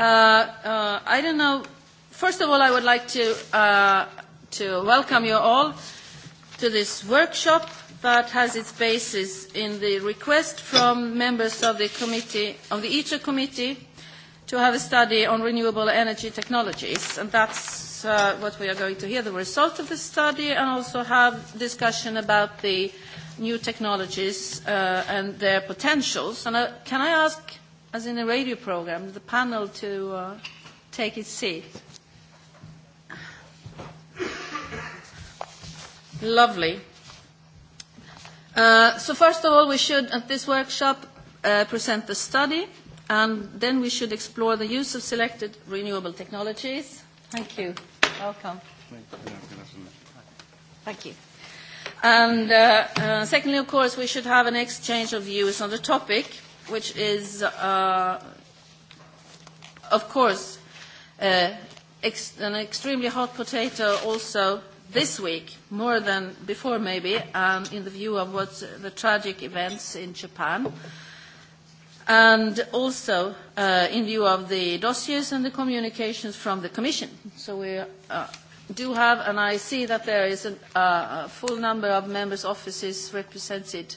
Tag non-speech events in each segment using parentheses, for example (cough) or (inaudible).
Uh, uh, I don't know. First of all, I would like to, uh, to welcome you all to this workshop that has its basis in the request from members of the committee, of the ITER committee, to have a study on renewable energy technologies. And that's uh, what we are going to hear, the result of the study, and also have discussion about the new technologies uh, and their potentials. And uh, can I ask as in a radio program, the panel to uh, take its seat. Lovely. Uh, so, first of all, we should at this workshop uh, present the study, and then we should explore the use of selected renewable technologies. Thank you. Welcome. Thank you. And uh, uh, secondly, of course, we should have an exchange of views on the topic which is, uh, of course, uh, ex- an extremely hot potato also this week, more than before maybe, um, in the view of what's the tragic events in Japan. And also uh, in view of the dossiers and the communications from the Commission. So we uh, do have, and I see that there is an, uh, a full number of members' offices represented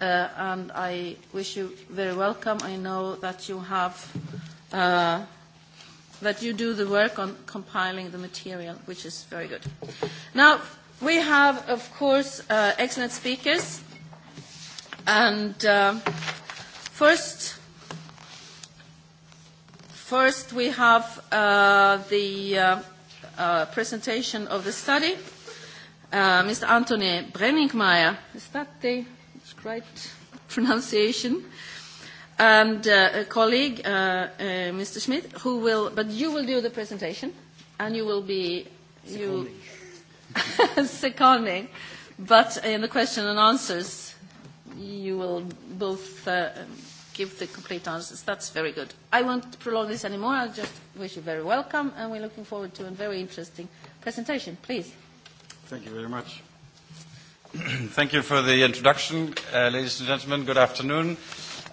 uh, and I wish you very welcome. I know that you have uh, that you do the work on compiling the material, which is very good. Now we have, of course, uh, excellent speakers, and uh, first. First, we have uh, the uh, uh, presentation of the study. Uh, Mr. Anthony Brenningmeier, is that the right pronunciation. And uh, a colleague, uh, uh, Mr. Schmidt, who will, but you will do the presentation and you will be, seconding. you, (laughs) seconding, but in the question and answers, you will both uh, give the complete answers. That's very good. I won't prolong this anymore. I just wish you very welcome and we're looking forward to a very interesting presentation. Please. Thank you very much. (clears throat) Thank you for the introduction, uh, ladies and gentlemen. Good afternoon.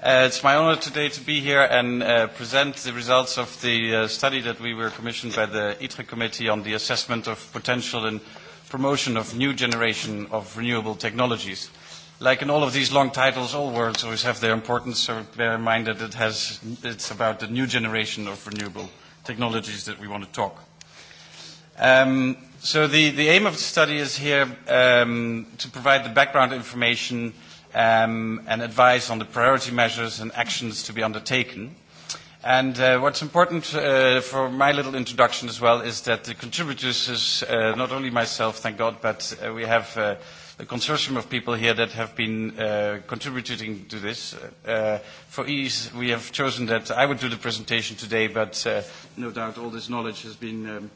Uh, it's my honor today to be here and uh, present the results of the uh, study that we were commissioned by the ITRE Committee on the assessment of potential and promotion of new generation of renewable technologies. Like in all of these long titles, all words always have their importance, so bear in mind that it has, it's about the new generation of renewable technologies that we want to talk. Um, So the, the aim of the study is here um, to provide the background information um, and advice on the priority measures and actions to be undertaken. And uh, what's important uh, for my little introduction as well is that the contributors is uh, not only myself, thank God, but uh, we have uh, a consortium of people here that have been uh, contributing to this. Uh, for ease, we have chosen that I would do the presentation today, but uh, no doubt all this knowledge has been um,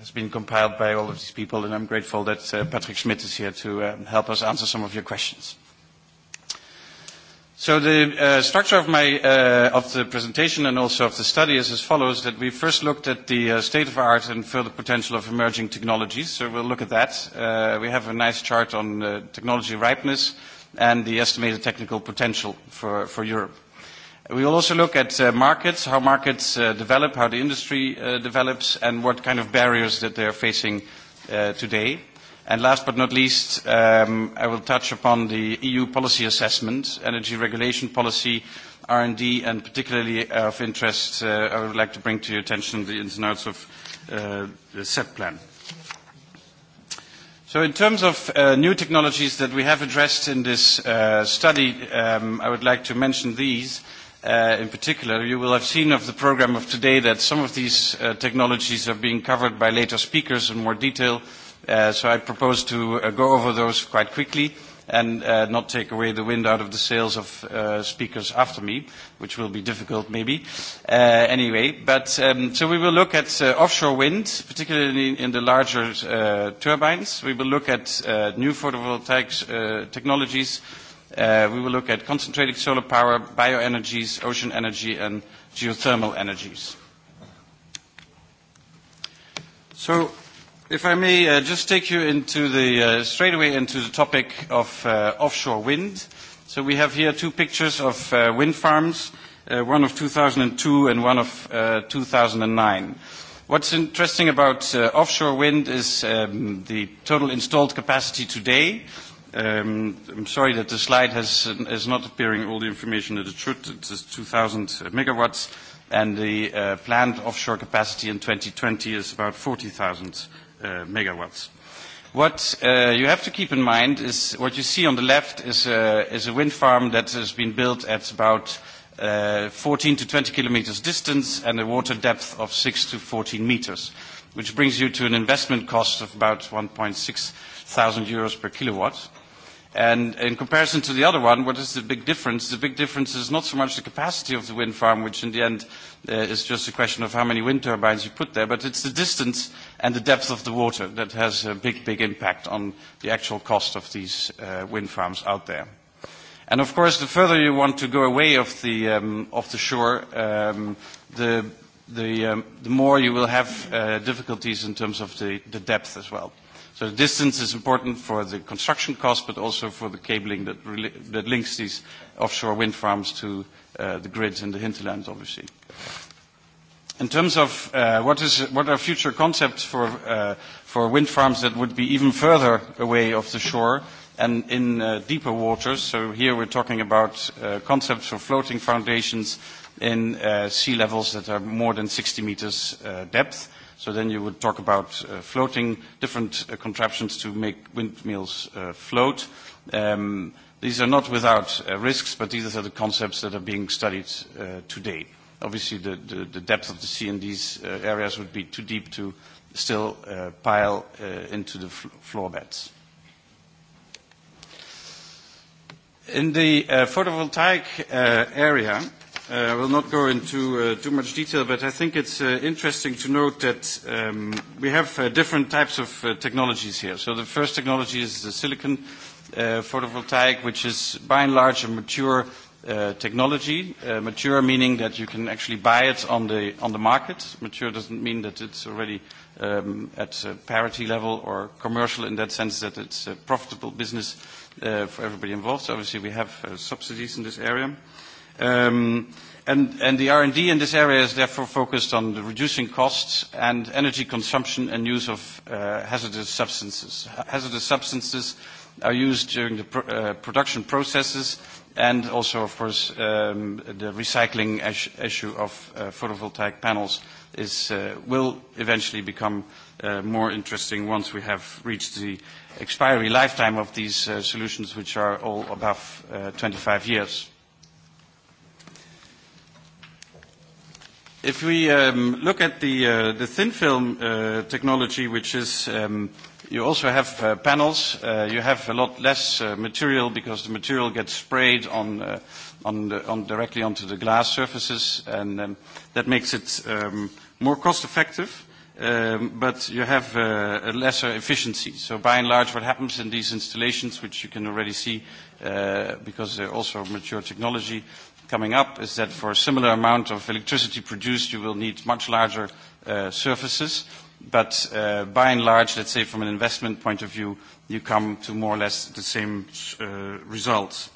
has been compiled by all of these people, and I'm grateful that uh, Patrick Schmidt is here to um, help us answer some of your questions. So the uh, structure of my uh, of the presentation and also of the study is as follows: that we first looked at the uh, state of art and further potential of emerging technologies. So we'll look at that. Uh, we have a nice chart on uh, technology ripeness and the estimated technical potential for, for Europe. We will also look at uh, markets, how markets uh, develop, how the industry uh, develops, and what kind of barriers that they are facing uh, today. And last but not least, um, I will touch upon the EU policy assessment, energy regulation policy, R&D, and particularly uh, of interest, uh, I would like to bring to your attention the ins and outs of uh, the set plan. So in terms of uh, new technologies that we have addressed in this uh, study, um, I would like to mention these. Uh, uh, in particular, you will have seen of the program of today that some of these uh, technologies are being covered by later speakers in more detail. Uh, so I propose to uh, go over those quite quickly and uh, not take away the wind out of the sails of uh, speakers after me, which will be difficult maybe. Uh, anyway, but um, so we will look at uh, offshore wind, particularly in the larger uh, turbines. We will look at uh, new photovoltaic uh, technologies. Uh, we will look at concentrated solar power, bioenergies, ocean energy, and geothermal energies. So, if I may uh, just take you into the, uh, straight away into the topic of uh, offshore wind. So, we have here two pictures of uh, wind farms, uh, one of 2002 and one of uh, 2009. What's interesting about uh, offshore wind is um, the total installed capacity today. Um, I'm sorry that the slide has, is not appearing all the information that it should. It is 2,000 megawatts, and the uh, planned offshore capacity in 2020 is about 40,000 uh, megawatts. What uh, you have to keep in mind is what you see on the left is a, is a wind farm that has been built at about uh, 14 to 20 kilometers distance and a water depth of 6 to 14 meters, which brings you to an investment cost of about 1.6 thousand euros per kilowatt. And in comparison to the other one, what is the big difference? The big difference is not so much the capacity of the wind farm, which in the end uh, is just a question of how many wind turbines you put there, but it's the distance and the depth of the water that has a big, big impact on the actual cost of these uh, wind farms out there. And of course, the further you want to go away of the, um, of the shore, um, the, the, um, the more you will have uh, difficulties in terms of the, the depth as well. So distance is important for the construction cost, but also for the cabling that, re that links these offshore wind farms to uh, the grids in the hinterland, obviously. In terms of uh, what, is, what are future concepts for, uh, for wind farms that would be even further away off the shore and in uh, deeper waters, so here we're talking about uh, concepts for floating foundations in uh, sea levels that are more than 60 meters uh, depth, uh, So then you would talk about uh, floating different uh, contraptions to make windmills uh, float. Um, these are not without uh, risks, but these are the concepts that are being studied uh, today. Obviously, the, the, the depth of the sea in these uh, areas would be too deep to still uh, pile uh, into the fl floor beds. In the uh, photovoltaic uh, area, Uh, I will not go into uh, too much detail, but I think it's uh, interesting to note that um, we have different types of technologies here. So the first technology is the silicon photovoltaic, which is by and large a mature technology. Mature meaning that you can actually buy it on the market. Mature doesn't mean that it's already um, at parity level or commercial in that sense that it's a profitable business for everybody involved. So obviously, we have subsidies in this area. Um, and the R&D in this area is therefore focused on reducing costs and energy consumption and use of uh, hazardous substances. Hazardous substances are used during the uh, production processes and also, of course, um, the recycling issue of uh, photovoltaic panels is will eventually become more interesting once we have reached the expiry lifetime of these solutions, which are all above 25 years. if we um, look at the, uh, the thin film uh, technology, which is um, you also have uh, panels, uh, you have a lot less uh, material because the material gets sprayed on, uh, on the, on directly onto the glass surfaces, and um, that makes it um, more cost effective. Um, but you have uh, a lesser efficiency. So by and large, what happens in these installations, which you can already see uh, because they're also mature technology, coming up is that for a similar amount of electricity produced, you will need much larger uh, surfaces. But uh, by and large, let's say from an investment point of view, you come to more or less the same uh, results.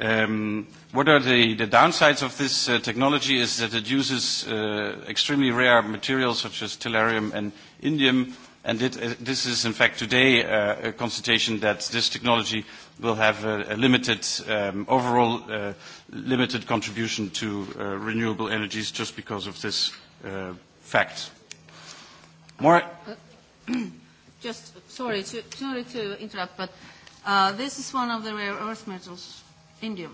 Um, what are the, the downsides of this uh, technology is that it uses uh, extremely rare materials such as tellurium and indium. And it, uh, this is, in fact, today uh, a consultation that this technology will have a, a limited um, overall uh, limited contribution to uh, renewable energies just because of this uh, fact. More. Uh, (clears throat) just sorry to, sorry to interrupt, but uh, this is one of the rare earth metals, indium.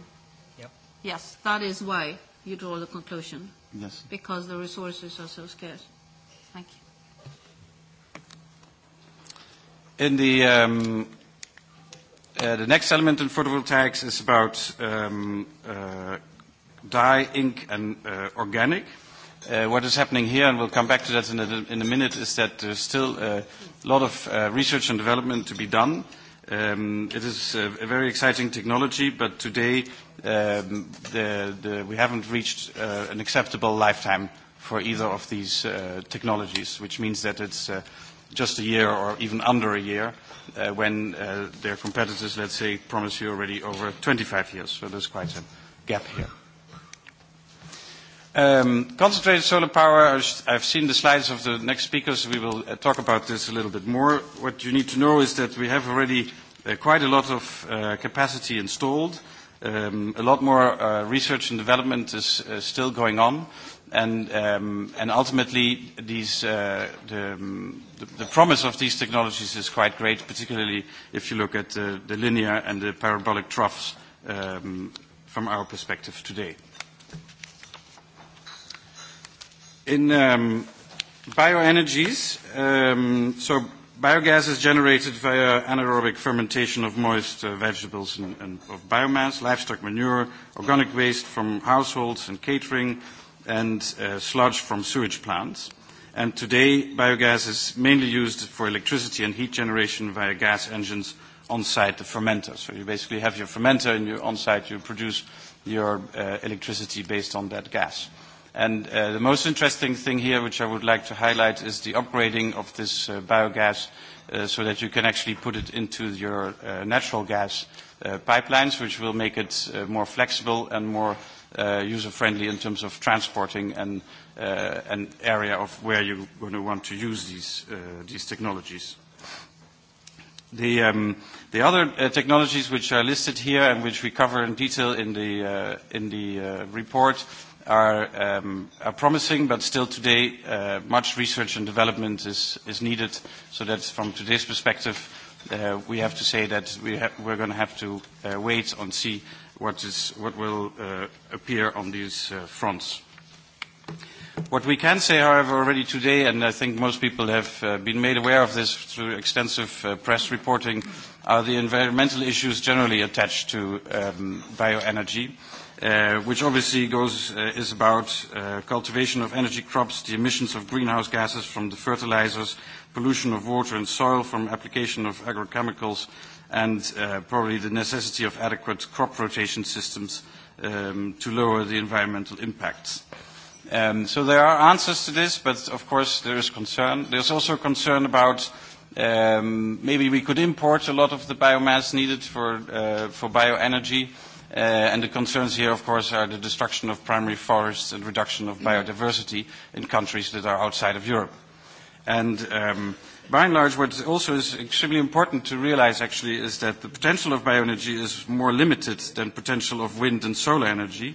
Yep. Yes, that is why you draw the conclusion. Yes. Because the resources are so scarce. Thank you. In the. Um, Uh, the next element in photovoltaics is about um, uh, dye, ink, and uh, organic. Uh, what is happening here, and we'll come back to that in a, in a minute, is that there's still a lot of uh, research and development to be done. Um, it is a, a very exciting technology, but today um, the, the, we haven't reached uh, an acceptable lifetime for either of these uh, technologies, which means that it's uh, just a year or even under a year uh, when uh, their competitors, let's say, promise you already over 25 years. So there's quite a gap here. Um, concentrated solar power, I've seen the slides of the next speakers. We will uh, talk about this a little bit more. What you need to know is that we have already uh, quite a lot of uh, capacity installed. Um, a lot more uh, research and development is uh, still going on and um, and ultimately these uh, the, the the promise of these technologies is quite great, particularly if you look at the, the linear and the parabolic troughs um, from our perspective today. In um, bioenergies, um, so biogas is generated via anaerobic fermentation of moist uh, vegetables and, and of biomass, livestock manure, organic waste from households and catering, and uh, sludge from sewage plants. And today, biogas is mainly used for electricity and heat generation via gas engines on site, the fermenter. So you basically have your fermenter and on site you produce your uh, electricity based on that gas. And uh, the most interesting thing here, which I would like to highlight, is the upgrading of this uh, biogas uh, so that you can actually put it into your uh, natural gas uh, pipelines, which will make it uh, more flexible and more uh, user-friendly in terms of transporting and uh, an area of where you're going to want to use these, uh, these technologies. The, um, the other uh, technologies which are listed here and which we cover in detail in the, uh, in the uh, report are, um, are promising, but still today uh, much research and development is, is needed. So that's from today's perspective. Uh, we have to say that we ha we're going to have to uh, wait and see what, is, what will uh, appear on these uh, fronts. What we can say, however, already today, and I think most people have uh, been made aware of this through extensive uh, press reporting, are the environmental issues generally attached to um, bioenergy, uh, which obviously goes, uh, is about uh, cultivation of energy crops, the emissions of greenhouse gases from the fertilizers, pollution of water and soil from application of agrochemicals, uh, and uh, probably the necessity of adequate crop rotation systems um, to lower the environmental impacts. Um, so there are answers to this, but of course there is concern. There's also concern about um, maybe we could import a lot of the biomass needed for, uh, for bioenergy. Uh, and the concerns here, of course, are the destruction of primary forests and reduction of mm. biodiversity in countries that are outside of Europe. And... Um, by and large, what also is extremely important to realize actually is that the potential of bioenergy is more limited than potential of wind and solar energy,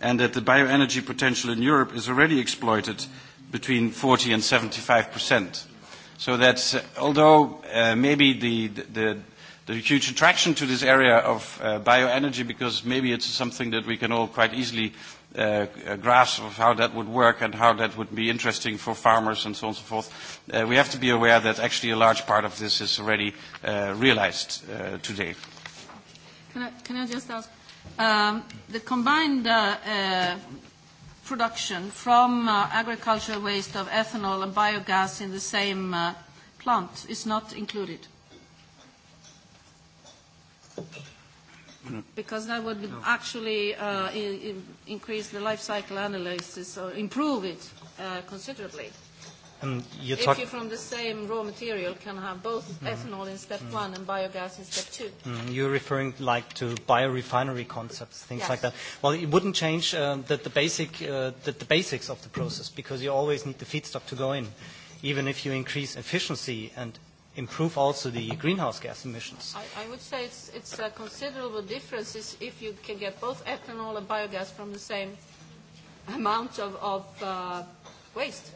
and that the bioenergy potential in Europe is already exploited between 40 and 75 percent. So that uh, although uh, maybe the, the, the huge attraction to this area of uh, bioenergy, because maybe it's something that we can all quite easily Uh, grasp of how that would work and how that would be interesting for farmers and so on and so forth, uh, we have to be aware that actually a large part of this is already uh, realized uh, today. Can I, can I just ask? Um, the combined uh, uh, production from uh, agricultural waste of ethanol and biogas in the same uh, plant is not included. Okay because that would no. actually uh, in, in increase the life cycle analysis or improve it uh, considerably. And you talk if you from the same raw material can have both mm. ethanol in step mm. one and biogas in step two. Mm. You're referring like to biorefinery concepts, things yes. like that. Well, it wouldn't change uh, the, the, basic, uh, the, the basics of the process mm. because you always need the feedstock to go in. Even if you increase efficiency and improve also the greenhouse gas emissions. I, I would say it's, it's a considerable difference if you can get both ethanol and biogas from the same amount of, of uh, waste.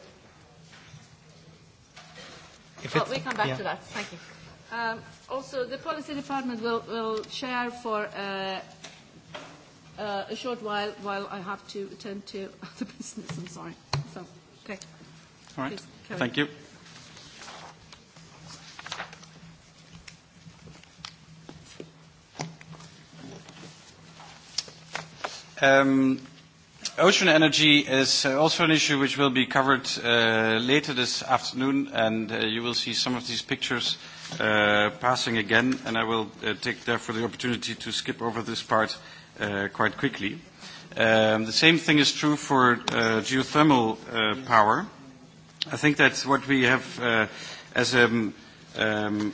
If well, we come back yeah. to that. Thank you. Um, also, the policy department will, will share for uh, uh, a short while while I have to attend to (laughs) other business. I'm sorry. So, okay. All right. Thank you. Um, ocean energy is uh, also an issue which will be covered uh, later this afternoon, and uh, you will see some of these pictures uh, passing again, and I will uh, take therefore the opportunity to skip over this part uh, quite quickly. Um, the same thing is true for uh, geothermal uh, power. I think that what we have uh, as a um, um,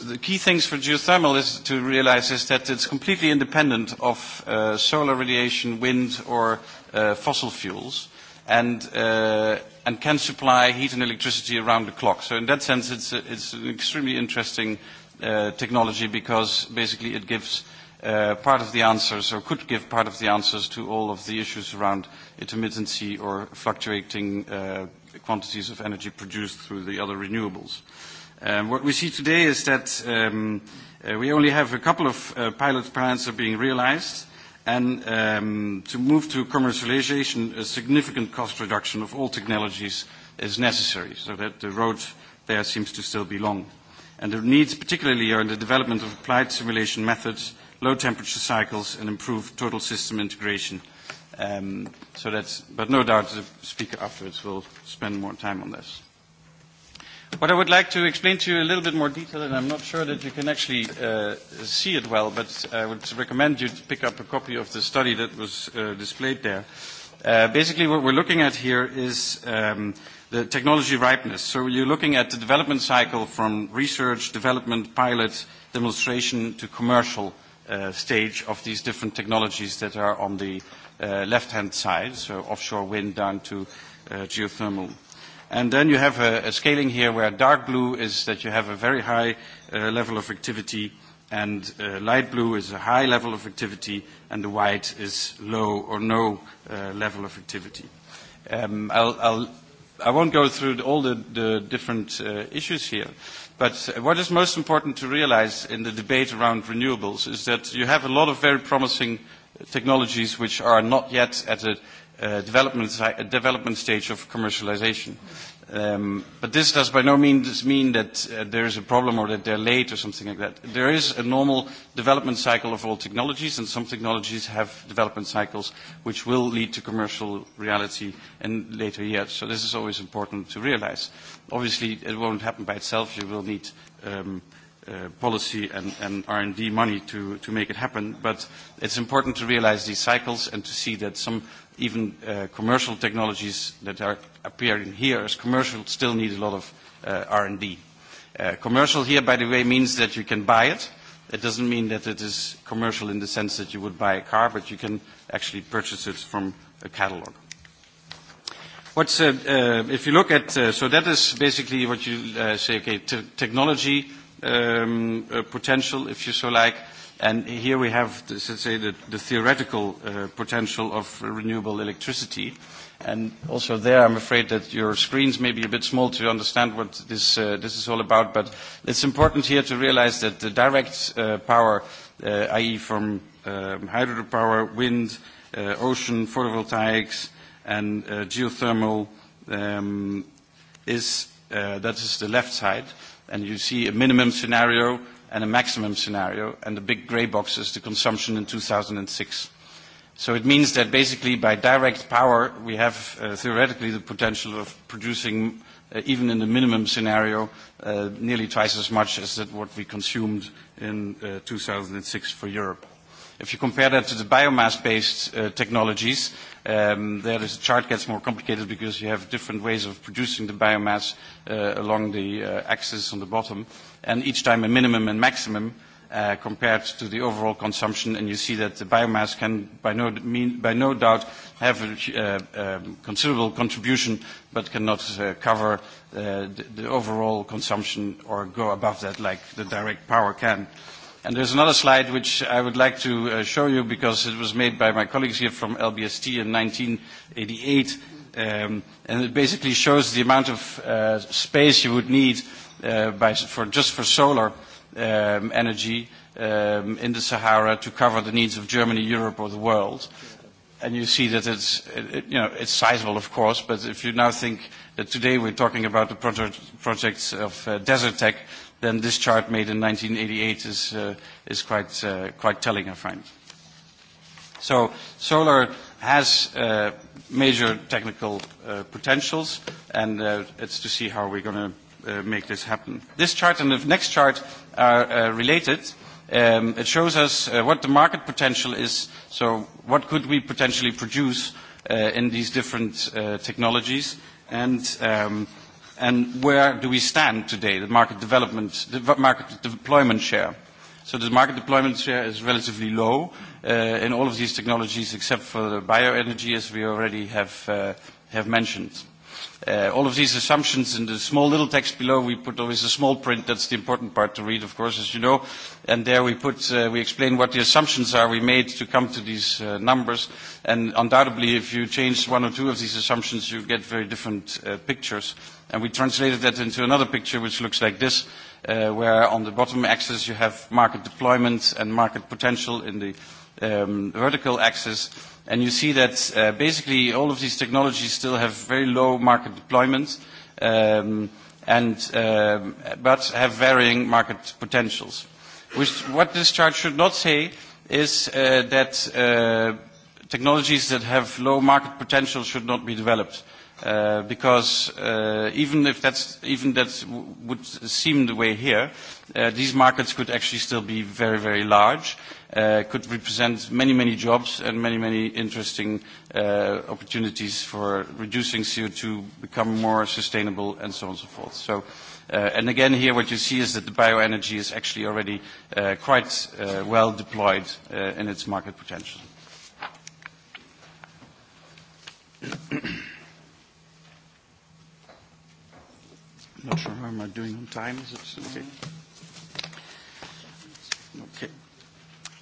the key things for geothermal is to realize is that it's completely independent of uh, solar radiation, wind, or uh, fossil fuels, and, uh, and can supply heat and electricity around the clock. So in that sense, it's, a, it's an extremely interesting uh, technology because basically it gives uh, part of the answers, or could give part of the answers, to all of the issues around intermittency or fluctuating uh, quantities of energy produced through the other renewables. Um, what we see today is that um, uh, we only have a couple of uh, pilot plants are being realized, and um, to move to commercialization, a significant cost reduction of all technologies is necessary, so that the road there seems to still be long. And the needs particularly are in the development of applied simulation methods, low temperature cycles, and improved total system integration. Um, so that's, but no doubt the speaker afterwards will spend more time on this. What I would like to explain to you a little bit more detail, and I'm not sure that you can actually uh, see it well, but I would recommend you to pick up a copy of the study that was uh, displayed there. Uh, basically, what we're looking at here is um, the technology ripeness. So you're looking at the development cycle from research, development, pilot, demonstration to commercial uh, stage of these different technologies that are on the uh, left-hand side, so offshore wind down to uh, geothermal. Uh, And then you have a, a scaling here where dark blue is that you have a very high uh, level of activity and uh, light blue is a high level of activity and the white is low or no uh, level of activity. Um, I'll, I'll, I won't go through the, all the, the different uh, issues here, but what is most important to realize in the debate around renewables is that you have a lot of very promising technologies which are not yet at a uh, development, uh, development stage of commercialization. Um, but this does by no means mean that uh, there is a problem or that they're late or something like that. There is a normal development cycle of all technologies, and some technologies have development cycles which will lead to commercial reality in later years. So this is always important to realize. Obviously, it won't happen by itself. You will need um, uh, Uh, policy and, and R&D money to, to make it happen, but it's important to realize these cycles and to see that some even uh, commercial technologies that are appearing here as commercial still need a lot of uh, R&D. Uh, commercial here, by the way, means that you can buy it. It doesn't mean that it is commercial in the sense that you would buy a car, but you can actually purchase it from a catalog. What's, uh, uh, if you look at, uh, so that is basically what you uh, say, okay, te technology, uh, Um, uh, potential, if you so like. And here we have, let's say, the, the theoretical uh, potential of renewable electricity. And also there, I'm afraid that your screens may be a bit small to understand what this, uh, this is all about. But it's important here to realize that the direct uh, power, uh, i.e. from um, hydropower, wind, uh, ocean, photovoltaics, and uh, geothermal, um, is, uh, that is the left side and you see a minimum scenario and a maximum scenario, and the big gray box is the consumption in 2006. So it means that basically by direct power, we have uh, theoretically the potential of producing, uh, even in the minimum scenario, uh, nearly twice as much as that what we consumed in uh, 2006 for Europe. If you compare that to the biomass-based uh, technologies, um, there the chart gets more complicated because you have different ways of producing the biomass uh, along the uh, axis on the bottom, and each time a minimum and maximum uh, compared to the overall consumption, and you see that the biomass can by no, mean, by no doubt have a uh, um, considerable contribution but cannot uh, cover uh, the, the overall consumption or go above that like the direct power can. And there's another slide which I would like to uh, show you because it was made by my colleagues here from LBST in 1988. Um, and it basically shows the amount of uh, space you would need uh, by, for, just for solar um, energy um, in the Sahara to cover the needs of Germany, Europe, or the world. And you see that it's, it, you know, it's sizable, of course, but if you now think that today we're talking about the project, projects of uh, Desert Tech, then this chart made in 1988 is, uh, is quite, uh, quite telling, I find. So solar has uh, major technical uh, potentials, and uh, it's to see how we're going to uh, make this happen. This chart and the next chart are uh, related. Um, it shows us uh, what the market potential is, so what could we potentially produce uh, in these different uh, technologies. And um, and where do we stand today, the market development, the market deployment share? So the market deployment share is relatively low uh, in all of these technologies, except for the bioenergy, as we already have uh, mentioned. Uh, all of these assumptions in the small little text below, we put always a small print. That's the important part to read, of course, as you know. And there we put, uh, we explain what the assumptions are we made to come to these uh, numbers. And undoubtedly, if you change one or two of these assumptions, you get very different uh, pictures. And we translated that into another picture, which looks like this, uh, where on the bottom axis you have market deployment and market potential in the um, vertical axis. And you see that uh, basically all of these technologies still have very low market deployment um, and, um, but have varying market potentials. Which, what this chart should not say is uh, that uh, technologies that have low market potential should not be developed. Uh, because uh, even if that's, even that w would seem the way here, uh, Uh, these markets could actually still be very, very large, uh, could represent many, many jobs and many, many interesting uh, opportunities for reducing CO2, become more sustainable, and so on and so forth. So, uh, and again, here what you see is that the bioenergy is actually already uh, quite uh, well deployed uh, in its market potential. (coughs) Not sure how am I doing on time. Is it okay? Mm-hmm. Okay.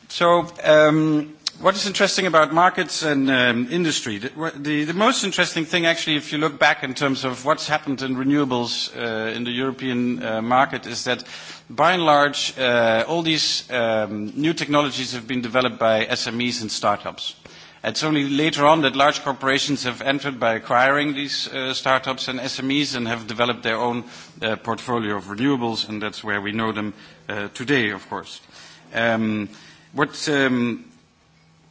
So, um, what is interesting about markets and um, industry? The, the, the most interesting thing, actually, if you look back in terms of what's happened in renewables uh, in the European uh, market, is that by and large, uh, all these um, new technologies have been developed by SMEs and startups. It's only later on that large corporations have entered by acquiring these uh, startups and SMEs and have developed their own uh, portfolio of renewables, and that's where we know them uh, today, of course. Um, what, um,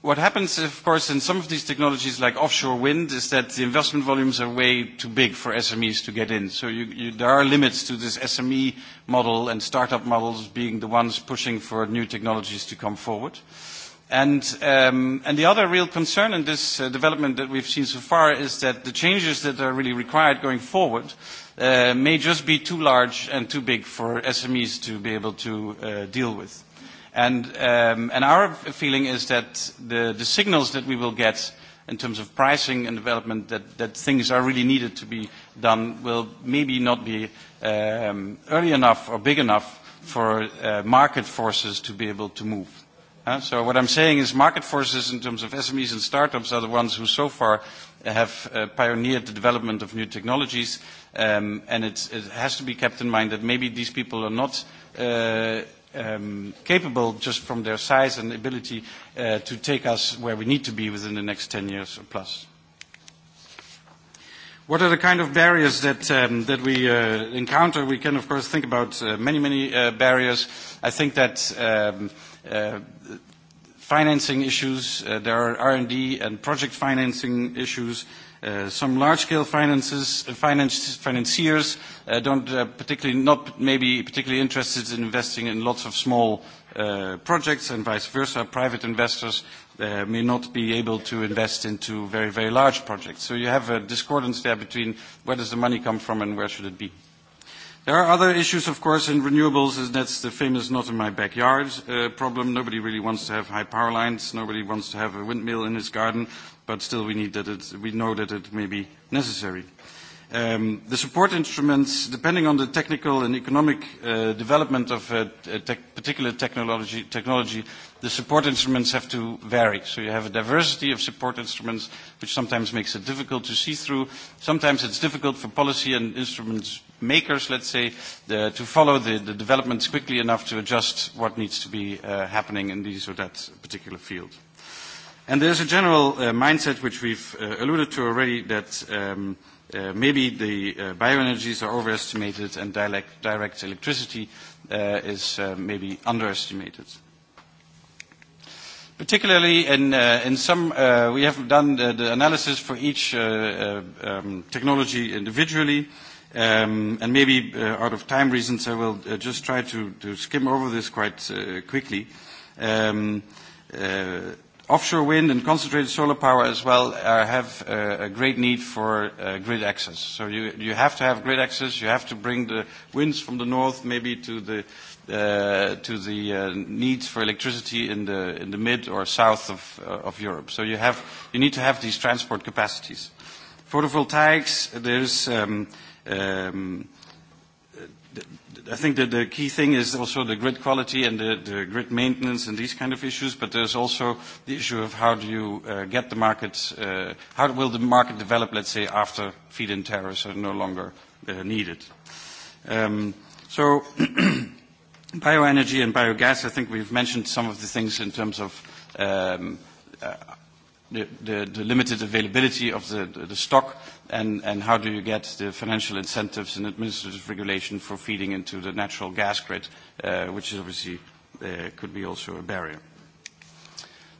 what happens, of course, in some of these technologies like offshore wind is that the investment volumes are way too big for SMEs to get in. So you, you, there are limits to this SME model and startup models being the ones pushing for new technologies to come forward. And, um, and the other real concern in this uh, development that we've seen so far is that the changes that are really required going forward uh, may just be too large and too big for SMEs to be able to uh, deal with. And, um, and our feeling is that the, the signals that we will get in terms of pricing and development that, that things are really needed to be done will maybe not be um, early enough or big enough for uh, market forces to be able to move. Uh, so what I'm saying is market forces in terms of SMEs and startups are the ones who so far have uh, pioneered the development of new technologies um, and it's, it has to be kept in mind that maybe these people are not uh, um, capable just from their size and ability uh, to take us where we need to be within the next 10 years or plus. What are the kind of barriers that, um, that we uh, encounter? We can, of course, think about uh, many, many uh, barriers. I think that um, uh, financing issues, uh, there are R&D and project financing issues, uh, Uh, some large-scale finances, uh, finance, financiers uh, don't uh, particularly, not maybe particularly interested in investing in lots of small uh, projects and vice versa. Private investors uh, may not be able to invest into very, very large projects. So you have a discordance there between where does the money come from and where should it be. There are other issues, of course, in renewables, and that's the famous not in my backyard uh, problem. Nobody really wants to have high power lines. Nobody wants to have a windmill in his garden but still we need that it, we know that it may be necessary. Um, the support instruments, depending on the technical and economic uh, development of a, a te particular technology, technology, the support instruments have to vary. So you have a diversity of support instruments, which sometimes makes it difficult to see through. Sometimes it's difficult for policy and instruments makers, let's say, the, to follow the, the developments quickly enough to adjust what needs to be uh, happening in these or that particular field. And there's a general uh, mindset which we've uh, alluded to already that um, uh, maybe the uh, bioenergies are overestimated and direct, direct electricity uh, is uh, maybe underestimated. Particularly in, uh, in some, uh, we have done the, the analysis for each uh, uh, um, technology individually. Um, and maybe uh, out of time reasons, I will uh, just try to, to skim over this quite uh, quickly. Um, uh, offshore wind and concentrated solar power as well uh, have uh, a great need for uh, grid access. So you, you have to have grid access. You have to bring the winds from the north maybe to the, uh, to the uh, needs for electricity in the, in the mid or south of, uh, of Europe. So you, have, you need to have these transport capacities. Photovoltaics, there's um, – um, I think that the key thing is also the grid quality and the, the grid maintenance and these kind of issues, but there's also the issue of how do you uh, get the markets, uh, how will the market develop, let's say, after feed-in tariffs are no longer uh, needed. Um, so (clears throat) bioenergy and biogas, I think we've mentioned some of the things in terms of um, uh, the, the, the limited availability of the, the, the stock, uh, and, and how do you get the financial incentives and administrative regulation for feeding into the natural gas grid, uh, which is obviously uh, could be also a barrier.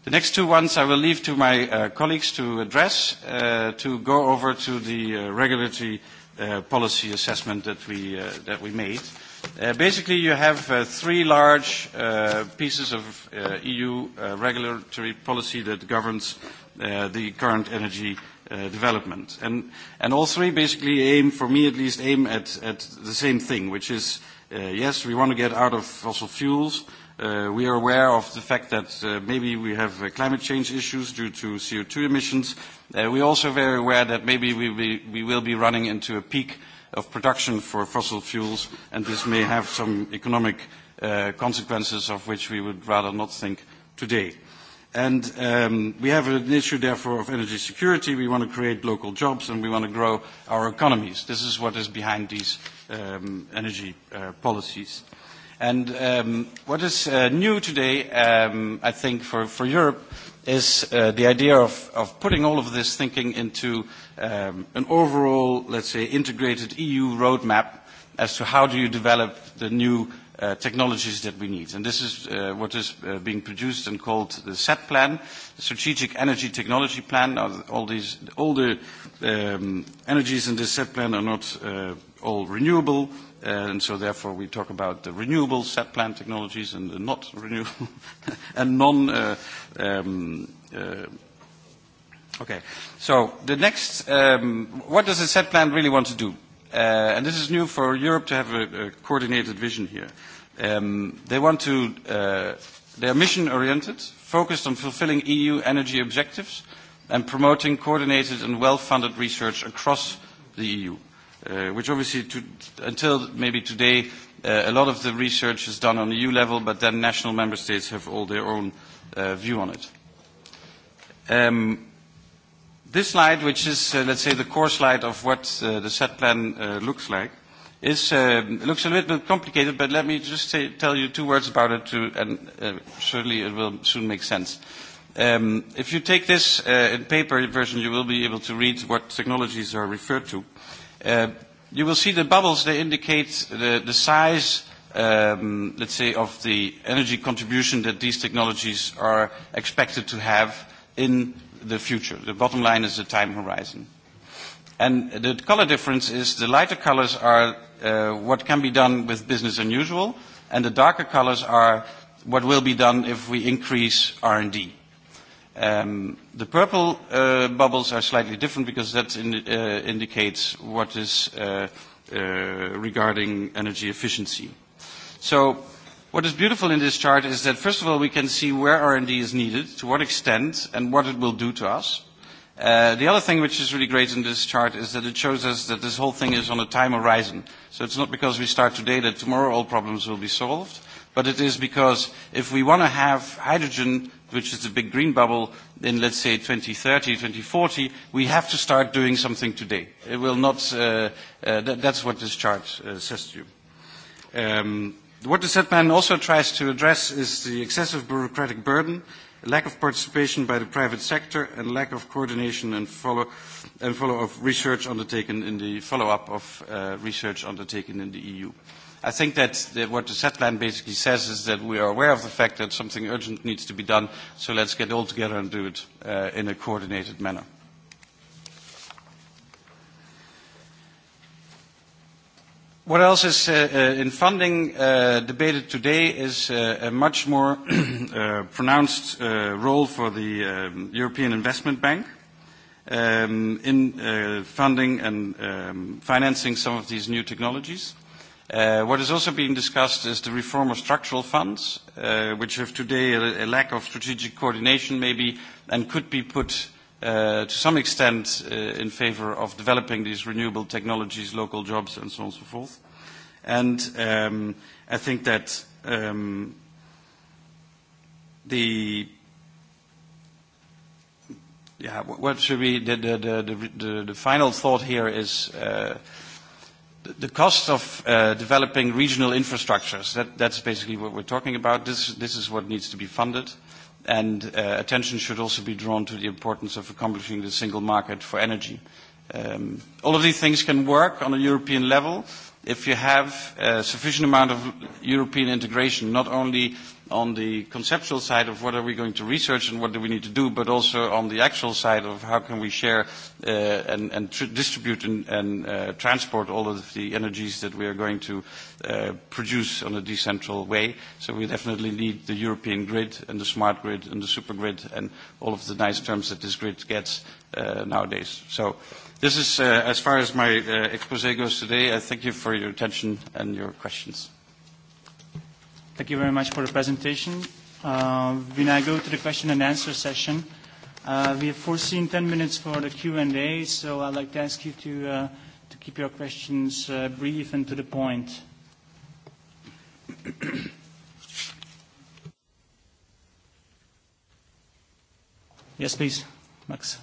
The next two ones I will leave to my uh, colleagues to address uh, to go over to the uh, regulatory uh, policy assessment that we, uh, that we made. Uh, basically, you have uh, three large uh, pieces of uh, EU uh, regulatory policy that governs uh, the current energy uh, Uh, development. And, and all three basically aim, for me at least, aim at, at the same thing, which is, uh, yes, we want to get out of fossil fuels. Uh, we are aware of the fact that uh, maybe we have uh, climate change issues due to CO2 emissions. Uh, we are also very aware that maybe we, be, we will be running into a peak of production for fossil fuels, and this may have some economic uh, consequences of which we would rather not think today. And um, we have an issue, therefore, of energy security. We want to create local jobs and we want to grow our economies. This is what is behind these um, energy uh, policies. And um, what is uh, new today, um, I think, for, for Europe is uh, the idea of, of putting all of this thinking into um, an overall, let's say, integrated EU roadmap as to how do you develop the new uh, technologies that we need. And this is uh, what is uh, being produced and called the SET plan, the Strategic Energy Technology Plan. Now, all these older um, energies in this SET plan are not uh, all renewable, uh, and so therefore we talk about the renewable SET plan technologies and the not renewable (laughs) and non. Uh, um, uh, Okay, so the next, um, what does the set plan really want to do? uh, and this is new for Europe to have a, a coordinated vision here. Um, they want to, uh, they are mission oriented, focused on fulfilling EU energy objectives and promoting coordinated and well-funded research across the EU, uh, which obviously to, until maybe today, uh, a lot of the research is done on EU level, but then national member states have all their own uh, view on it. Um, this slide, which is, uh, let's say, the core slide of what uh, the set plan uh, looks like, is, uh, looks a little bit complicated, but let me just say, tell you two words about it, to, and uh, certainly it will soon make sense. Um, if you take this uh, in paper version, you will be able to read what technologies are referred to. Uh, you will see the bubbles, they indicate the, the size, um, let's say, of the energy contribution that these technologies are expected to have in the future. The bottom line is the time horizon. And the color difference is the lighter colors are uh, what can be done with business unusual, and the darker colors are what will be done if we increase R&D. Um, the purple uh, bubbles are slightly different because that in, uh, indicates what is uh, uh, regarding energy efficiency. So What is beautiful in this chart is that, first of all, we can see where R&D is needed, to what extent, and what it will do to us. Uh, the other thing which is really great in this chart is that it shows us that this whole thing is on a time horizon. So it's not because we start today that tomorrow all problems will be solved, but it is because if we want to have hydrogen, which is a big green bubble, in let's say 2030, 2040, we have to start doing something today. It will not, uh, uh, th that's what this chart uh, says to you. Um, What the setman also tries to address is the excessive bureaucratic burden, lack of participation by the private sector, and lack of coordination and follow, and follow of research undertaken in the follow-up of uh, research undertaken in the EU. I think that the, what the setman basically says is that we are aware of the fact that something urgent needs to be done, so let's get all together and do it uh, in a coordinated manner. What else is uh, uh, in funding uh, debated today is uh, a much more (clears throat) uh, pronounced uh, role for the um, European Investment Bank um, in uh, funding and um, financing some of these new technologies. Uh, what is also being discussed is the reform of structural funds, uh, which have today a, a lack of strategic coordination maybe and could be put uh, to some extent uh, in favor of developing these renewable technologies, local jobs, and so on and so forth. And um, I think that um, the yeah, what should be the, the, the, the, the final thought here is uh, the cost of uh, developing regional infrastructures. That, that's basically what we're talking about. This, this is what needs to be funded. Uh, and uh, attention should also be drawn to the importance of accomplishing the single market for energy. Um, all of these things can work on a European level if you have a uh, sufficient amount of European integration, not only on the conceptual side of what are we going to research and what do we need to do, but also on the actual side of how can we share uh, and, and tr distribute and, and uh, transport all of the energies that we are going to uh, produce on a decentral way. So we definitely need the European grid and the smart grid and the super grid and all of the nice terms that this grid gets uh, nowadays. So this is uh, as far as my uh, expose goes today. I thank you for your attention and your questions. Thank you very much for the presentation. Uh, we now go to the question and answer session. Uh, we have foreseen 10 minutes for the Q&A, so I'd like to ask you to, uh, to keep your questions uh, brief and to the point. (coughs) yes, please, Max.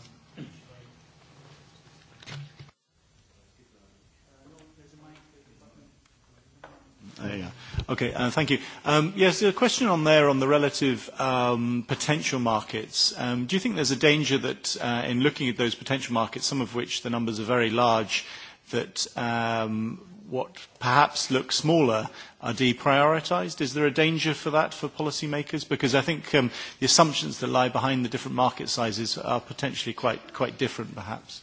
Uh, yeah. Okay, uh, thank you. Um, yes, a question on there on the relative um, potential markets. Um, do you think there's a danger that uh, in looking at those potential markets, some of which the numbers are very large, that what perhaps looks smaller are deprioritized? Is there a danger for that for policymakers? Because I think the assumptions that lie behind the different market sizes are potentially quite different, perhaps.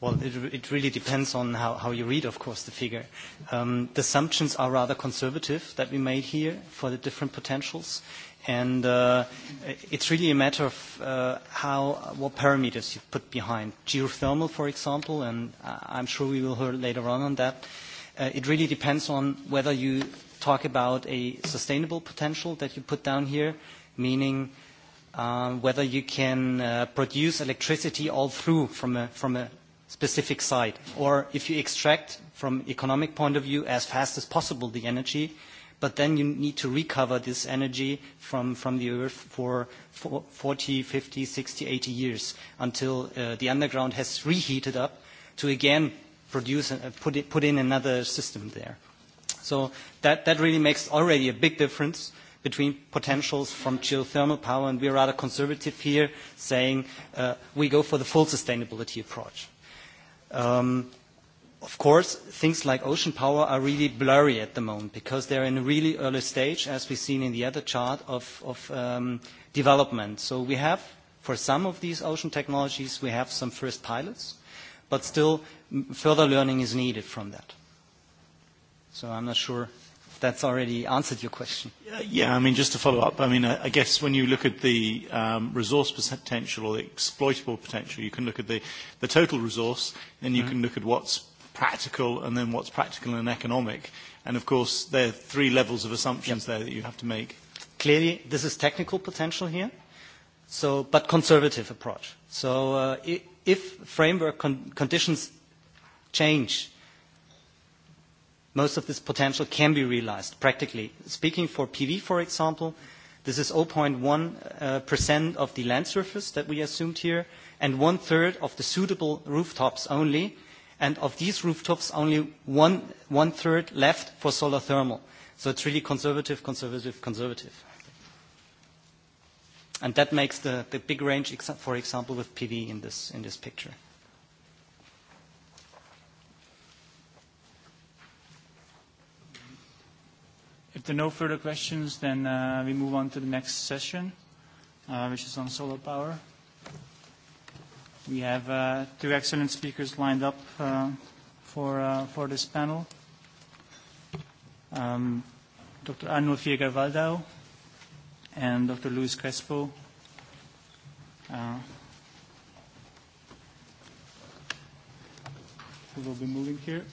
Well, it, it really depends on how, how you read, of course, the figure. Um, the assumptions are rather conservative that we made here for the different potentials. And uh, it's really a matter of uh, how, what parameters you put behind. Geothermal, for example, and I'm sure we will hear later on on that. Uh, it really depends on whether you talk about a sustainable potential that you put down here, meaning uh, whether you can uh, produce electricity all through from a, from a specific site. Or if you extract from economic point of view as fast as possible the energy, but then you need to recover this energy from, from the earth for 40, 50, 60, 80 years until uh, the underground has reheated up to again produce and uh, put, it, put in another system there. So that, that really makes already a big difference between potentials from geothermal power, and we're rather conservative here, saying uh, we go for the full sustainability approach. Um, of course, things like ocean power are really blurry at the moment because they're in a really early stage, as we've seen in the other chart, of, of um, development. So we have, for some of these ocean technologies, we have some first pilots, but still further learning is needed from that. So I'm not sure that's already answered your question. Yeah, I mean, just to follow up, I mean, I guess when you look at the um, resource potential or the exploitable potential, you can look at the, the total resource, then you mm -hmm. can look at what's practical and then what's practical and economic. And of course, there are three levels of assumptions yep. there that you have to make. Clearly, this is technical potential here. So, but conservative approach. So uh, if framework con conditions change, uh, most of this potential can be realized practically. Speaking for PV, for example, this is 0.1% uh, percent of the land surface that we assumed here, and one-third of the suitable rooftops only, and of these rooftops, only one-third one left for solar thermal. So it's really conservative, conservative, conservative. And that makes the, the big range, for example, with PV in this, in this picture. If there are no further questions, then uh, we move on to the next session, uh, which is on solar power. We have uh, two excellent speakers lined up for this panel. Um, Dr. Arnulf Jäger-Waldau and Dr. Luis Crespo. Who will be moving here.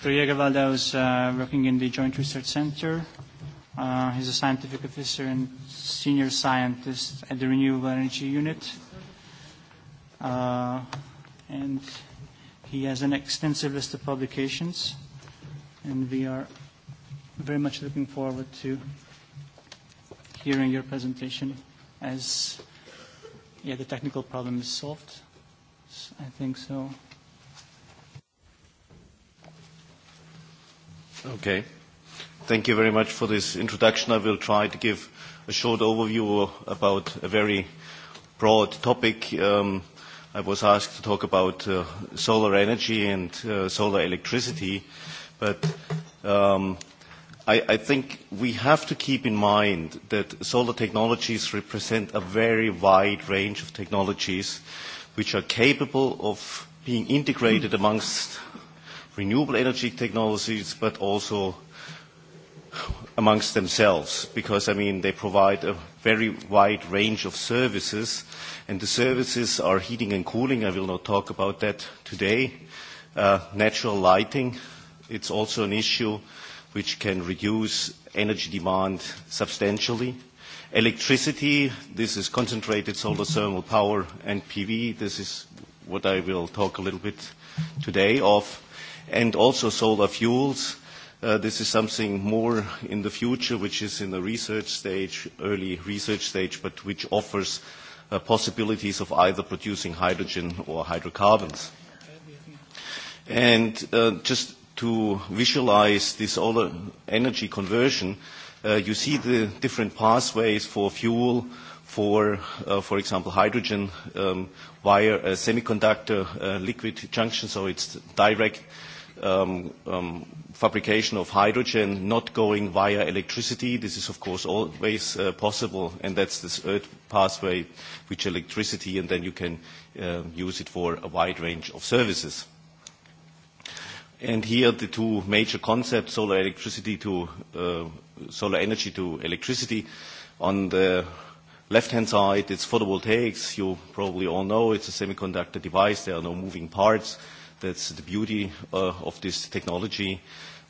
Dr. Jagerwald is uh, working in the Joint Research Center. Uh, he's a scientific officer and senior scientist at the Renewable Energy Unit. Uh, and he has an extensive list of publications. And we are very much looking forward to hearing your presentation as yeah, the technical problem is solved. I think so. Okay. Thank you very much for this introduction. I will try to give a short overview about a very broad topic. Um, I was asked to talk about uh, solar energy and uh, solar electricity, but um, I, I think we have to keep in mind that solar technologies represent a very wide range of technologies which are capable of being integrated amongst renewable energy technologies, but also amongst themselves, because I mean, they provide a very wide range of services, and the services are heating and cooling. I will not talk about that today. Uh, natural lighting, it's also an issue which can reduce energy demand substantially. Electricity, this is concentrated solar thermal power and PV. This is what I will talk a little bit today of and also solar fuels. Uh, this is something more in the future, which is in the research stage, early research stage, but which offers uh, possibilities of either producing hydrogen or hydrocarbons. Uh, just to visualize the solar energy conversion, you see the different pathways for fuel, for example, hydrogen, um, via a semiconductor liquid junction, so it's direct um, um, fabrication of hydrogen not going via electricity. This is, of course, always uh, possible, and that's this earth pathway, which electricity, and then you can uh, use it for a wide range of services. And here, the two major concepts: solar electricity to uh, solar energy to electricity. On the left-hand side, it's photovoltaics. You probably all know it's a semiconductor device. There are no moving parts. That's the beauty uh, of this technology.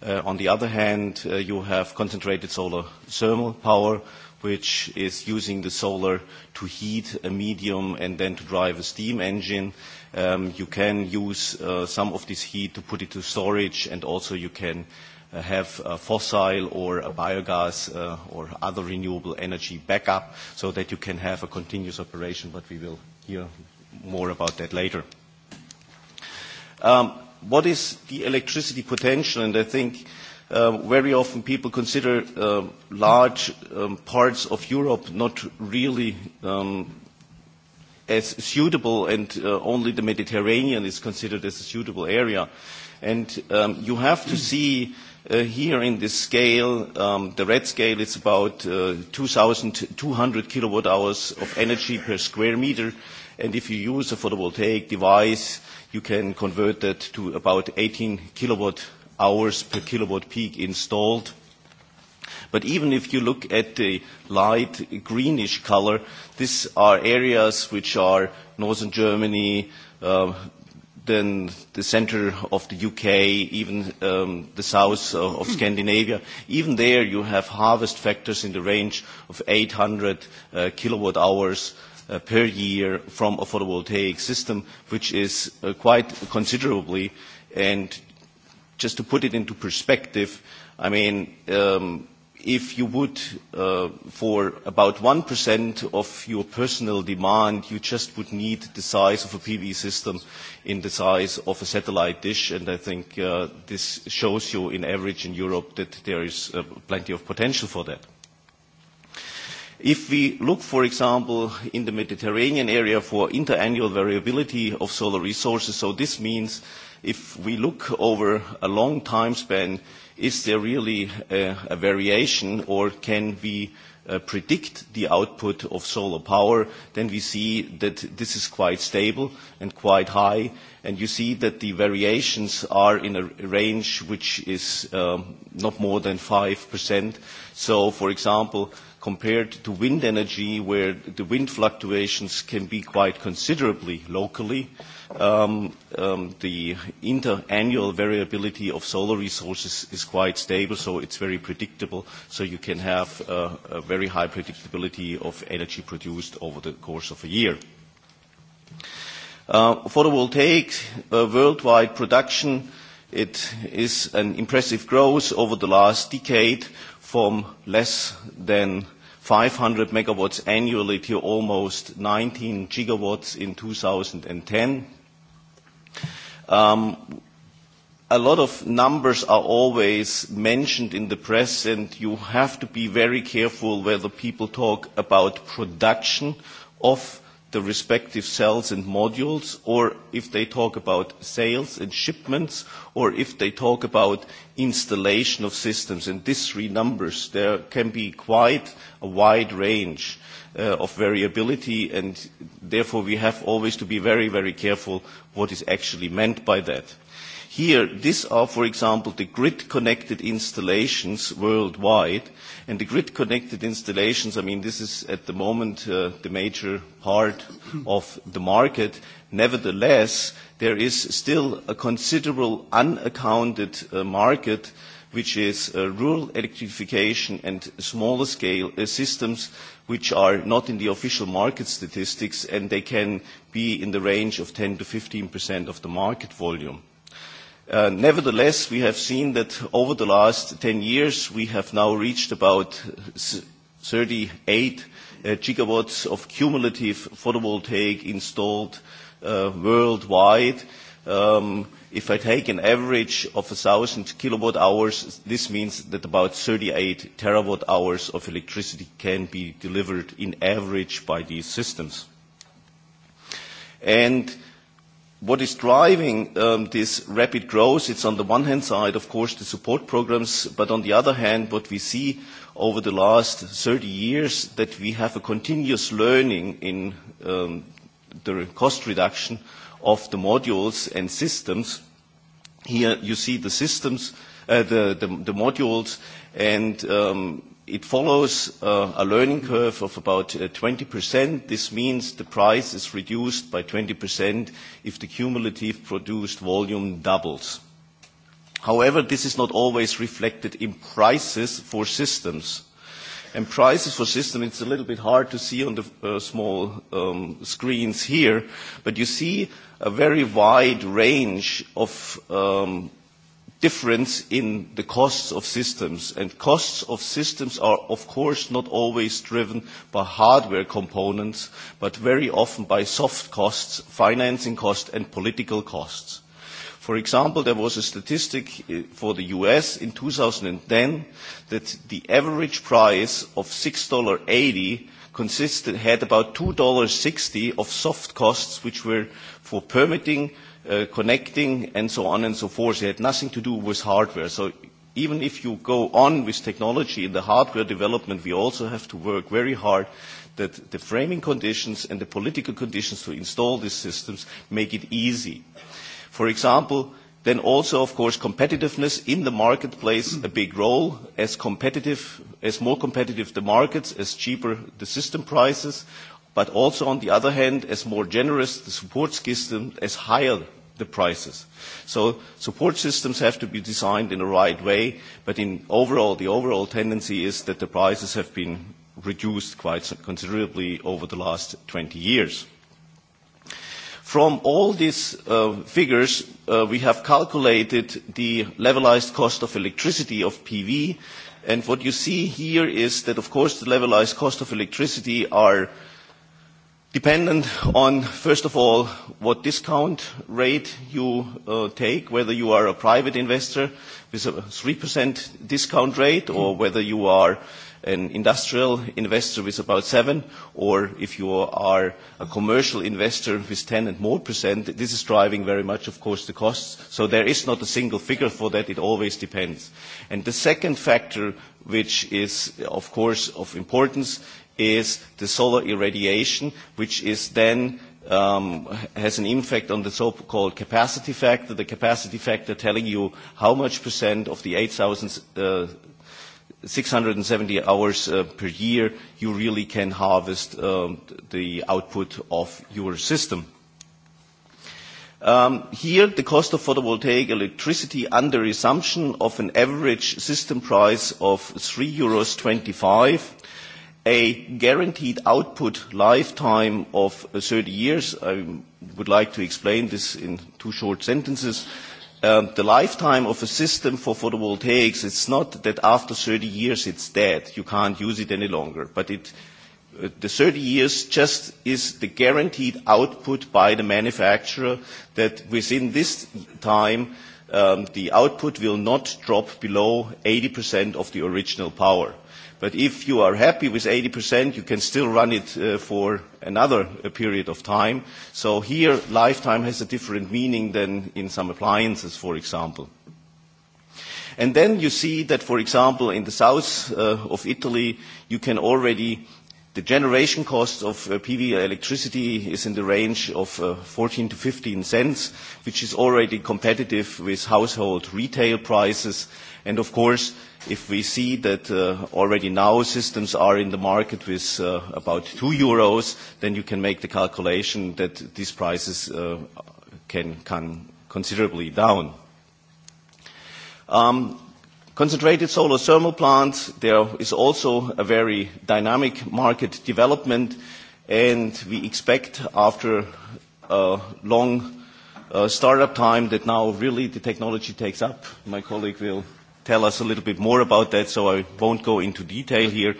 Uh, on the other hand, uh, you have concentrated solar thermal power, which is using the solar to heat a medium and then to drive a steam engine. Um, you can use uh, some of this heat to put it to storage, and also you can uh, have a fossil or a biogas uh, or other renewable energy backup so that you can have a continuous operation, but we will hear more about that later. Um, what is the electricity potential? And I think uh, very often people consider uh, large um, parts of Europe not really um, as suitable, and uh, only the Mediterranean is considered as a suitable area. And um, you have to see uh, here in this scale, um, the red scale is about uh, 2,200 kilowatt hours of energy per square meter. And if you use a photovoltaic device, you can convert that to about 18 kilowatt hours per kilowatt peak installed. But even if you look at the light greenish color, these are areas which are northern Germany, uh, then the center of the UK, even um, the south of, of hmm. Scandinavia. Even there, you have harvest factors in the range of 800 uh, kilowatt hours uh, Uh, per year from a photovoltaic system, which is uh, quite considerably. And just to put it into perspective, I mean, um, if you would, uh, for about 1% of your personal demand, you just would need the size of a PV system in the size of a satellite dish. And I think uh, this shows you in average in Europe that there is uh, plenty of potential for that. If we look, for example, in the Mediterranean area for interannual variability of solar resources, so this means if we look over a long time span, is there really a, a variation or can we uh, predict the output of solar power, then we see that this is quite stable and quite high, and you see that the variations are in a range which is um, not more than 5%. So, for example, compared to wind energy, where the wind fluctuations can be quite considerably locally, um, um, the interannual variability of solar resources is quite stable, so it's very predictable. So you can have uh, a very high predictability of energy produced over the course of a year. Uh, photovoltaic uh, worldwide production, it is an impressive growth over the last decade from less than 500 MW annually to almost 19 GW in 2010. Um, a lot of numbers are always mentioned in the press, and you have to be very careful whether people talk about production of the respective cells and modules, or if they talk about sales and shipments, or if they talk about installation of systems. In these three numbers, there can be quite a wide range uh, of variability, and therefore, we have always to be very, very careful what is actually meant by that. Here, these are, for example, the grid-connected installations worldwide. The grid-connected installations, I mean, this is at the moment uh, the major part of the market. Nevertheless, there is still a considerable unaccounted uh, market, which is uh, rural electrification and smaller scale systems, which are not in the official market statistics, and they can be in the range of 10%-15% of the market volume. Uh, nevertheless, we have seen that over the last 10 years, we have now reached about 38 uh, GW of cumulative photovoltaic installed uh, worldwide. Um, if I take an average of 1,000 kWh, this means that about 38 TWh of electricity can be delivered in average by these systems. And What is driving um, this rapid growth? It's on the one hand side, of course, the support programs, but on the other hand, what we see over the last 30 years, that we have a continuous learning in um, the cost reduction of the modules and systems. Here you see the systems, uh, the modules, and um, It follows uh, a learning curve of about 20%. Uh, this means the price is reduced by 20% if the cumulative produced volume doubles. However, this is not always reflected in prices for systems. Prices for system, it's a little bit hard to see on the uh, small um, screens here, but you see a very wide range of um, difference in the costs of systems. And costs of systems are, of course, not always driven by hardware components, but very often by soft costs, financing costs, and political costs. For example, there was a statistic eh, for the US in 2010 that the average price of $6.80 consisted had about $2.60 of soft costs which were for permitting uh, connecting and so on and so forth. It had nothing to do with hardware. So even if you go on with technology in the hardware development, we also have to work very hard that the framing conditions and the political conditions to install these systems make it easy. For example, then also, of course, competitiveness in the market plays a big role. As competitive, as more competitive the markets, as cheaper the system prices. But also, on the other hand, as more generous the support system, as higher the prices. So support systems have to be designed in the right way, but in overall, the overall tendency is that the prices have been reduced quite considerably over the last 20 years. From all these uh, figures, uh, we have calculated the levelized cost of electricity of PV, and what you see here is that, of course, the levelized cost of electricity are dependent on, first of all, what discount rate you uh, take, whether you are a private investor with a 3% discount rate or mm-hmm. whether you are an industrial investor with about 7 or if you are a commercial investor with 10 and more percent, this is driving very much, of course, the costs. So there is not a single figure for that. It always depends. And the second factor, which is, of course, of importance, is the solar irradiation, which is then um, has an impact on the so-called capacity factor. The capacity factor telling you how much percent of the 8,670 uh, hours uh, per year you really can harvest um, the output of your system. Um, here, the cost of photovoltaic electricity under assumption of an average system price of €3.25 a guaranteed output lifetime of 30 uh, years. I would like to explain this in two short sentences. Um, the lifetime of a system for photovoltaics, it's not that after 30 years it's dead. You can't use it any longer. But it, uh, the 30 years just is the guaranteed output by the manufacturer that within this time um, the output will not drop below 80% of the original power. But if you are happy with 80%, you can still run it uh, for another uh, period of time. So here, lifetime has a different meaning than in some appliances, for example. And then you see that, for example, in the south uh, of Italy, you can already, the generation cost of uh, PV electricity is in the range of uh, 14 to 15 cents, which is already competitive with household retail prices. And of course, if we see that uh, already now systems are in the market with uh, about 2 euros, then you can make the calculation that these prices uh, can come considerably down. Um, concentrated solar thermal plants, there is also a very dynamic market development, and we expect after a long uh, startup time that now really the technology takes up. My colleague will tell us a little bit more about that, so I won't go into detail here.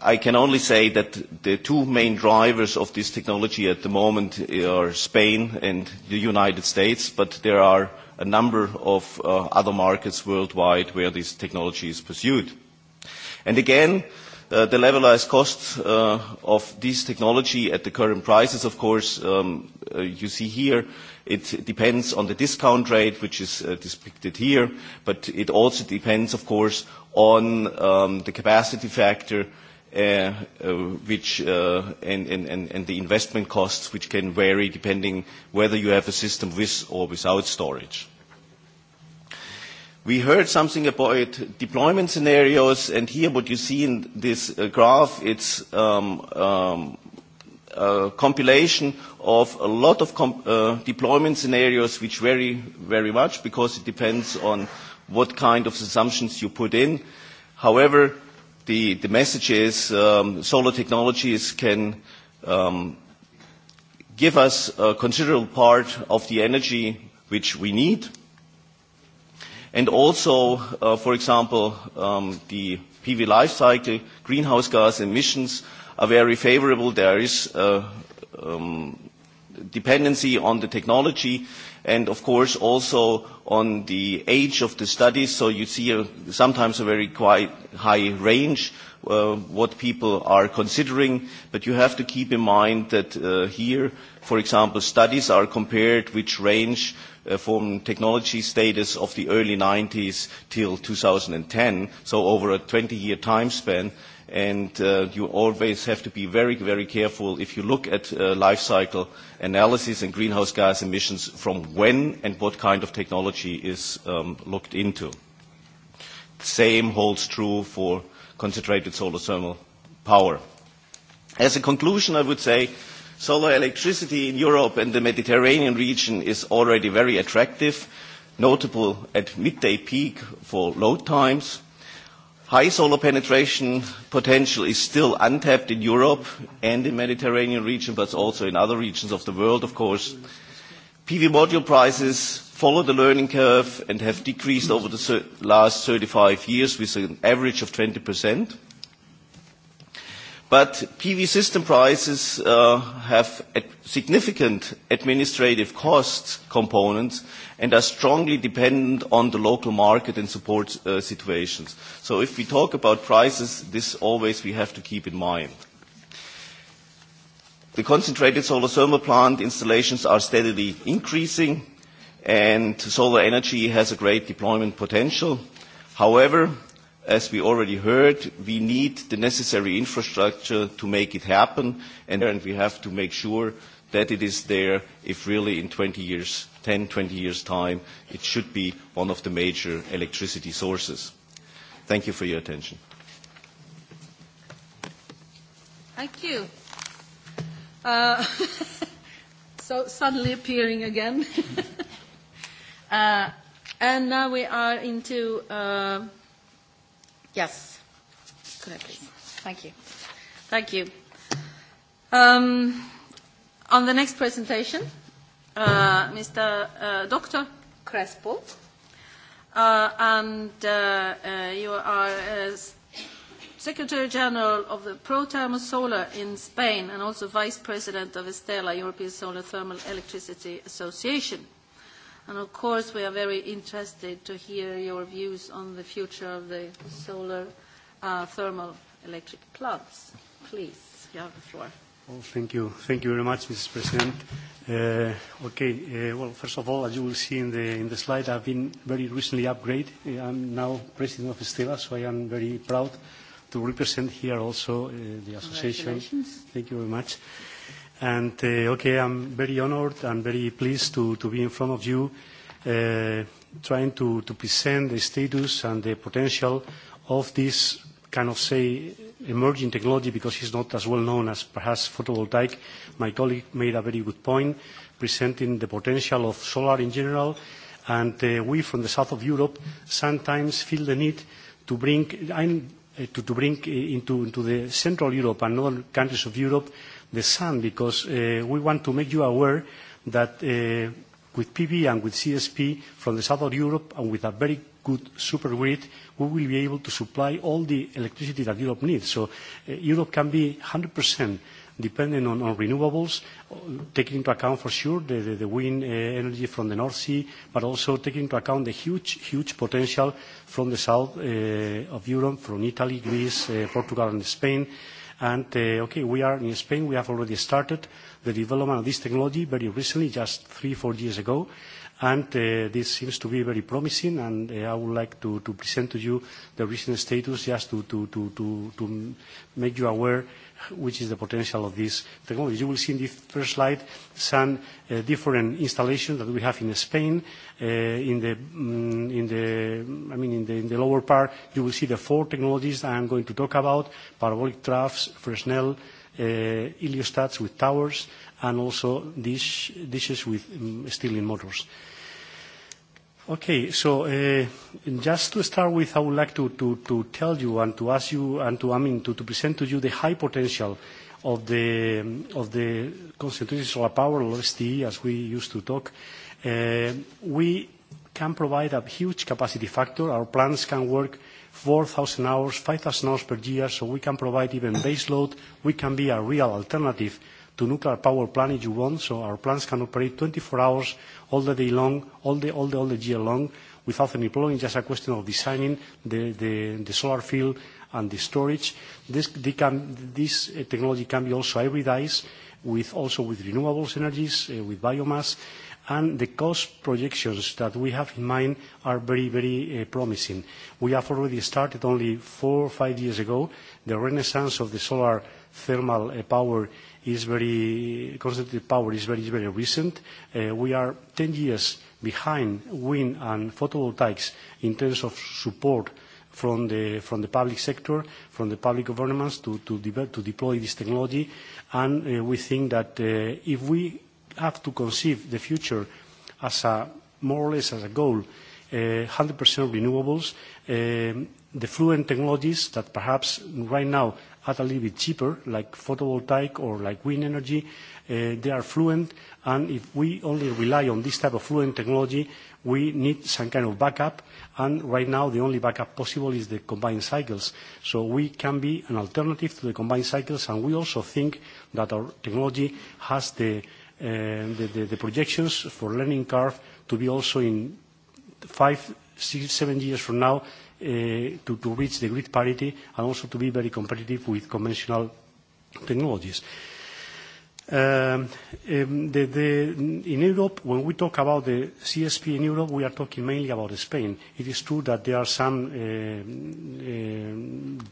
I can only say that the two main drivers of this technology at the moment are Spain and the United States, but there are a number of uh, other markets worldwide where this technology is pursued. And again, uh, the levelized cost uh, of this technology at the current prices, of course, um, uh, you see here, uh, It depends on the discount rate, which is uh, depicted here, but it also depends, of course, on um, the capacity factor, uh, uh, and the investment costs, which can vary depending whether you have a system with or without storage. We heard something about deployment scenarios, and here what you see in this graph, it's um, um, uh, compilation of a lot of comp- uh, deployment scenarios, which vary very much because it depends on what kind of assumptions you put in. However, the, the message is um, solar technologies can um, give us a considerable part of the energy which we need. And also, uh, for example, um, the PV life cycle, greenhouse gas emissions are very favorable. There is a uh, um, dependency on the technology and, of course, also on the age of the study. So you see uh, sometimes a very quite high range uh, what people are considering. But you have to keep in mind that here, for example, studies are compared which range from technology status of the early 1990s till 2010, so over a 20-year time span and uh, you always have to be very, very careful if you look at uh, life cycle analysis and greenhouse gas emissions from when and what kind of technology is um, looked into. The same holds true for concentrated solar thermal power. As a conclusion, I would say solar electricity in Europe and the Mediterranean region is already very attractive, notable at midday peak for load times. High solar penetration potential is still untapped in Europe and the Mediterranean region, but also in other regions of the world, of course. PV module prices follow the learning curve and have decreased over the last 35 years with an average of 20%. PV system prices uh, have significant administrative cost components and are strongly dependent on the local market and support uh, situations. If we talk about prices, this always we have to keep in mind. The concentrated solar thermal plant installations are steadily increasing, and solar energy has a great deployment potential. However, as we already heard, we need the necessary infrastructure to make it happen, and we have to make sure that it is there if really in 20 years, 10, 20 years' time, it should be one of the major electricity sources. Thank you for your attention. Thank you. Uh, (laughs) so suddenly appearing again. (laughs) uh, and now we are into... Uh, Yes. Could I please? Thank you. Thank you. Um, on the next presentation, uh, Mr. Uh, Dr. Crespo, uh, and uh, uh, you are uh, Secretary General of the Pro Solar in Spain and also Vice President of Estela, European Solar Thermal Electricity Association. Of course, we are very interested to hear your views on the future of the solar uh, thermal electric plants. Please, you have the floor. Well, thank you. Thank you very much, Mrs. President. Uh, okay. Uh, well, first of all, as you will see in the slide, I've been very recently upgraded. I'm now President of Stella, so I am very proud to represent here also the association. Congratulations. Thank you very much. And uh, okay, I'm very honored and very pleased to, to be in front of you, uh, trying to, to present the status and the potential of this kind of, say, emerging technology because it's not as well known as perhaps photovoltaic. My colleague made a very good point presenting the potential of solar in general. And uh, we from the south of Europe sometimes feel the need to bring, uh, to, to bring uh, into, into the central Europe and northern countries of Europe the sun because uh, we want to make you aware that uh, with PV and with CSP from the south of Europe and with a very good super grid, we will be able to supply all the electricity that Europe needs. So uh, Europe can be 100% depending on, on renewables, taking into account for sure the, the, the wind uh, energy from the North Sea, but also taking into account the huge, huge potential from the south uh, of Europe, from Italy, Greece, uh, Portugal and Spain. Uh, Uh, okay, we are in Spain. We have already started the development of this technology very recently, just three, four years ago. Uh, this seems to be very promising, and uh, I would like to present to you the recent status just to make you aware which is the potential of this technology. You will see in the first slide some uh, different installations that we have in Spain. Uh, in, the, mm, in, the, I mean in, the, in the lower part, you will see the four technologies I am going to talk about, parabolic troughs, Fresnel, uh, heliostats uh, with towers, and also dish, dishes with mm, steel motors. Uh, Okay, so uh, just to start with, I would like to, to, to tell you and to ask you and to, I mean, to, to present to you the high potential of the, um, of the concentrated solar power, LSTE, as we used to talk. Uh, we can provide a huge capacity factor. Our plants can work 4,000 hours, 5,000 hours per year, so we can provide even base load. We can be a real alternative to nuclear power plant if you want, so our plants can operate 24 hours all the day long, all the, all the, all the year long, without any problem, just a question of designing the, the, the solar field and the storage. This, they can, this uh, technology can be also hybridized with also with renewables energies, uh, with biomass, and the cost projections that we have in mind are very, very uh, promising. We have already started only four or five years ago the renaissance of the solar thermal uh, power uh, is very concentrated power is very, very recent. Uh, we are 10 years behind wind and photovoltaics in terms of support from the public sector, from the public governments to deploy this technology. And uh, we think that uh, if we have to conceive the future as a more or less as a goal, 100% renewables, um, the Fluence technologies that perhaps right now at a little bit cheaper, like photovoltaic or like wind energy. Uh, they are fluent, and if we only rely on this type of fluent technology, we need some kind of backup, and right now, the only backup possible is the combined cycles. So we can be an alternative to the combined cycles, and we also think that our technology has the uh, projections for learning curve to be also in five, six, seven years from now, uh, to, to reach the grid parity and also to be very competitive with conventional technologies. Um, um, in Europe, when we talk about the CSP in Europe, we are talking mainly about Spain. It is true that there are some uh, uh,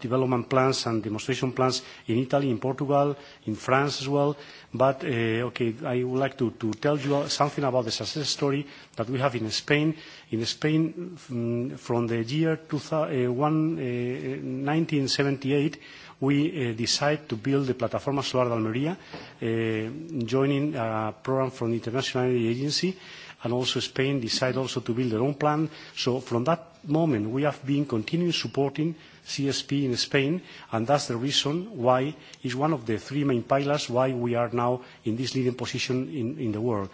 development plans and demonstration plans in Italy, in Portugal, in France as well. Uh, okay, I would like to tell you something about the success story that we have in Spain. In Spain, mm, from the year 1978, we uh, decide to build the Plataforma Solar de Almería, uh, joining a program from the International Energy Agency, and also Spain decide also to build their own plant. So from that moment, we have been continuing supporting CSP in Spain, and that's the reason why it's one of the three main pillars why we are now in this leading position in the world.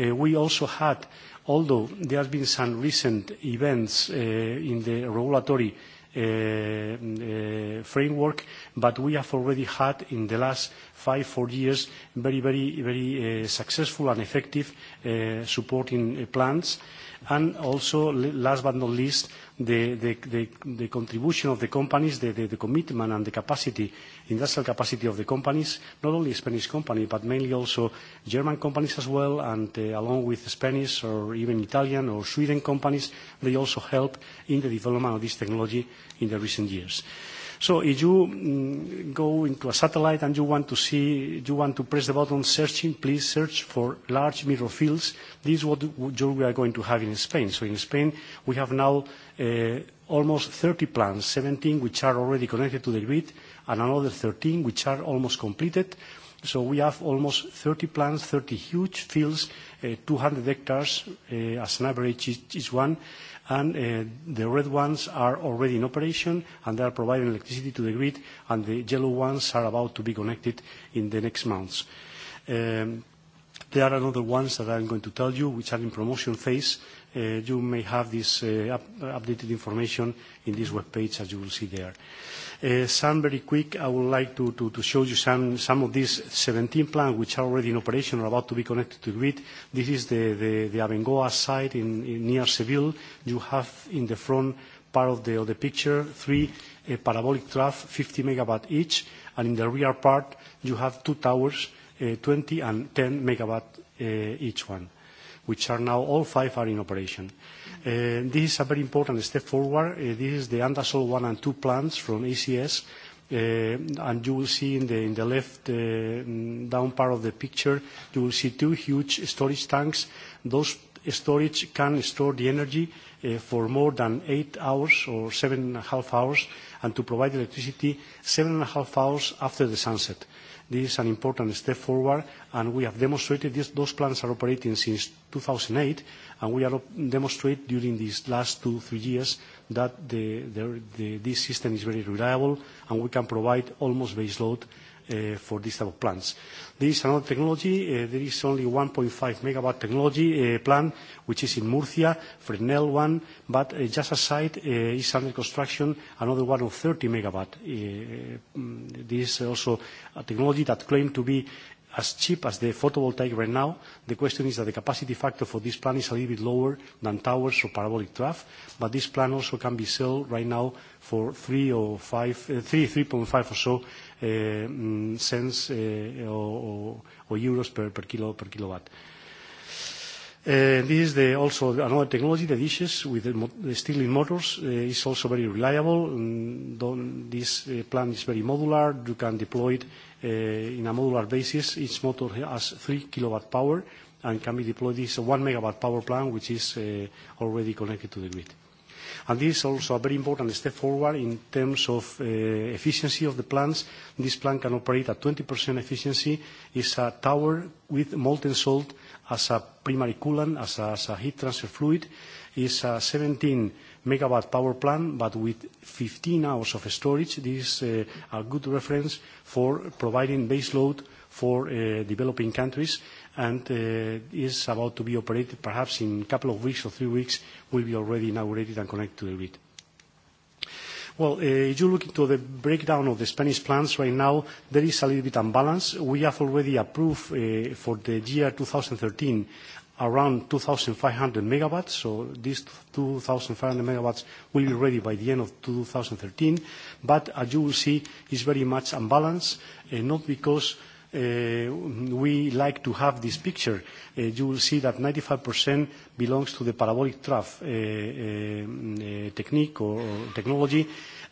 Uh, we also had, although there has been some recent events in the regulatory Uh, uh, framework, but we have already had, in the last five, four years, very uh, successful and effective supporting plans. Also last but not least, the contribution of the companies, the commitment and the capacity, industrial capacity of the companies, not only Spanish company, but mainly also German companies as well, and uh, along with Spanish or even Italian or Sweden companies, they also help in the development of this technology in the recent years. So if you um, go into a satellite and you want to see, you want to press the button searching, please search for large mirror fields. This is what we are going to have in Spain. So in Spain, we have now uh, almost 30 plants, 17 which are already connected to the grid, and another 13 which are almost completed. So we have almost 30 plants, 30 huge fields, uh, 200 hectares uh, as an average each, each one and uh, the red ones are already in operation, and they are providing electricity to the grid, and the yellow ones are about to be connected in the next months. Um, there are another ones that I'm going to tell you, which are in promotion phase. Uh, you may have this uh, updated information in this webpage, as you will see there. Uh, some very quick, I would like to show you some of these 17 plants which are already in operation or about to be connected to grid. This is the Abengoa site near Seville. You have in the front part of the picture three uh, parabolic troughs, 50 MW each. In the rear part, you have two towers, 20 uh, and 10 MW each one, which are now all five in operation. Uh, this is a very important step forward. Uh, this is the Andasol 1 and 2 plants from ACS. Uh, and you will see in the left mm, down part of the picture, you will see two huge storage tanks. Those storage can store the energy for more than 8 hours or 7.5 hours, and to provide electricity 7.5 hours after the sunset. This is an important step forward, and we have demonstrated this, those plants are operating since 2008, and we are demonstrate during these last two, three years that the, the, the, this system is very reliable, and we can provide almost base load Uh, for these type of plants. This is another technology. Uh, there is only 1.5 MW technology uh, plant, which is in Murcia, Fresnel one, but just a site is under construction, another one of 30 MW. Mm, this is also a technology that claim to be as cheap as the photovoltaic right now. The question is that the capacity factor for this plant is a little bit lower than towers or parabolic trough, but this plant also can be sold right now for 3 or 5, 3.5 eh, or so eh, mm, cents eh, or euros per kilo, per kilowatt. This is also another technology, the dishes with the steel in motors. It's also very reliable, and mm, this plant is very modular. You can deploy it in a modular basis. Each motor has 3 kW power and can be deployed. It's a 1 MW power plant, which is already connected to the grid and this is also a very important step forward in terms of eh, efficiency of the plants. This plant can operate at 20% efficiency. It's a tower with molten salt as a primary coolant, as a heat transfer fluid. It's a 17 MW power plant, but with 15 hours of storage. This is eh, a good reference for providing base load for eh, developing countries and uh, is about to be operated, perhaps in a couple of weeks or three weeks, will be already inaugurated and connected to the grid. Well, uh, if you look into the breakdown of the Spanish plants right now, there is a little bit imbalance. We have already approved uh, for the year 2013 around 2,500 MW, so these 2,500 MW will be ready by the end of 2013. But as you will see, it's very much imbalanced, not because uh, we like to have this picture, uh, you will see that 95% belongs to the parabolic trough uh, uh, uh technique or, or technology,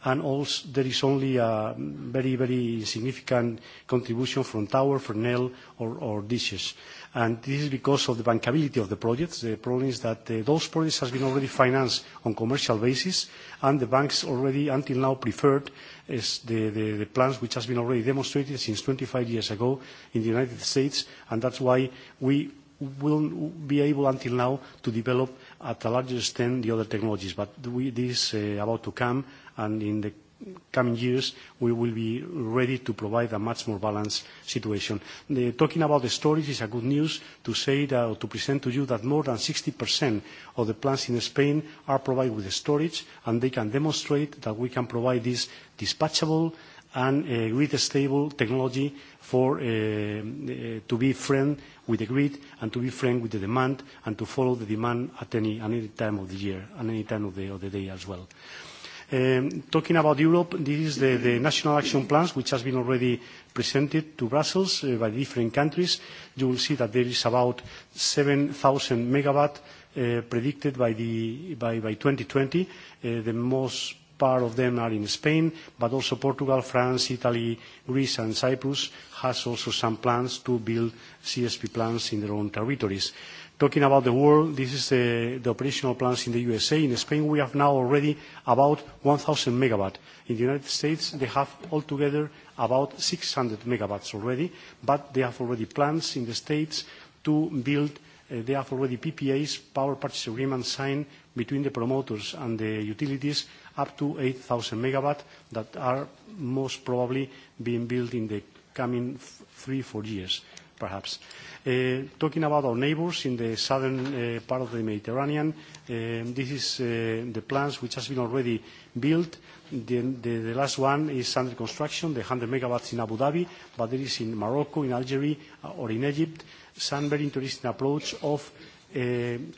and also there is only a very, very significant contribution from tower, Fresnel, or, or dishes. And this is because of the bankability of the projects. The problem is that uh, those projects have been already financed on commercial basis, and the banks already, until now, preferred is the plans which has been already demonstrated since 25 years ago in the United States, and that's why we won't be able until now to develop at a larger extent the other technologies. This uh, about to come, and in the coming years, we will be ready to provide a much more balanced situation. Talking about the storage is a good news to say that, or to present to you that more than 60% of the plants in Spain are provided with storage, and they can demonstrate that we can provide this dispatchable and uh, grid-stable technology for uh, uh, to be friend with the grid and to be friend with the demand, and to follow the demand at any time of the year and any time of the day as well. Um, talking about Europe, this is the, the national action plans which has been already presented to Brussels uh, by different countries. You will see that there is about 7,000 megawatt uh, predicted by, the, by, by 2020. Uh, the most part of them are in Spain, but also Portugal, France, Italy, Greece and Cyprus has also some plans to build CSP plants in their own territories. Talking about the world, this is uh, the operational plants in the USA. In Spain, we have now already about 1,000 MW. In the United States, they have altogether about 600 MW already, but they have already plans in the States to build. Uh, they have already PPAs, power purchase agreements signed between the promoters and the utilities, up to 8,000 MW that are most probably being built in the coming three, four years perhaps. Eh, talking about our neighbors in the southern eh, part of the Mediterranean, eh, this is the plants which has been already built. The last one is under construction, the 100 MW in Abu Dhabi, but it is in Morocco, in Algeria, uh, or in Egypt. Some very interesting approach of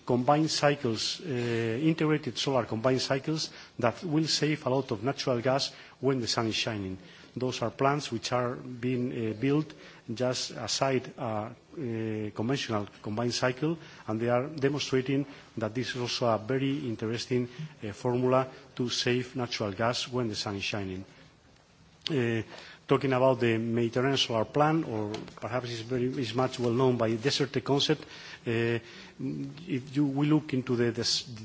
combined cycles, integrated solar combined cycles that will save a lot of natural gas when the sun is shining. Those are plants which are being uh, built just aside a uh, conventional combined cycle, and they are demonstrating that this is also a very interesting uh, formula to save natural gas when the sun is shining talking about the Mediterranean Solar Plan, or perhaps it's, very, it's much well known by Desert Concept. Uh, if you, we look into the, the,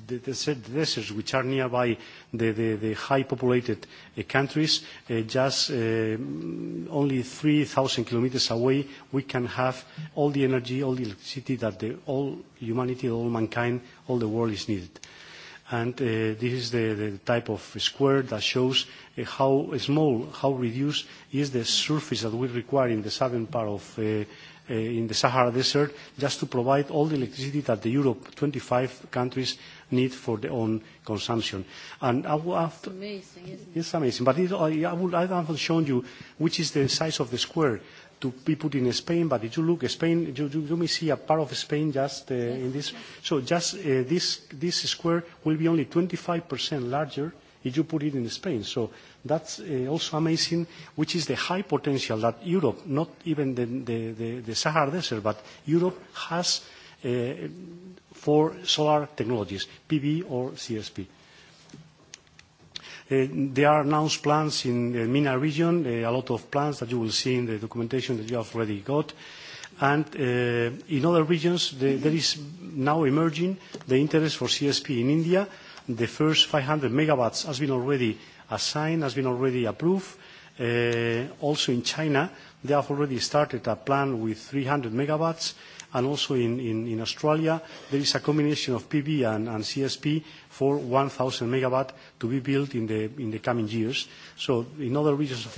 the, the deserts which are nearby the, the, the high populated uh, countries, uh, just uh, only 3,000 kilometers away, we can have all the energy, all the electricity that the, all humanity, all mankind, all the world is needed and uh, this is the, the type of square that shows uh, how small, how reduced is the surface that we require in the southern part of uh, uh, in the Sahara Desert, just to provide all the electricity that the Europe 25 countries need for their own consumption. And I will have to, it's amazing, isn't it? It's amazing. But it, uh, I, will, I have shown you which is the size of the square to be put in Spain, but if you look at Spain, you, you, you may see a part of Spain just uh, yes, in this. Yes. So just uh, this, this square will be only 25% larger if you put it in Spain. So that's uh, also amazing, which is the high potential that Europe, not even the, the, the, the Sahara Desert, but Europe has uh, for solar technologies, PV or CSP. Uh, there are announced plans in the uh, MENA region, uh, a lot of plans that you will see in the documentation that you have already got. In other regions, there is now emerging the interest for CSP in India. The first 500 MW has been already assigned, has been already approved. Also in China, they have already started a plan with 300 MW. Also in Australia, there is a combination of PV and CSP for 1,000 MW to be built in the coming years. So in other regions of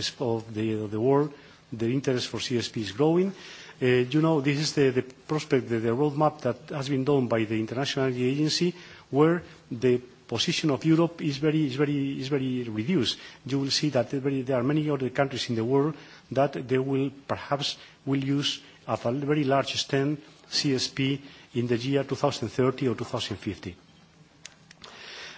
the world, the interest for CSP is growing. Uh, you know, this is the prospect, the roadmap that has been done by the International Energy Agency, where the position of Europe is very reduced. You will see that there are many other countries in the world that they will perhaps use at a very large extent CSP in the year 2030 or 2050.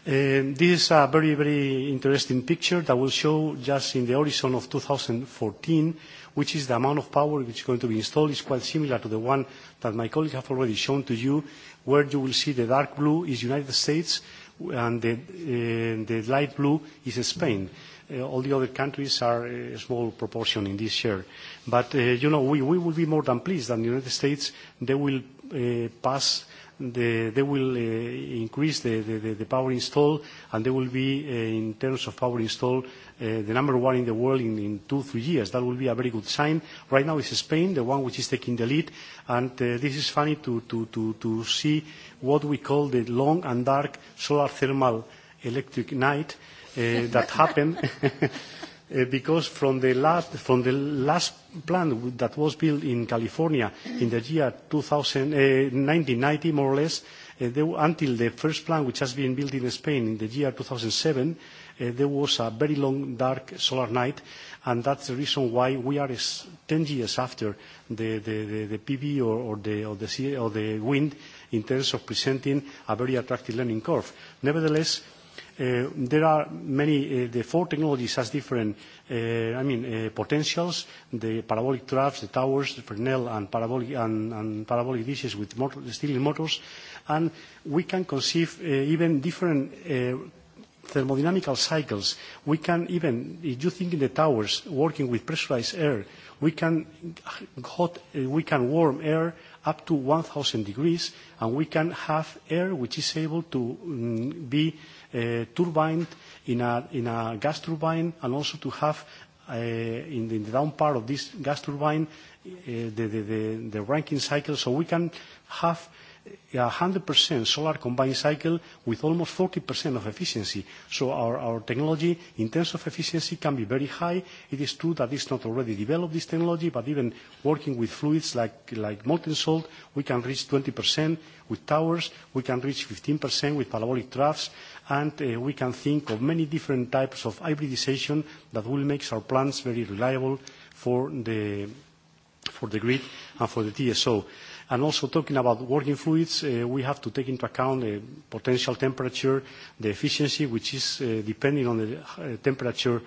Um, this is a very, very interesting picture that will show just in the horizon of 2014, which is the amount of power which is going to be installed. It's quite similar to the one that my colleagues have already shown to you, where you will see the dark blue is United States and the, uh, the light blue is Spain. Uh, all the other countries are a small proportion in this share. But, uh, you know, we, we will be more than pleased that the United States, they will uh, pass they will uh, increase the power installed, and they will be, uh, in terms of power installed, uh, the number one in the world in two, three years. That will be a very good sign. Right now, it's Spain, the one which is taking the lead, and this is funny to see what we call the long and dark solar thermal electric night that (laughs) happened. (laughs) Uh, because from the last from the last plant that was built in California in the year 2000, uh, 1990, more or less, uh, there, until the first plant which has been built in Spain in the year 2007, uh, there was a very long dark solar night, and that's the reason why we are 10 years after the, the, the, the PV or, or, the, or, the sea, or the wind in terms of presenting a very attractive learning curve. Nevertheless, Uh, there are many, uh, the four technologies has different, uh, I mean, uh, potentials, the parabolic traps, the towers, the Fresnel, and parabolic, and, and parabolic dishes with motor, steel motors, and we can conceive uh, even different uh, thermodynamical cycles. We can even, if you think in the towers working with pressurized air, we can, hot, uh, we can warm air up to 1,000 degrees, and we can have air which is able to um, be uh, uh, turbine in a, in a gas turbine and also to have uh, in, the, in the down part of this gas turbine uh, the, the, the, the ranking cycle so we can have a 100% solar combined cycle with almost 40% of efficiency. So our, our technology in terms of efficiency can be very high. It is true that it's not already developed this technology, but even working with fluids like, like molten salt, we can reach 20% with towers, we can reach 15% with parabolic troughs, and uh, we can think of many different types of hybridization that will make our plants very reliable for the grid and for the TSO. Also talking about working fluids, uh, we have to take into account the potential temperature, the efficiency, which is uh, depending on the temperature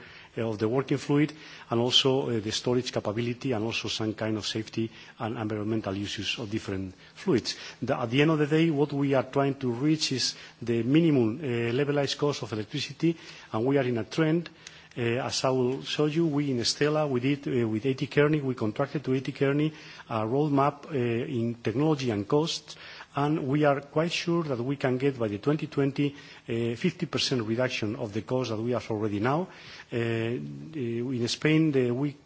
of the working fluid, and also uh, the storage capability, and also some kind of safety and environmental issues of different fluids. At the end of the day, what we are trying to reach is the minimum uh, levelized cost of electricity, and we are in a trend. Uh, as I will show you, we in Stella, we did with A.T. Kearney, we contracted to A.T. Kearney, a roadmap in technology and costs, and we are quite sure that we can get by the 2020, 50% uh, reduction of the cost that we have already now. Uh, uh, in Spain,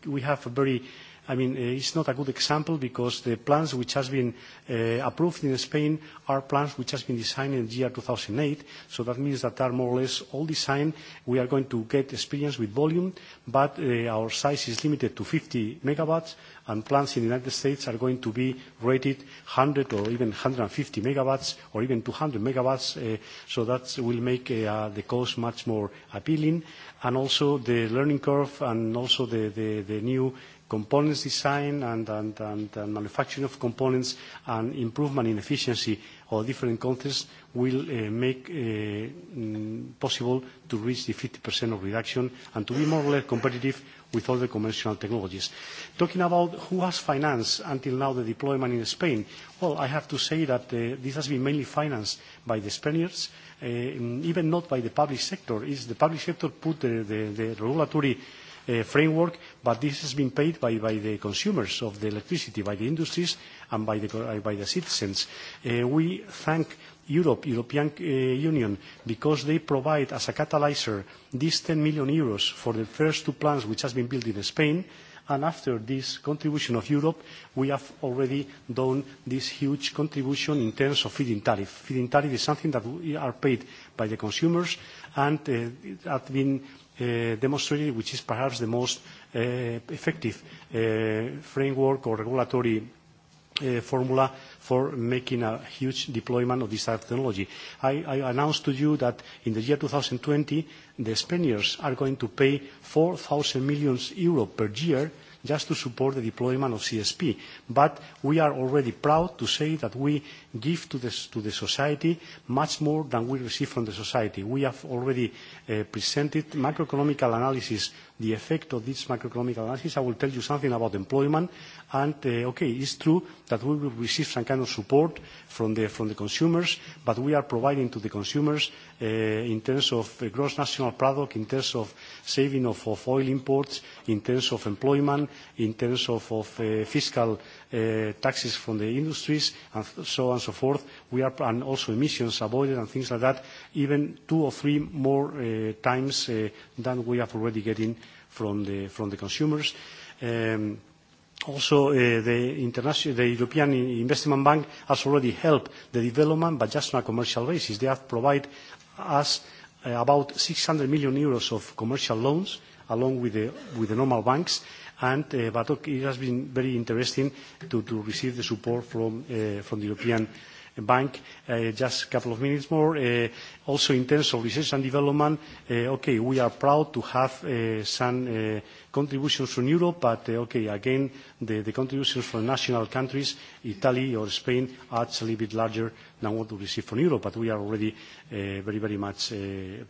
we have a very I mean, uh, it's not a good example because the plans which has been uh, approved in Spain are plans which has been designed in the year 2008. So that means that are more or less all designed. We are going to get experience with volume, but uh, our size is limited to 50 megawatts, and plans in the United States are going to be rated 100 or even 150 megawatts or even 200 megawatts. Uh, so that will make uh, uh, the cost much more appealing. And also the learning curve and also the, the, the new components design and, and, and, and manufacturing of components and improvement in efficiency of different countries will uh, make uh, mm, possible to reach the 50% of reduction and to be more or less competitive with other conventional technologies. Talking about who has financed until now the deployment in Spain, well, I have to say that uh, this has been mainly financed by the Spaniards, uh, even not by the public sector. It's the public sector put the, the, the regulatory uh, Uh, framework, but this has been paid by, by the consumers of the electricity, by the industries, and by the, uh, by the citizens. Uh, we thank Europe, European uh, Union, because they provide as a catalyzer these 10 million euros for the first two plants which has been built in Spain, and after this contribution of Europe, we have already done this huge contribution in terms of feed-in tariff. Feed-in tariff is something that we are paid by the consumers, and uh, it has been Uh, demonstrated, which is perhaps the most uh, effective uh, framework or regulatory uh, formula for making a huge deployment of this type of technology. I, I announced to you that in the year 2020, the Spaniards are going to pay 4,000 million euros per year just to support the deployment of CSP. But we are already proud to say that we uh, give to the, to the society much more than we receive from the society. We have already uh, presented macroeconomic analysis, the effect of this macroeconomic analysis. I will tell you something about employment. And, uh, okay, it's true that we will receive some kind of support from the, from the consumers, but we are providing to the consumers uh, in terms of uh, gross national product, in terms of saving of, of oil imports, in terms of employment, in terms of, of uh, fiscal uh, Uh, taxes from the industries and so on and so forth. We are and also emissions avoided and things like that, even two or three more uh, times uh, than we have already getting from the from the consumers. Um, also, uh, the, international, the European Investment Bank has already helped the development, but just on a commercial basis. They have provided us uh, about 600 million euros of commercial loans, along with the, with the normal banks and eh, but it has been very interesting to receive the support from eh, the European Bank. Eh, just a couple of minutes more. Also in terms of research and development, okay, we are proud to have some contributions from Europe, but uh, okay, again, the contributions from national countries, Italy or Spain, are actually a bit larger than what we receive from Europe. We are already uh, very much uh,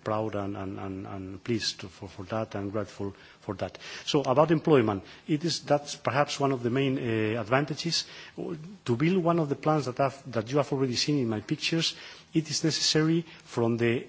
proud and pleased for that and grateful for that. About employment, that's perhaps one of the main advantages. To build one of the plants that you have already seen in my pictures, it is necessary from the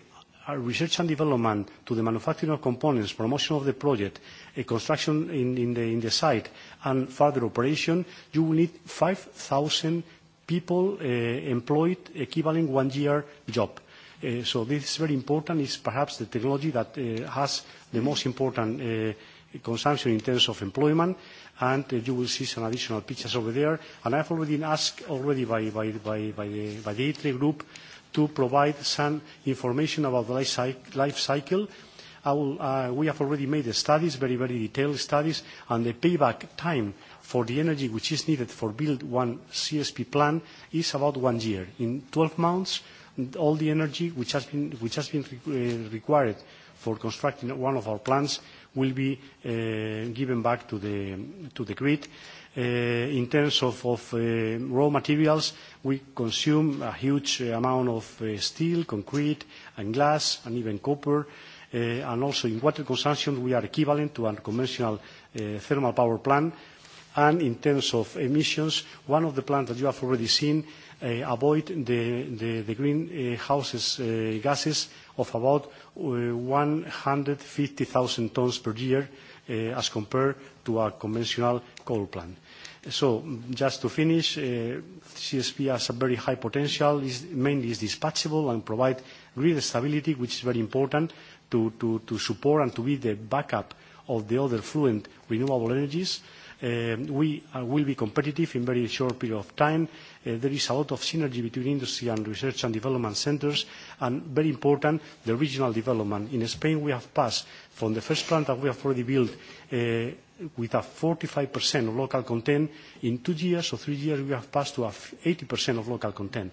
research and development to the manufacturing of components, promotion of the project, a construction in the site, and further operation, you will need 5,000 people eh, employed, equivalent one year job. Eh, this is very important. It's perhaps the technology that eh, has the most important consumption in terms of employment, and you will see some additional pictures over there. I've already asked by the Indra Group to provide some information about the life cycle. Uh, we have already made studies, very detailed studies, and the payback time for the energy which is needed for build one CSP plant is about one year. In 12 months, all the energy which has been uh, required for constructing one of our plants will be uh, given back to the grid. Uh, in terms of uh, raw materials, we consume a huge amount of uh, steel, concrete, and glass, and even copper. Also in water consumption, we are equivalent to a conventional thermal power plant. In terms of emissions, one of the plants that you have already seen avoid the greenhouse gases of about 150,000 tons per year as compared to a conventional coal plant. Just to finish, uh, CSP has a very high potential. It's mainly dispatchable and provide grid stability, which is very important to support and to be the backup of the other fluent renewable energies. Uh, we uh, will be competitive in very short period of time. There is a lot of synergy between industry and research and development centers, and very important, the regional development. In Spain, we have passed from the first plant that we have already built with a 45% of local content, in two years or three years, we have passed to 80% of local content.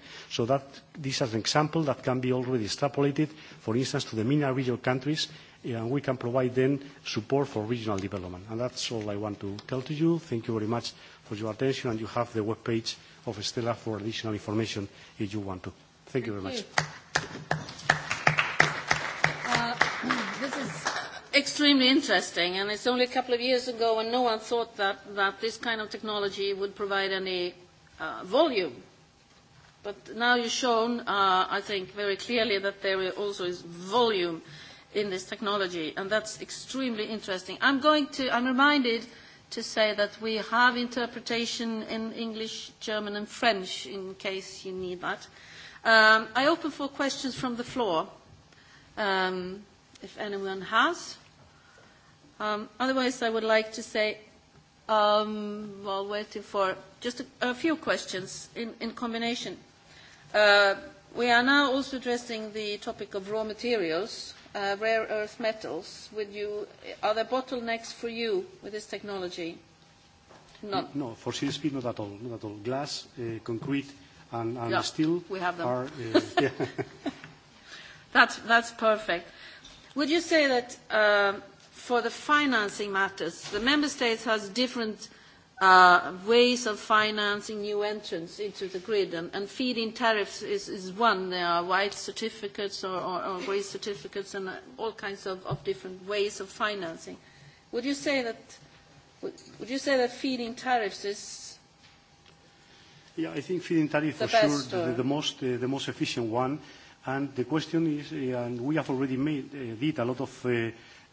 This is an example that can be already extrapolated, for instance, to the MENA region countries, eh, and we can provide them support for regional development. That's all I want to tell to you. Thank you very much for your attention, and you have the webpage of Stella for additional information if you want to. Thank you very much. Thank you. extremely interesting, and it's only a couple of years ago when no one thought that, that this kind of technology would provide any uh, volume. But now you've shown, uh, I think, very clearly that there also is volume in this technology, and that's extremely interesting. I'm, going to, I'm reminded to say that we have interpretation in English, German, and French, in case you need that. Um, I open for questions from the floor, um, if anyone has. Um, otherwise, I would like to say, um, while waiting for just a, a few questions in, in combination, uh, we are now also addressing the topic of raw materials, uh, rare earth metals. With you, are there bottlenecks for you with this technology? Not. No, mm, no, for CSP, not at all. Not at all. Glass, uh, concrete, and, and yeah, steel. We have them. Are, uh, (laughs) that's, that's perfect. Would you say that? Uh, for the financing matters, the member states has different uh, ways of financing new entrants into the grid, and, and feed-in tariffs is, is one. There are white certificates or, or, or grey certificates and uh, all kinds of, of different ways of financing. Would you say that, would you say that feed-in tariffs is... Yeah, I think feeding tariff for the sure the, the, most, uh, the most efficient one. And the question is, uh, and we have already made, uh, did a lot of uh,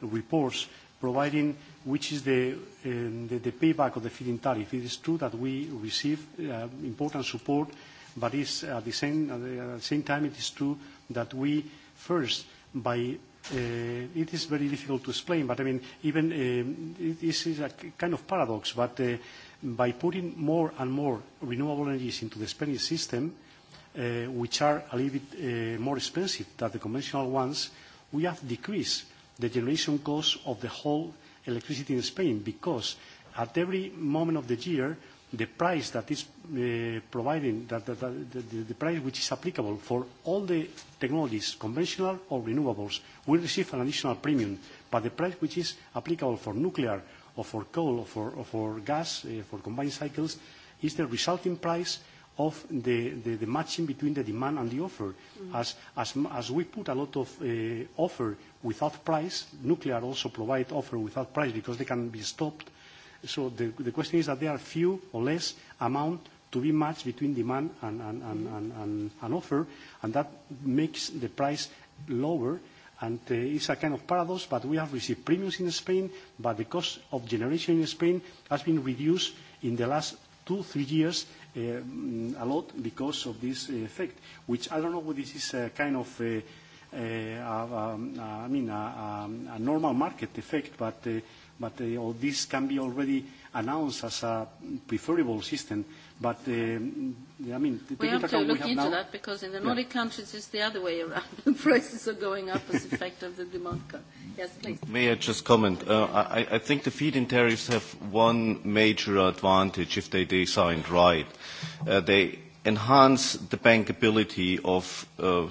reports providing which is um, the payback of the feed-in tariff. It is true that we receive uh, important support, but it's at the same time, it is true that we first by... Uh, it is very difficult to explain, but I mean, even um, this is a kind of paradox, but uh, by putting more and more renewable energies into the Spanish system, which are a little bit more expensive than the conventional ones, we have decreased the generation cost of the whole electricity in Spain, because at every moment of the year, the price that is uh, providing, the price which is applicable for all the technologies, conventional or renewables, will receive an additional premium. The price which is applicable for nuclear or for coal or for gas, uh, for combined cycles, is the resulting price of the matching between the demand and the offer. Mm. As we put a lot of eh, offer without price, nuclear also provide offer without price because they can be stopped. So the question is that there are few or less amount to be matched between demand and Mm... and offer, and that makes the price lower. And eh, it's a kind of paradox, but we have received premiums in Spain, but the cost of generation in Spain has been reduced in the last two, three years Uh, a lot because of this uh, effect, which I don't know whether this is a kind of, a, uh, uh, a, a, a, I mean, a, a, a normal market effect, but, uh, but uh, all this can be already announced as a preferable system uh, But um, yeah, I mean, we have to look have into now. that because in the Nordic yeah. countries it's the other way around. (laughs) Prices are going up as effect of the demand curve. Yes, please. May I just comment? Uh, I, I think the feed-in tariffs have one major advantage if they designed right. Uh, they enhance the bankability of uh,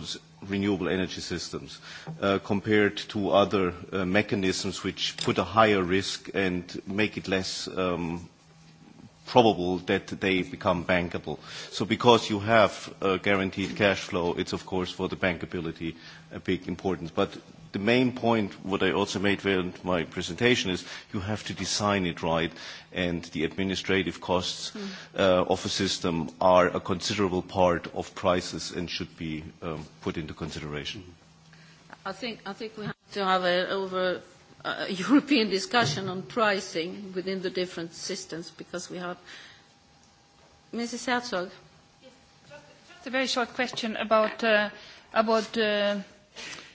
renewable energy systems uh, compared to other uh, mechanisms which put a higher risk and make it less um, probable that they become bankable. Because you have a guaranteed cash flow, it's of course for the bankability a big importance. The main point, what I also made during my presentation is you have to design it right, and the administrative costs hmm. uh, of a system are a considerable part of prices and should be um, put into consideration. I think we have to have a uh, (laughs) European discussion on pricing within the different systems because we have... Mrs. Herzog? Yes, just, just a very short question about, uh, about uh,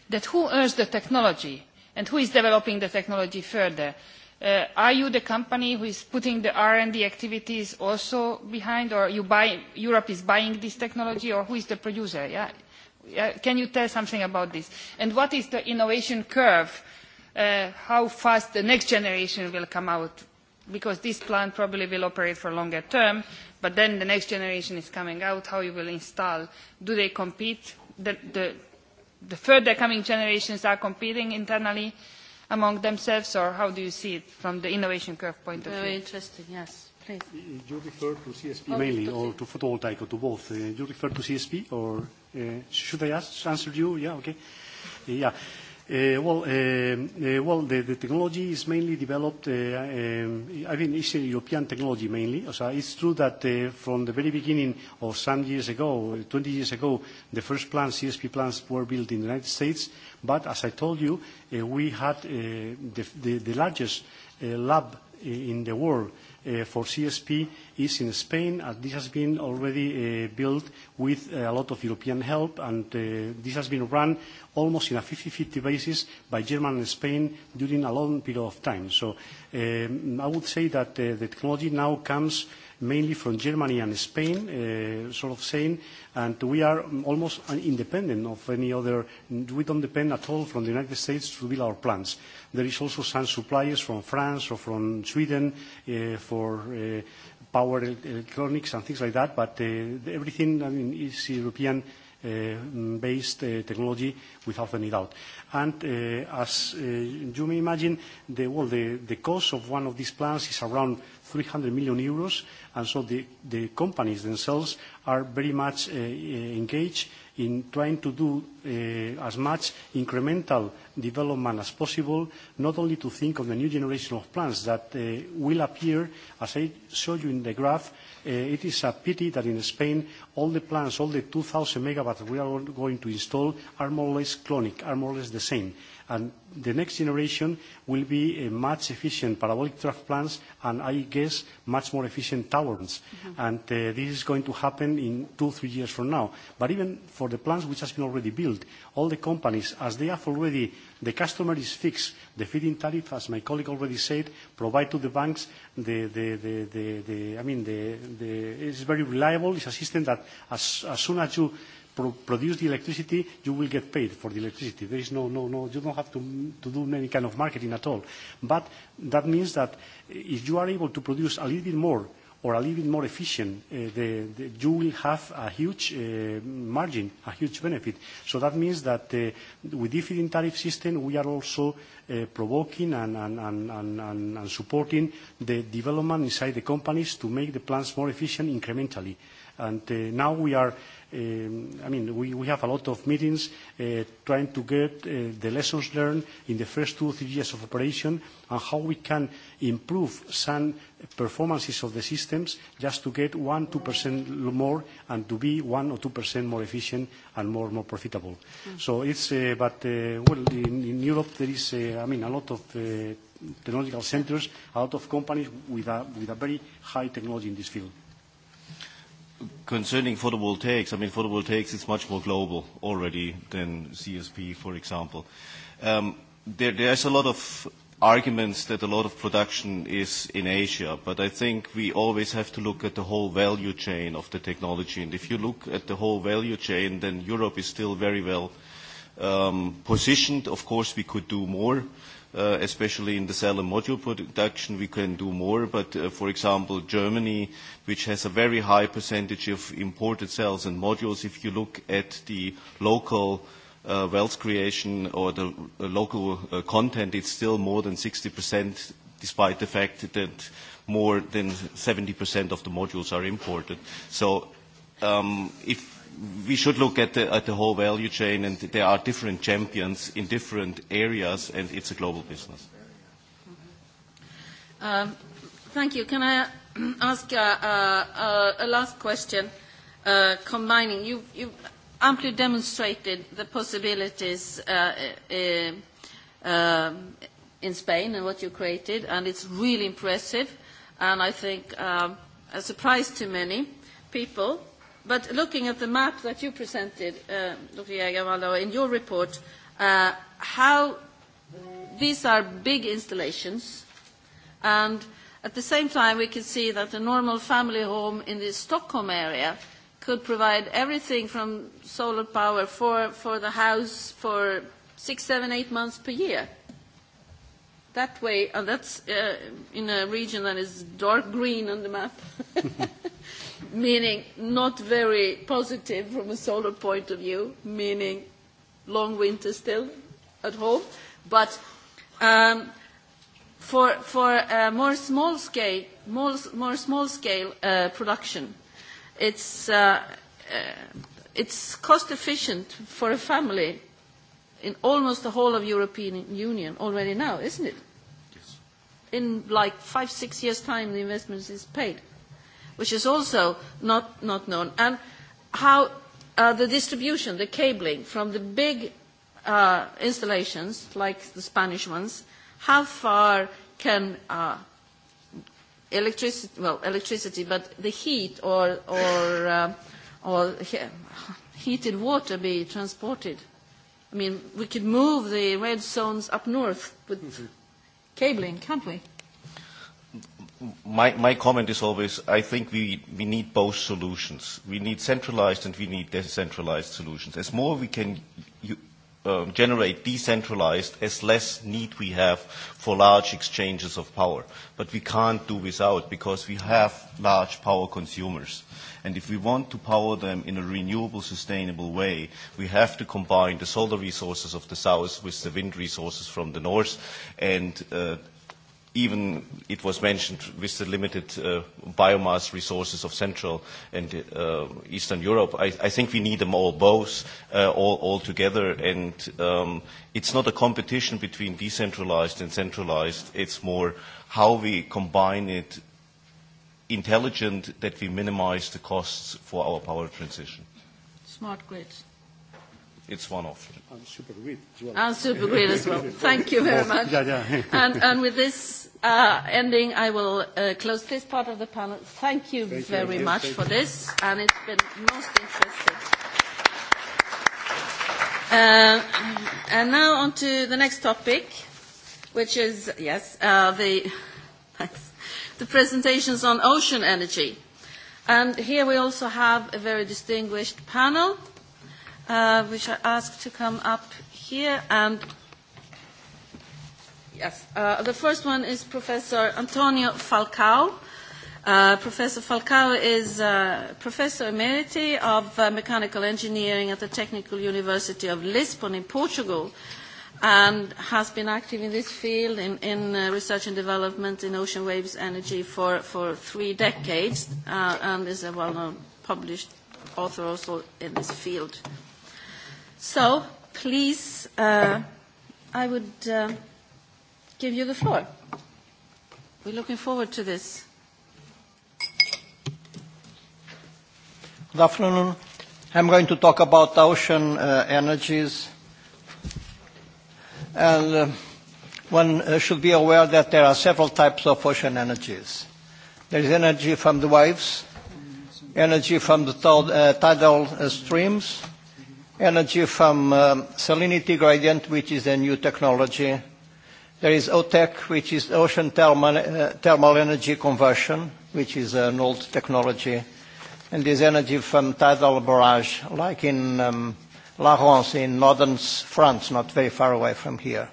that who earns the technology and who is developing the technology further. Uh, are you the company who is putting the R&D activities also behind or you buy, Europe is buying this technology or who is the producer? Yeah. Uh, can you tell something about this? And what is the innovation curve uh, uh, how fast the next generation will come out because this plant probably will operate for longer term, but then the next generation is coming out, how you will install, do they compete, the, the, the further coming generations are competing internally among themselves, or how do you see it from the innovation curve point Very of view? Very interesting, yes. Please. Uh, you refer to CSP oh, mainly, to or to photovoltaic, or to both. Uh, you refer to CSP, or uh, should I ask, answer you? Yeah, okay. Uh, yeah. Uh, uh, uh, the technology is mainly developed, um, I mean, it's a European technology mainly. It's true that from the very beginning of some years ago, 20 years ago, the first CSP plants were built in the United States. As I told you, we had the largest lab Eh, in the world eh, for CSP is in Spain, and this has been already eh, built with a lot of European help, and this has been run almost in a 50/50 basis by Germany and Spain during a long period of time. I would say that the technology now comes mainly from Germany and Spain, uh, sort of saying, and we are almost independent of any other. We don't depend at all from the United States to build our plants. There is also some suppliers from France or from Sweden uh, for uh, power electronics and things like that, but everything, I mean, is European based technology without any doubt. As you may imagine, the cost of one of these plants is around 300 million euros. The companies themselves are very much uh, uh, engaged in trying to do uh, as much incremental development as possible, not only to think of the new generation of plants that will appear. As I showed you in the graph, it is a pity that in Spain, all the plants, all the 2,000 MW we are going to install are more or less clonic, are more or less the same and the next generation will be uh, much efficient parabolic trough plants and, I guess, much more efficient towers. Mm-hmm. Uh, this is going to happen in two, three years from now. Even for the plants which has been already built, all the companies, as they have already, the customer is fixed. The feed-in tariff, as my colleague already said, provide to the banks the, I mean, it's very reliable. It's a system that as soon as you pro produce the electricity, you will get paid for the electricity. There is no, no, no, you don't have to, to do any kind of marketing at all. But that means that if you are able to produce a little bit more or a little bit more efficient, uh, the, the, you will have a huge uh, margin, a huge benefit. So that means that uh, with different tariff system, we are also uh, provoking and, and, and, and, and, and supporting the development inside the companies to make the plants more efficient incrementally. And uh, now we are Um, I mean, we, we have a lot of meetings uh, trying to get uh, the lessons learned in the first two or three years of operation and how we can improve some performances of the systems just to get 1-2% more and to be 1-2% or 2% more efficient and more more profitable. Mm -hmm. So it's, uh, but, uh, well, in, in Europe there is, uh, I mean, a lot of uh, technological centers, a lot of companies with a, with a very high technology in this field concerning photovoltaics, I mean, photovoltaics is much more global already than CSP, for example. Um, there, there's a lot of arguments that a lot of production is in Asia, but I think we always have to look at the whole value chain of the technology. And if you look at the whole value chain, then Europe is still very well um, positioned. Of course, we could do more. Uh, especially in the cell and module production, we can do more. But uh, for example, Germany, which has a very high percentage of imported cells and modules, if you look at the local uh, wealth creation or the uh, local uh, content, it's still more than 60%, despite the fact that more than 70% of the modules are imported. So um, if we should look at the, at the whole value chain, and there are different champions in different areas, and it's a global business. Mm-hmm. Um, thank you. Can I (clears throat) ask uh, uh, uh, a last question? Uh, combining, you've, you've amply demonstrated the possibilities uh, uh, um, in Spain and what you created, and it's really impressive, and I think um, a surprise to many people. Looking at the map that you presented, uh, Dr. Jägervall, in your report, uh, how these are big installations, and at the same time, we can see that a normal family home in the Stockholm area could provide everything from solar power for the house for six, seven, eight months per year. That way, and that's uh, in a region that is dark green on the map. (laughs) (laughs) meaning not very positive from a solar point of view, meaning long winter still at home. But um, for, for a more small scale, more, more small scale uh, production, it's, uh, uh, it's cost efficient for a family in almost the whole of European Union already now, isn't it? Yes. In like five, six years' time, the investment is paid which is also not, not known, and how uh, the distribution, the cabling from the big uh, installations, like the Spanish ones, how far can uh, electricity, well, electricity, but the heat or, or, uh, or he- heated water be transported? I mean, we could move the red zones up north with mm-hmm. cabling, can't we? my, my comment is always I think we, we need both solutions. We need centralized and we need decentralized solutions. As more we can you, um, generate decentralized, as less need we have for large exchanges of power. But we can't do without because we have large power consumers. And if we want to power them in a renewable, sustainable way, we have to combine the solar resources of the south with the wind resources from the north. And, uh, even it was mentioned with the limited uh, biomass resources of Central and uh, Eastern Europe, I, I think we need them all, both, uh, all, all together. And um, it's not a competition between decentralized and centralized. It's more how we combine it intelligent that we minimize the costs for our power transition. Smart grids it's one off. You know. And super grid as well. And super grid as well. (laughs) Thank you very much. Yeah, yeah. (laughs) and, and with this uh, ending, I will uh, close this part of the panel. Thank you thank very you. much thank for you. this, and it's been most interesting. Uh, and now on to the next topic, which is, yes, uh, the, (laughs) the presentations on ocean energy. And here we also have a very distinguished panel uh, which I asked to come up here. And yes, uh, the first one is Professor Antonio Falcao. Uh, professor Falcao is uh, Professor Emeriti of uh, Mechanical Engineering at the Technical University of Lisbon in Portugal and has been active in this field in, in uh, research and development in ocean waves energy for, for three decades uh, and is a well-known published author also in this field. Uh, So, please, uh, I would uh, give you the floor. We're looking forward to this. Good afternoon. I'm going to talk about ocean uh, energies. And uh, one uh, should be aware that there are several types of ocean energies. There is energy from the waves, energy from the tidal uh, streams, mm-hmm energy from uh, salinity gradient, which is a new technology. There is OTEC, which is ocean uh, thermal energy conversion, which is an old technology. There's energy from tidal barrage, like in um, La Rance in northern France, not very far away from here.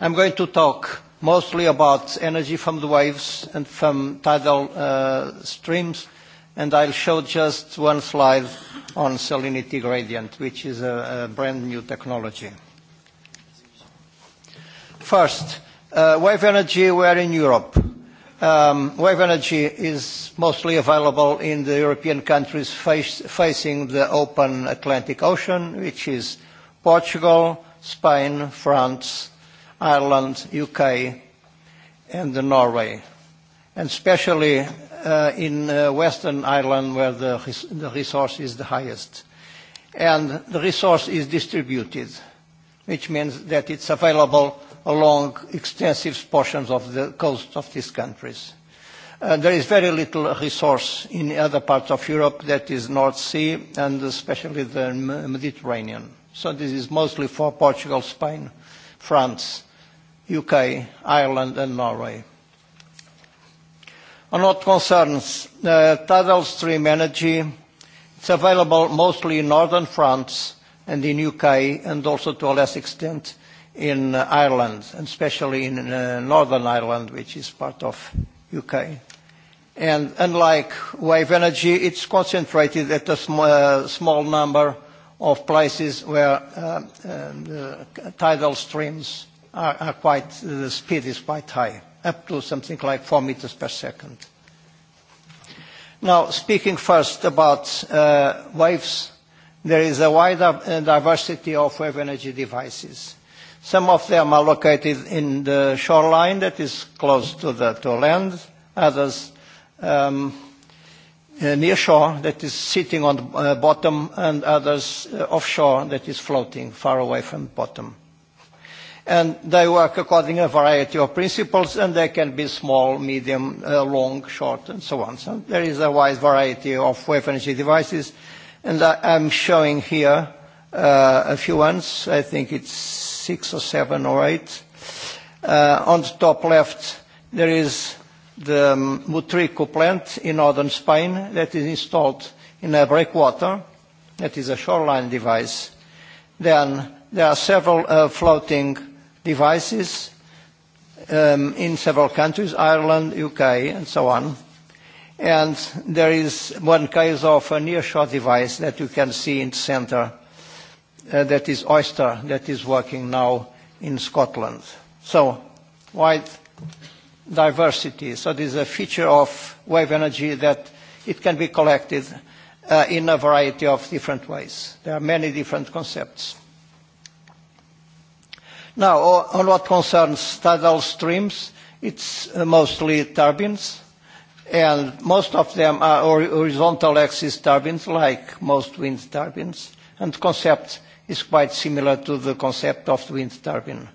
I'm going to talk mostly about energy from the waves and from tidal uh, streams, and I'll show just one slide on salinity gradient, which is a brand-new technology. First, uh, wave energy, we're in Europe. Um, wave energy is mostly available in the European countries facing the open Atlantic Ocean, which is Portugal, Spain, France, Ireland, U.K., and Norway, and especially uh, in uh, Western Ireland where the, res the resource is the highest. And the resource is distributed, which means that it's available along extensive portions of the coast of these countries. Uh, there is very little resource in other parts of Europe that is North Sea and especially the M Mediterranean. So this is mostly for Portugal, Spain, France, UK, Ireland and Norway are not concerns. Uh, tidal Stream Energy, it's available mostly in northern France and in U.K., and also to a less extent in uh, Ireland, and especially in uh, Northern Ireland, which is part of U.K. Unlike wave energy, it's concentrated at a small number of places where tidal streams are quite the speed is quite high up to something like four meters per second. Now, speaking first about uh, waves, there is a wider uh, diversity of wave energy devices. Some of them are located in the shoreline that is close to the to land, others um, uh, near shore that is sitting on the uh, bottom, and others uh, offshore that is floating far away from the bottom and they work according a variety of principles, and they can be small, medium, uh, long, short, and so on. So there is a wide variety of wave energy devices, and I, I'm showing here uh, a few ones. I think it's six or seven or eight. Uh, on the top left, there is the um, Mutrico plant in northern Spain that is installed in a breakwater. That is a shoreline device. Then there are several uh, floating uh, devices um, in several countries, Ireland, UK, and so on. And there is one case of a near-shot device that you can see in the center uh, that is Oyster that is working now in Scotland. So wide diversity. So this is a feature of wave energy that it can be collected uh, in a variety of different ways. There are many different concepts. Now, on what concerns tidal streams, it's uh, mostly turbines, and most of them are horizontal axis turbines, like most wind turbines, and concept is quite similar to the concept of wind turbine.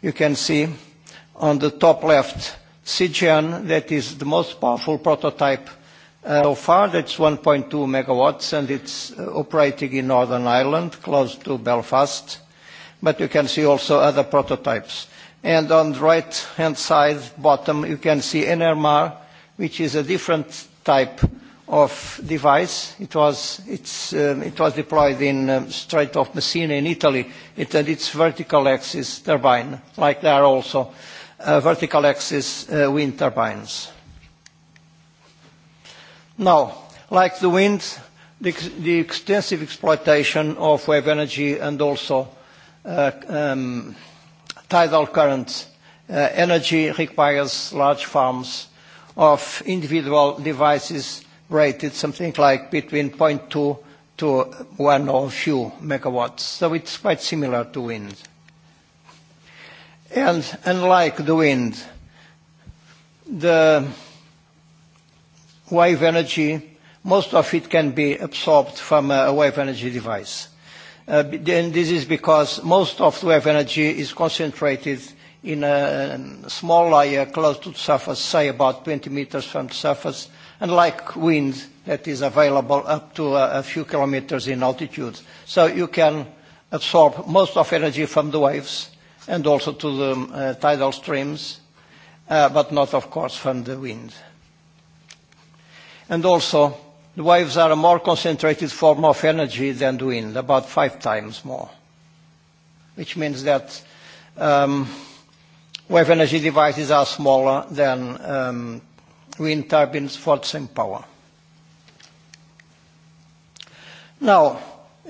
You can see on the top left, Cygeon, that is the most powerful prototype uh, so far. That's 1.2 MW, and it's uh, operating in Northern Ireland, close to Belfast but you can see also other prototypes. And on the right-hand side, bottom, you can see NMR, which is a different type of device. It was, it's, um, it was deployed in um, straight off Messina in Italy. It had its vertical axis turbine, like there are also uh, vertical axis uh, wind turbines. Now, like the wind, the, the extensive exploitation of wave energy and also Uh, um, tidal current uh, energy requires large farms of individual devices rated something like between 0.2 to 1 or a few megawatts. So it's quite similar to wind. And unlike the wind, the wave energy, most of it can be absorbed from a wave energy device. Uh, this is because most of wave energy is concentrated in a um, small layer close to the surface, say about 20 meters from the surface, unlike wind that is available up to a few kilometers in altitude. You can absorb most of energy from the waves and also to the um, uh, tidal streams, uh, but not, of course, from the wind. Also, the waves are a more concentrated form of energy than the wind, about five times more. Which means that um, wave energy devices are smaller than um, wind turbines for the same power. Now,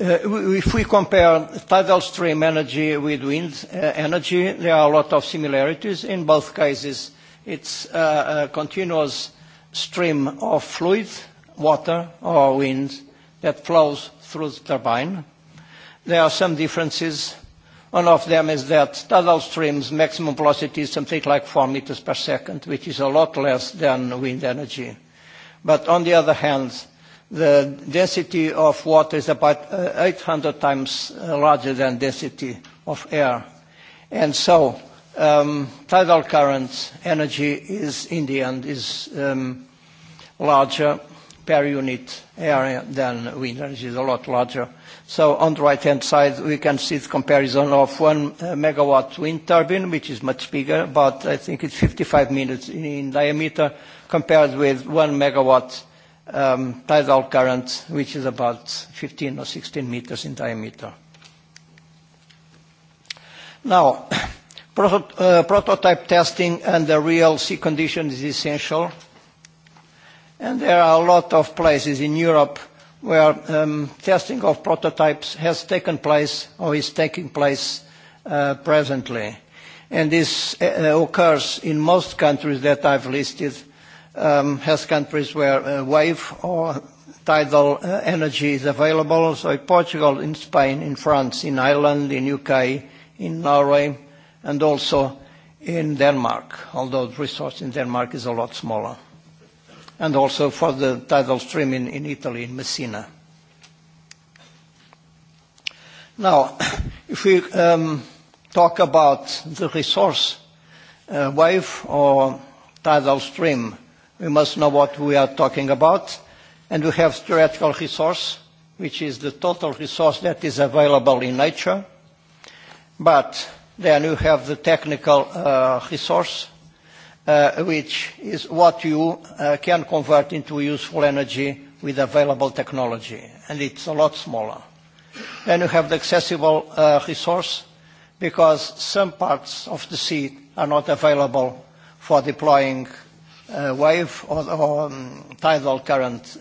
uh, if we compare tidal stream energy with wind uh, energy, there are a lot of similarities. In both cases, it's uh, a continuous stream of fluid water or wind that flows through the turbine. There are some differences. One of them is that Tidal Stream's maximum velocity is something like 4 meters per second, which is a lot less than wind energy. But on the other hand, the density of water is about 800 uh, times uh, larger than density of air. And so, um, tidal current energy is, in the end, um, larger per unit area than wind energy. It's a lot larger. On the right-hand side, we can see the comparison of 1 uh, MW wind turbine, which is much bigger, but I think it's 55 meters in diameter, compared with 1 MW um, tidal current, which is about 15 or 16 meters in diameter. (coughs) Uh, prototype testing and the real sea conditions is essential and there are a lot of places in Europe where um, testing of prototypes has taken place or is taking place uh, presently. And this uh, uh occurs in most countries that I've listed um, as countries where uh, wave or tidal uh, energy is available. So in Portugal, in Spain, in France, in Ireland, in UK, in Norway, and also in Denmark, although the resource in Denmark is a lot smaller and also for the tidal stream in, in Italy, in Messina. Now, (coughs) if we um, talk about the resource uh, wave or tidal stream, we must know what we are talking about. And we have theoretical resource, which is the total resource that is available in nature. But then you have the technical uh, resource, Uh, which is what you uh, can convert into useful energy with available technology, and it's a lot smaller. Then you have the accessible uh, resource, because some parts of the sea are not available for deploying wave or um, tidal current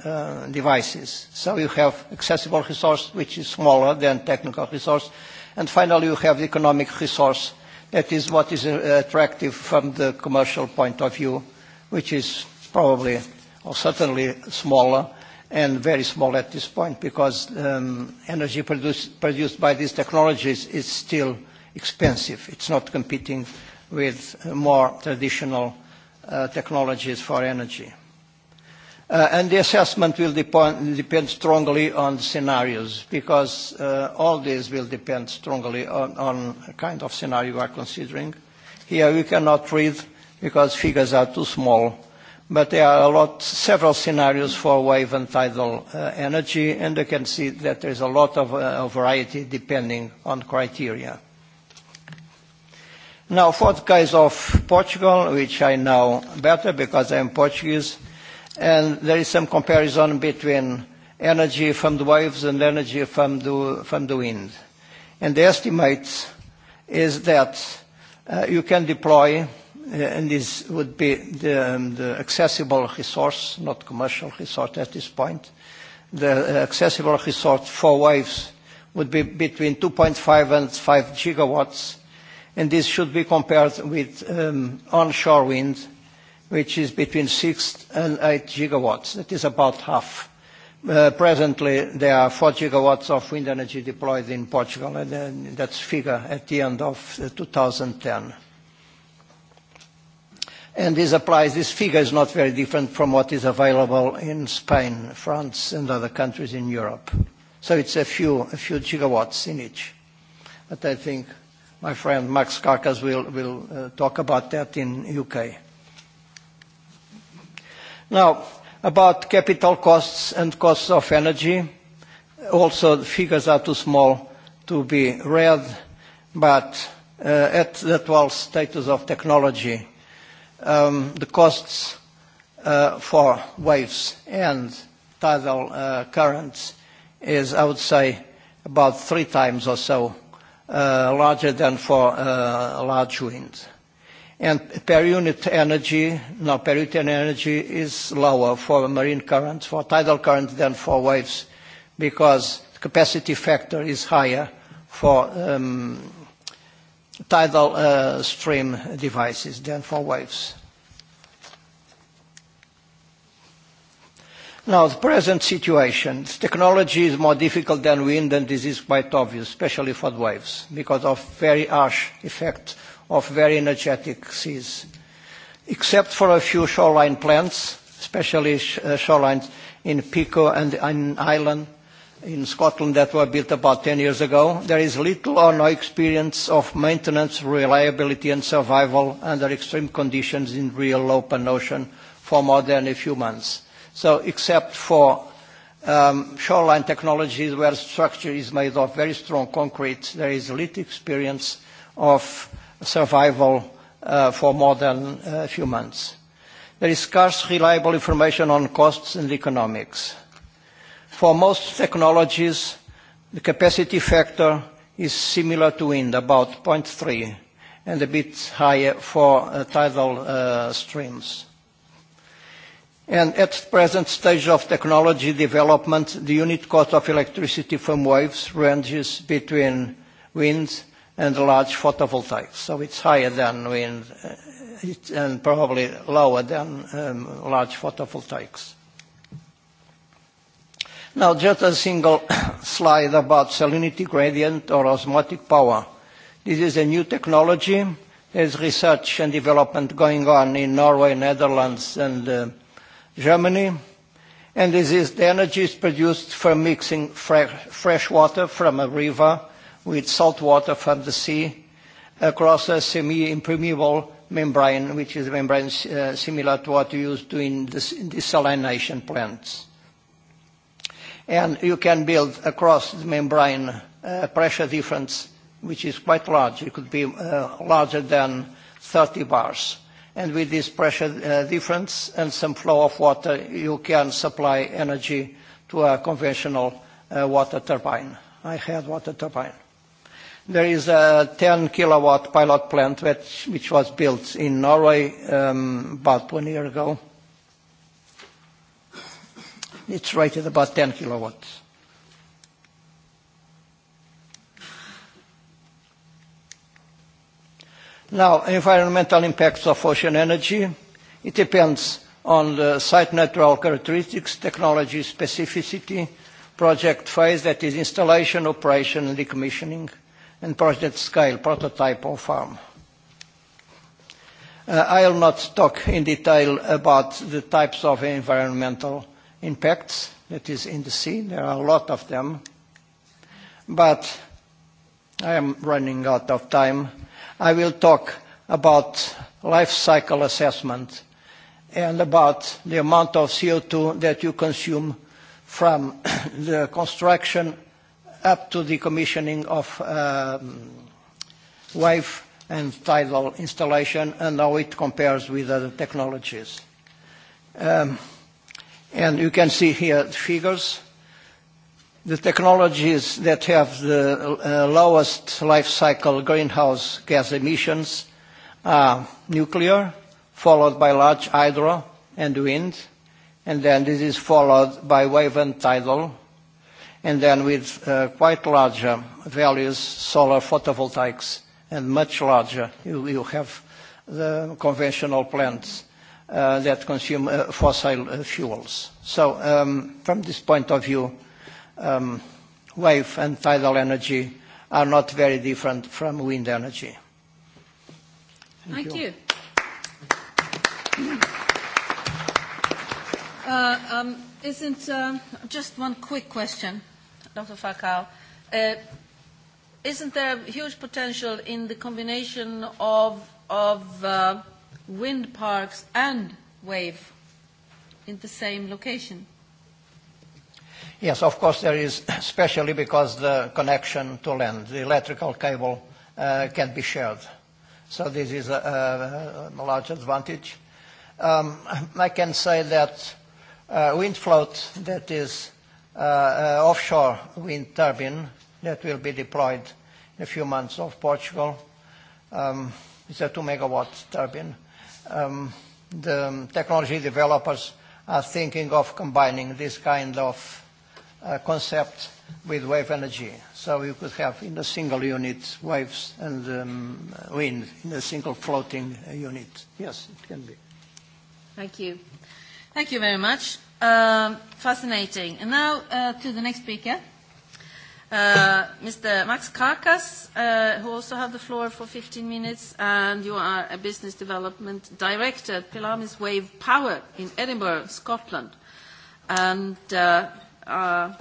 devices. So you have accessible resource, which is smaller than technical resource. And finally, you have economic resource, That is what is uh, attractive from the commercial point of view, which is probably or certainly smaller and very small at this point because um, energy produced by these technologies is still expensive. It's not competing with uh, more traditional uh, technologies for energy. Uh, and the assessment will depend, depend strongly on scenarios because uh, all these will depend strongly on, on the kind of scenario we are considering. Here we cannot read because figures are too small, but there are a lot, several scenarios for wave and tidal uh, energy, and you can see that there is a lot of uh, variety depending on criteria. Now, for the case of Portugal, which I know better because I am Portuguese, and there is some comparison between energy from the waves and energy from the, from the wind. And the estimate is that uh, you can deploy, uh, and this would be the, um, the accessible resource, not commercial resource at this point, the uh, accessible resource for waves would be between 2.5 and 5 gigawatts, and this should be compared with um, onshore wind, which is between 6 and 8 gigawatts. That is about half. Uh, presently, there are 4 gigawatts of wind energy deployed in Portugal, and then that's figure at the end of 2010. Uh, and this applies, this figure is not very different from what is available in Spain, France, and other countries in Europe. So it's a few gigawatts in each. But I think my friend, Max Carcas, will uh, talk about that in U.K. Now, about capital costs and costs of energy, also the figures are too small to be read, but uh, at the 12 status of technology, um, the costs uh, for waves and tidal uh, currents is, I would say, about three times or so larger than for large winds. And per unit energy, now per unit energy is lower for marine current, for tidal current than for waves, because capacity factor is higher for um, tidal uh, stream devices than for waves. Now, the present situation, technology is more difficult than wind, and this is quite obvious, especially for the waves, because of very harsh effect of very energetic seas. Except for a few shoreline plants, especially sh- uh, shorelines in Pico and in Island in Scotland that were built about 10 years ago, there is little or no experience of maintenance, reliability and survival under extreme conditions in real open ocean for more than a few months. So except for um, shoreline technologies where structure is made of very strong concrete, there is little experience of survival uh, for more than uh, a few months. There is scarce reliable information on costs and economics. For most technologies, the capacity factor is similar to wind, about 0.3, and a bit higher for uh, tidal uh, streams. And at the present stage of technology development, the unit cost of electricity from waves ranges between wind and the large photovoltaics. So it's higher than wind uh, and probably lower than um, large photovoltaics. Now, just a single (coughs) slide about salinity gradient or osmotic power. This is a new technology. There's research and development going on in Norway, Netherlands, and uh, Germany. And this is the energy is produced from mixing fre- fresh water from a river with salt water from the sea across a semi-impermeable membrane, which is a membrane uh, similar to what you use in desalination plants. And you can build across the membrane a uh, pressure difference, which is quite large. It could be uh, larger than 30 bars. And with this pressure uh, difference and some flow of water, you can supply energy to a conventional uh, water turbine. I had water turbine. There is a 10 kW pilot plant which was built in Norway um, about one year ago. It's rated about 10 kW. Now, environmental impacts of ocean energy. It depends on the site natural characteristics, technology specificity, project phase, that is installation, operation, and decommissioning and project scale prototype or farm. Uh, I'll not talk in detail about the types of environmental impacts that is in the sea. There are a lot of them. But I am running out of time. I will talk about life cycle assessment and about the amount of CO2 that you consume from (coughs) the construction up to the commissioning of um, wave and tidal installation and how it compares with other technologies. Um, you can see here the figures. The technologies that have the uh, lowest life cycle greenhouse gas emissions are nuclear, followed by large hydro and wind, and then this is followed by wave and tidal. Then with uh, quite larger values, solar photovoltaics, and much larger, you have the conventional plants uh, that consume uh, fossil fuels. Um, from this point of view, um, wave and tidal energy are not very different from wind energy. Thank you. Thank you. Um, just one quick question. Dr. Falcao. Uh, isn't there huge potential in the combination of, of uh, wind parks and wave in the same location? Yes, of course there is, (coughs) especially because the connection to land, the electrical cable, uh, can be shared. So this is a, a large advantage. Um, I can say that uh, wind float that is Uh, uh, offshore wind turbine that will be deployed in a few months off Portugal. Um, it's a 2 MW turbine. Um, the technology developers are thinking of combining this kind of uh, concept with wave energy. You could have in a single unit waves and um, wind in a single floating unit. Yes, it can be. Thank you. Thank you very much. Um, fascinating. And now uh, to the next speaker, uh, Mr. Max Karkas, uh, who also have the floor for 15 minutes, and you are a business development director at Pilamis Wave Power in Edinburgh, Scotland. And uh, uh,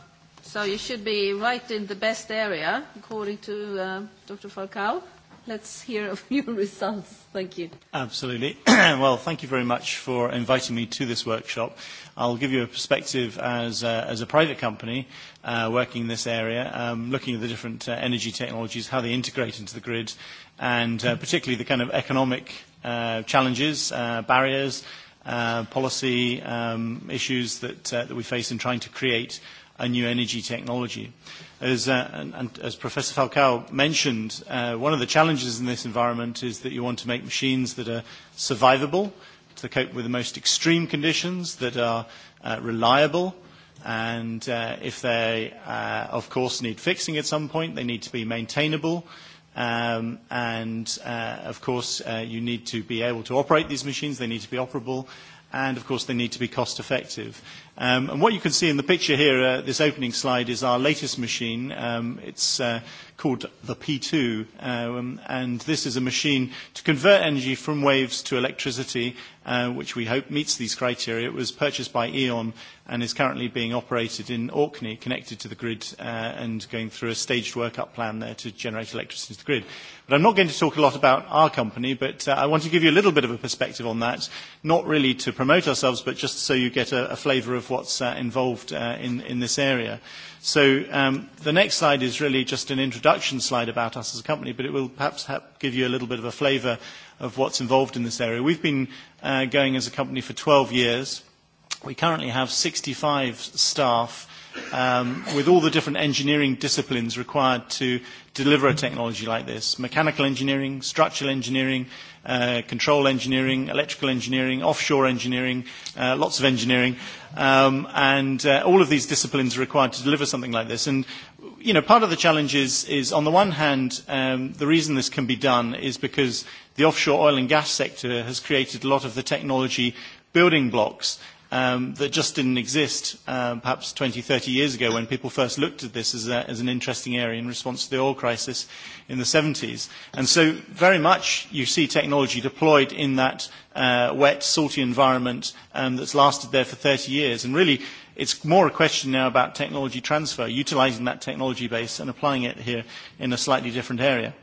so you should be right in the best area, according to uh, Dr. Falcao let's hear of your (laughs) results. Thank you. Absolutely. (clears throat) well, thank you very much for inviting me to this workshop. I'll give you a perspective as a, as a private company uh, working in this area, um, looking at the different uh, energy technologies, how they integrate into the grid, and uh, particularly the kind of economic uh, challenges, uh, barriers, uh, policy um, issues that, uh, that we face in trying to create a new energy technology. Uh, as, uh, and, and as Professor Falcao mentioned, uh, one of the challenges in this environment is that you want to make machines that are survivable, to cope with the most extreme conditions, that are uh, reliable, and uh, if they, uh, of course, need fixing at some point, they need to be maintainable. Um, and, uh, of course, uh, you need to be able to operate these machines. They need to be operable. And, of course, they need to be cost effective. Um, and what you can see in the picture here, uh, this opening slide, is our latest machine. Um, it's uh, called the P2. Uh, um, and this is a machine to convert energy from waves to electricity, uh, which we hope meets these criteria. It was purchased by E.ON and is currently being operated in Orkney, connected to the grid uh, and going through a staged workup plan there to generate electricity to the grid. But I'm not going to talk a lot about our company, but uh, I want to give you a little bit of a perspective on that, not really to promote ourselves, but just so you get a, a flavour of of what's uh, involved uh, in, in this area. So um, the next slide is really just an introduction slide about us as a company, but it will perhaps ha- give you a little bit of a flavor of what's involved in this area. We've been uh, going as a company for 12 years. We currently have 65 staff um, with all the different engineering disciplines required to deliver a technology like this. Mechanical engineering, structural engineering, uh, control engineering, electrical engineering, offshore engineering, uh, lots of engineering, um, and uh, all of these disciplines are required to deliver something like this. And you know, part of the challenge is, is on the one hand, um, the reason this can be done is because the offshore oil and gas sector has created a lot of the technology building blocks um, that just didn't exist uh, perhaps 20, 30 years ago when people first looked at this as, a, as an interesting area in response to the oil crisis in the 70s. And so very much you see technology deployed in that uh, wet, salty environment um, that's lasted there for 30 years. And really, it's more a question now about technology transfer, utilizing that technology base and applying it here in a slightly different area.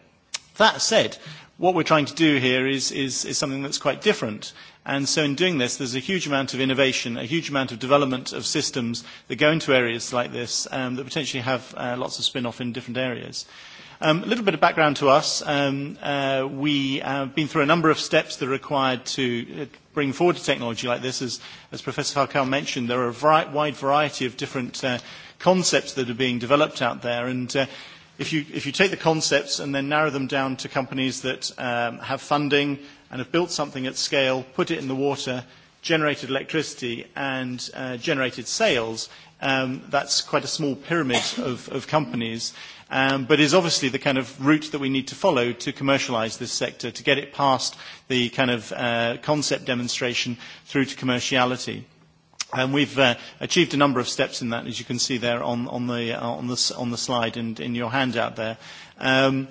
That said, what we're trying to do here is, is, is something that's quite different. And so in doing this, there's a huge amount of innovation, a huge amount of development of systems that go into areas like this um, that potentially have uh, lots of spin-off in different areas. Um, a little bit of background to us. Um, uh, we have been through a number of steps that are required to uh, bring forward a technology like this. As, as Professor Falcao mentioned, there are a vari- wide variety of different uh, concepts that are being developed out there. And uh, if, you, if you take the concepts and then narrow them down to companies that um, have funding, and have built something at scale, put it in the water, generated electricity, and uh, generated sales. Um, that's quite a small pyramid of, of companies, um, but is obviously the kind of route that we need to follow to commercialize this sector, to get it past the kind of uh, concept demonstration through to commerciality. And we've uh, achieved a number of steps in that, as you can see there on, on, the, uh, on, the, on the slide and in your handout there. Um,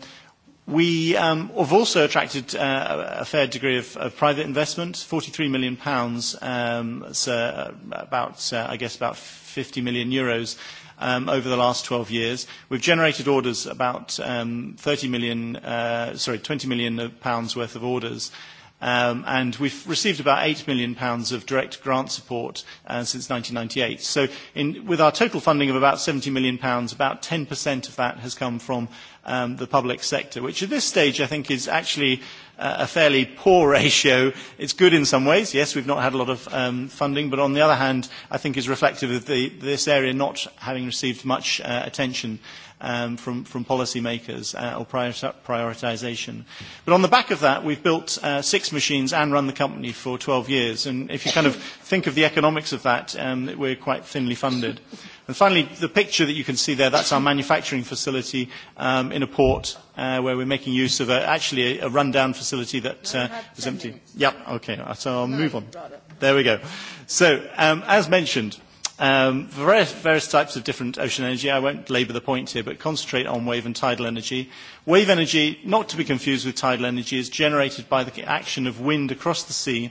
We um, have also attracted uh, a fair degree of, of private investment, £43 million. Pounds, um, so uh, about, uh, I guess, about 50 million euros um, over the last 12 years. We've generated orders about um, 30 million, uh, sorry, 20 million pounds worth of orders. Um, and we've received about £8 million of direct grant support uh, since 1998. So in, with our total funding of about £70 million, about 10% of that has come from uh, um, the public sector, which at this stage I think is actually uh, a fairly poor (laughs) ratio. It's good in some ways. Yes, we've not had a lot of um, funding, but on the other hand, I think is reflective of the, this area not having received much uh, attention um, from, from policymakers uh, or prior, prioritization. But on the back of that, we've built uh, six machines and run the company for 12 years. And if you kind of think of the economics of that, um, we're quite thinly funded. And finally, the picture that you can see there, that's our manufacturing facility um, in a port uh, where we're making use of a, actually a, a rundown facility that no, uh, is empty. Minutes. Yep, okay, so I'll no, move on. Rather. There we go. So, um, as mentioned, Um, various, various types of different ocean energy. I won't labour the point here, but concentrate on wave and tidal energy. Wave energy, not to be confused with tidal energy, is generated by the action of wind across the sea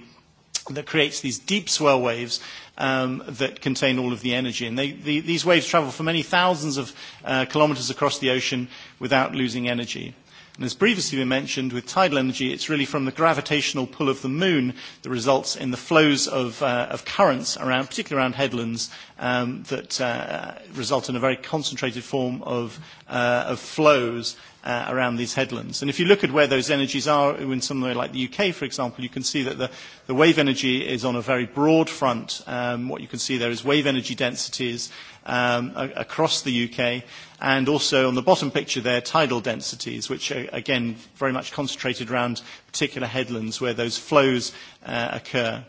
that creates these deep swell waves um, that contain all of the energy. And they, the, these waves travel for many thousands of uh, kilometres across the ocean without losing energy. And as previously we mentioned, with tidal energy, it's really from the gravitational pull of the moon that results in the flows of, uh, of currents, around, particularly around headlands, um, that uh, result in a very concentrated form of, uh, of flows uh, around these headlands. And if you look at where those energies are in somewhere like the UK, for example, you can see that the, the wave energy is on a very broad front. Um, what you can see there is wave energy densities um, across the UK. And also on the bottom picture there, tidal densities, which are again very much concentrated around particular headlands where those flows uh, occur.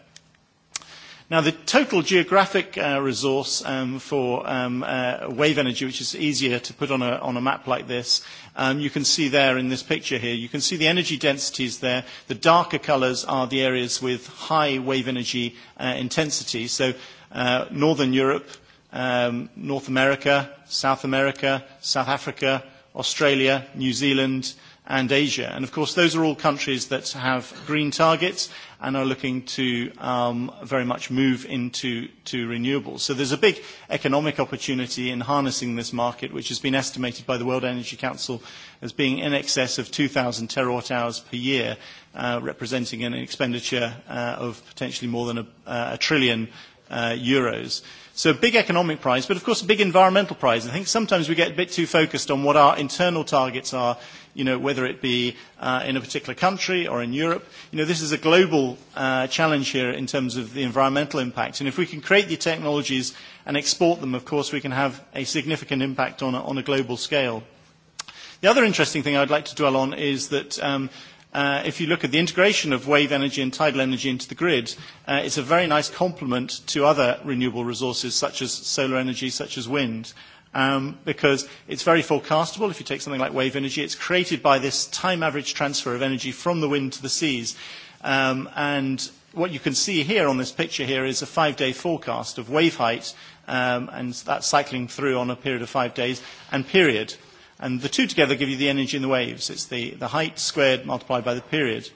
Now, the total geographic uh, resource um, for um, uh, wave energy, which is easier to put on a, on a map like this, um, you can see there in this picture here, you can see the energy densities there. The darker colors are the areas with high wave energy uh, intensity. So uh, Northern Europe, um, North America, South America, South Africa, Australia, New Zealand, and Asia. And of course, those are all countries that have green targets and are looking to um, very much move into to renewables. So there's a big economic opportunity in harnessing this market, which has been estimated by the World Energy Council as being in excess of 2,000 terawatt hours per year, uh, representing an expenditure uh, of potentially more than a, uh, a trillion uh, euros. Uh, So a big economic prize, but of course a big environmental prize. I think sometimes we get a bit too focused on what our internal targets are, you know, whether it be uh, in a particular country or in Europe. You know, this is a global uh, challenge here in terms of the environmental impact. And if we can create the technologies and export them, of course we can have a significant impact on a, on a global scale. The other interesting thing I'd like to dwell on is that um, uh, if you look at the integration of wave energy and tidal energy into the grid, uh, it's a very nice complement to other renewable resources such as solar energy, such as wind, um, because it's very forecastable. If you take something like wave energy, it's created by this time average transfer of energy from the wind to the seas. Um, and what you can see here on this picture here is a five-day forecast of wave height, um, and that's cycling through on a period of five days, and period. And the two together give you the energy in the waves. It's the, the height squared multiplied by the period.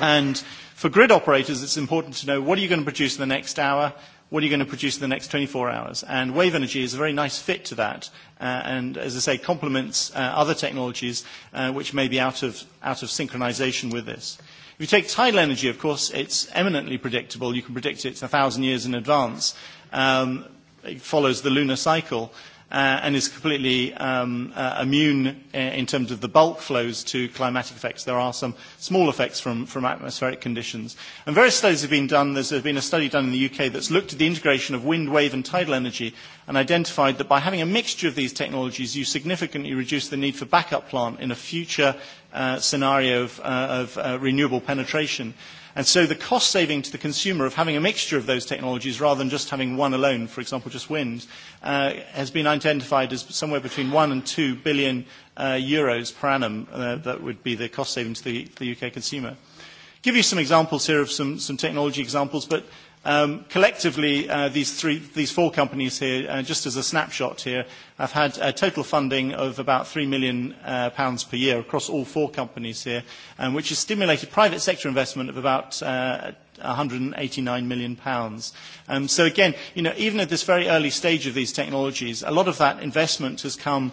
And for grid operators, it's important to know what are you going to produce in the next hour? What are you going to produce in the next 24 hours? And wave energy is a very nice fit to that. Uh, and as I say, complements uh, other technologies uh, which may be out of, out of synchronization with this. If you take tidal energy, of course, it's eminently predictable. You can predict it 1,000 years in advance. Um, it follows the lunar cycle uh, and is completely um, uh, immune uh, in terms of the bulk flows to climatic effects. There are some small effects from, from atmospheric conditions. And various studies have been done. There's been a study done in the UK that's looked at the integration of wind, wave, and tidal energy and identified that by having a mixture of these technologies, you significantly reduce the need for backup plant in a future uh, scenario of, uh, of uh, renewable penetration. And so the cost saving to the consumer of having a mixture of those technologies rather than just having one alone, for example, just wind, uh, has been identified as somewhere between 1 and 2 billion uh, euros per annum. Uh, that would be the cost saving to the, the UK consumer. Give you some examples here of some, some technology examples, but Um, collectively, uh, these four companies here, uh, just as a snapshot here, have had a total funding of about 3 million uh, pounds per year across all four companies here, um, which has stimulated private sector investment of about 189 million pounds. Um, so again, you know, even at this very early stage of these technologies, a lot of that investment has come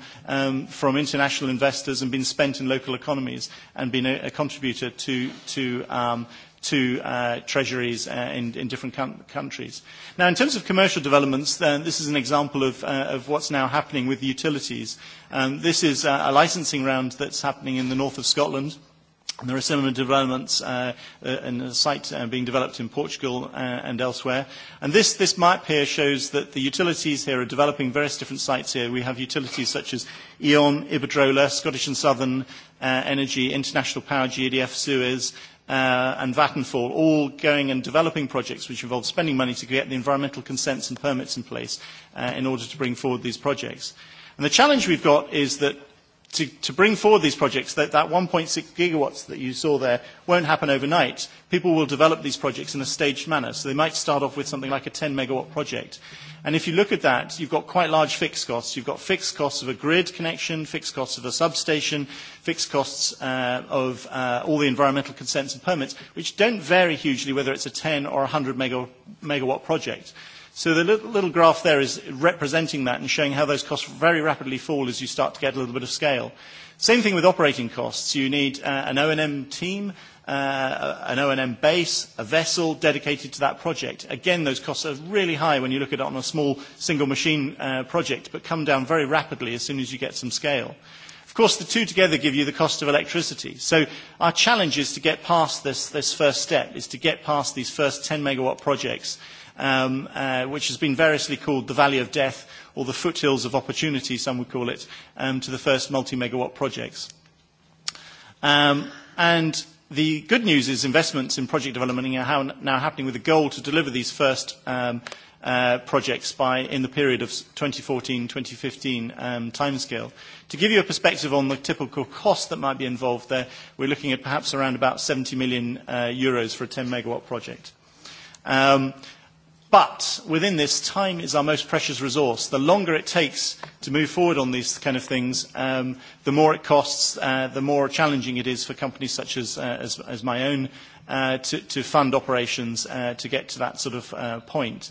from international investors and been spent in local economies and been a contributor to to uh, treasuries uh, in, in different com- countries. Now, in terms of commercial developments, then this is an example of, uh, of what's now happening with the utilities. Um, this is uh, a licensing round that's happening in the north of Scotland. And there are similar developments uh, uh, in a site uh, being developed in Portugal uh, and elsewhere. And this, this map here shows that the utilities here are developing various different sites here. We have utilities such as E.ON, Iberdrola, Scottish and Southern uh, Energy, International Power, GEDF, Suez, Uh, and Vattenfall all going and developing projects which involve spending money to get the environmental consents and permits in place uh, in order to bring forward these projects. And the challenge we've got is that to, to bring forward these projects, that, that 1.6 gigawatts that you saw there won't happen overnight. People will develop these projects in a staged manner. So they might start off with something like a 10 megawatt project. And if you look at that, you've got quite large fixed costs. You've got fixed costs of a grid connection, fixed costs of a substation, fixed costs uh, of uh, all the environmental consents and permits, which don't vary hugely whether it's a 10 or 100 megawatt project. So the little, little graph there is representing that and showing how those costs very rapidly fall as you start to get a little bit of scale. Same thing with operating costs. You need uh, an O&M team, uh, an O&M base, a vessel dedicated to that project. Again, those costs are really high when you look at it on a small single machine uh, project, but come down very rapidly as soon as you get some scale. Of course, the two together give you the cost of electricity. So our challenge is to get past this, this first step, is to get past these first 10 megawatt projects um, uh, which has been variously called the Valley of Death or the foothills of opportunity, some would call it, um, to the first multi-megawatt projects. Um, and the good news is investments in project development are how, now happening with a goal to deliver these first um, uh, projects by in the period of 2014-2015 um, timescale. To give you a perspective on the typical cost that might be involved there, we're looking at perhaps around about 70 million uh, euros for a 10 megawatt project. Um, But within this, time is our most precious resource. The longer it takes to move forward on these kind of things, um, the more it costs, uh, the more challenging it is for companies such as, uh, as, as my own uh, to, to fund operations uh, to get to that sort of uh, point.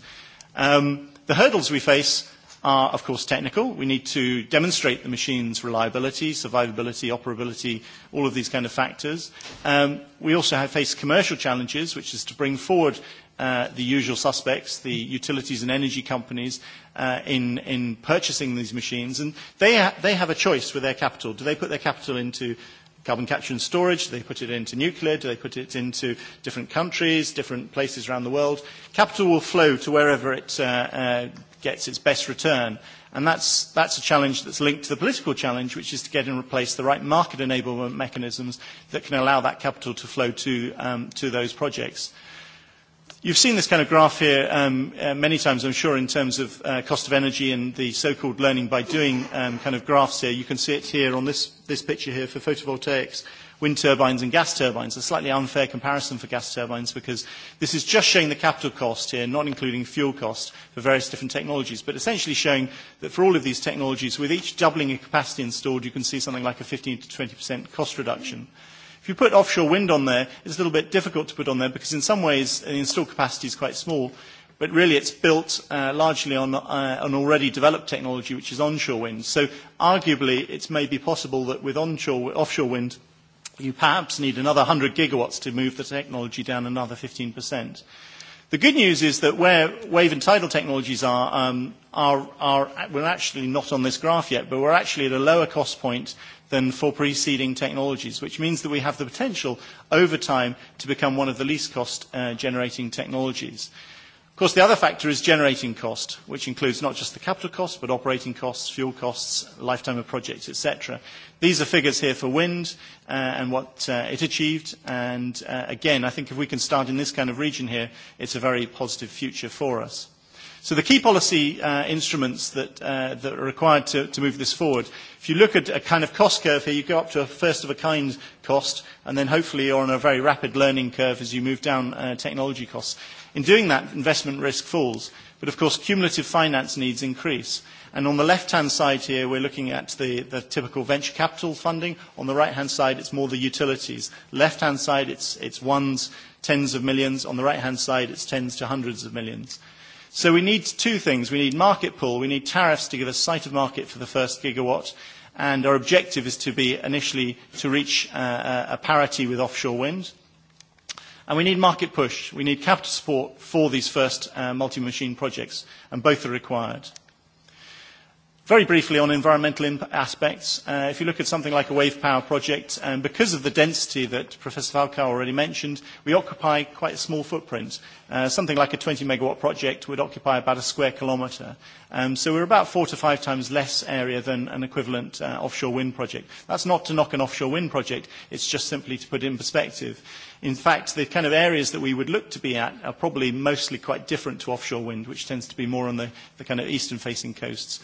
Um, the hurdles we face are, of course, technical. We need to demonstrate the machine's reliability, survivability, operability, all of these kind of factors. Um, we also have faced commercial challenges, which is to bring forward Uh, the usual suspects, the utilities and energy companies, uh, in, in purchasing these machines. And they, ha- they have a choice with their capital. Do they put their capital into carbon capture and storage? Do they put it into nuclear? Do they put it into different countries, different places around the world? Capital will flow to wherever it uh, uh, gets its best return. And that's, that's a challenge that's linked to the political challenge, which is to get and replace the right market enablement mechanisms that can allow that capital to flow to, um, to those projects. You've seen this kind of graph here um, uh, many times, I'm sure, in terms of uh, cost of energy and the so-called learning by doing um, kind of graphs here. You can see it here on this, this picture here for photovoltaics, wind turbines and gas turbines. A slightly unfair comparison for gas turbines because this is just showing the capital cost here, not including fuel cost for various different technologies, but essentially showing that for all of these technologies, with each doubling of capacity installed, you can see something like a 15 to 20% cost reduction. Mm-hmm. If you put offshore wind on there, it's a little bit difficult to put on there because in some ways uh, the installed capacity is quite small, but really it's built uh, largely on an uh, already developed technology, which is onshore wind. So arguably it's maybe possible that with onshore, offshore wind, you perhaps need another 100 gigawatts to move the technology down another 15%. The good news is that where wave and tidal technologies are, um, are, are, we're actually not on this graph yet, but we're actually at a lower cost point than for preceding technologies, which means that we have the potential over time to become one of the least cost uh, generating technologies. Of course, the other factor is generating cost, which includes not just the capital cost, but operating costs, fuel costs, lifetime of projects, etc. These are figures here for wind uh, and what uh, it achieved. And uh, again, I think if we can start in this kind of region here, it's a very positive future for us. So the key policy uh, instruments that, uh, that are required to, to move this forward, if you look at a kind of cost curve here, you go up to a first of a kind cost, and then hopefully you're on a very rapid learning curve as you move down uh, technology costs. In doing that, investment risk falls. But of course, cumulative finance needs increase. And on the left-hand side here, we're looking at the, the typical venture capital funding. On the right-hand side, it's more the utilities. Left-hand side, it's, it's ones, tens of millions. On the right-hand side, it's tens to hundreds of millions. So we need two things. We need market pull, we need tariffs to give us sight of market for the first gigawatt, and our objective is to be initially to reach uh, uh a parity with offshore wind. And we need market push. We need capital support for these first uh, multi-machine projects, and both are required. Very briefly on environmental aspects, uh, if you look at something like a wave power project, and because of the density that Professor Falcao already mentioned, we occupy quite a small footprint. Uh, something like a 20 megawatt project would occupy about a square kilometer. Um, so we're about four to five times less area than an equivalent uh, offshore wind project. That's not to knock an offshore wind project, it's just simply to put it in perspective. In fact, the kind of areas that we would look to be at are probably mostly quite different to offshore wind, which tends to be more on the, the kind of eastern facing coasts.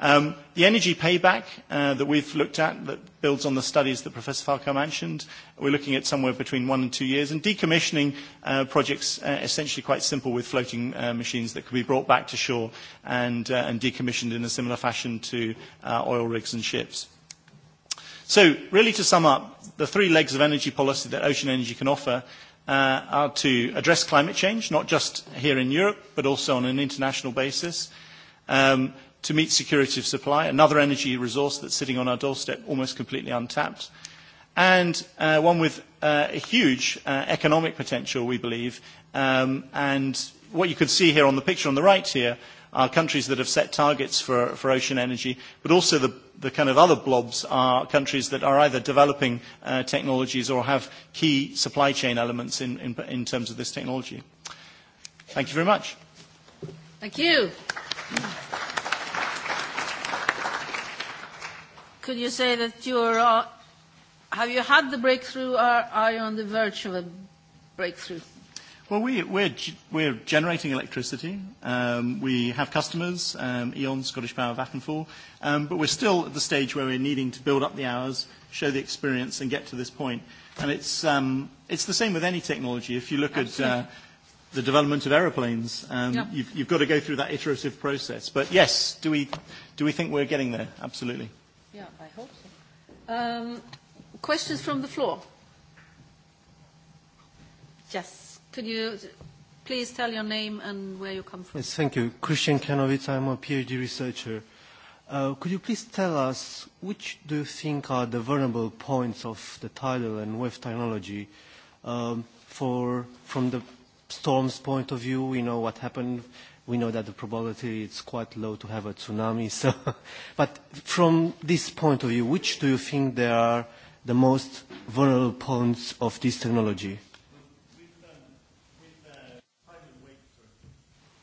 Um, the energy payback uh, that we've looked at that builds on the studies that Professor Falco mentioned, we're looking at somewhere between one and two years. And decommissioning uh, projects uh, essentially quite simple with floating uh, machines that could be brought back to shore and, uh, and decommissioned in a similar fashion to uh, oil rigs and ships. So really to sum up, the three legs of energy policy that ocean energy can offer uh, are to address climate change, not just here in Europe, but also on an international basis. Um, to meet security of supply, another energy resource that's sitting on our doorstep almost completely untapped, and uh, one with uh, a huge uh, economic potential, we believe. Um, and what you can see here on the picture on the right here are countries that have set targets for, for ocean energy, but also the, the kind of other blobs are countries that are either developing uh, technologies or have key supply chain elements in, in, in terms of this technology. Thank you very much. Thank you. Thank you. could you say that you are, have you had the breakthrough or are you on the verge of a breakthrough? Well, we, we're, we're generating electricity. Um, we have customers, um, E.ON, Scottish Power, Vattenfall, um, but we're still at the stage where we're needing to build up the hours, show the experience, and get to this point. And it's, um, it's the same with any technology. If you look Absolutely. at uh, the development of aeroplanes, um, yeah. you've, you've got to go through that iterative process. But yes, do we, do we think we're getting there? Absolutely. Yeah, I hope so. Um, questions from the floor? Yes. Could you please tell your name and where you come from? Yes, thank you. Christian Kanovitz, I'm a PhD researcher. Uh, could you please tell us which do you think are the vulnerable points of the tidal and wave technology um, for, from the storm's point of view? We know what happened we know that the probability is quite low to have a tsunami. (laughs) So, but from this point of view, which do you think there are the most vulnerable points of this technology?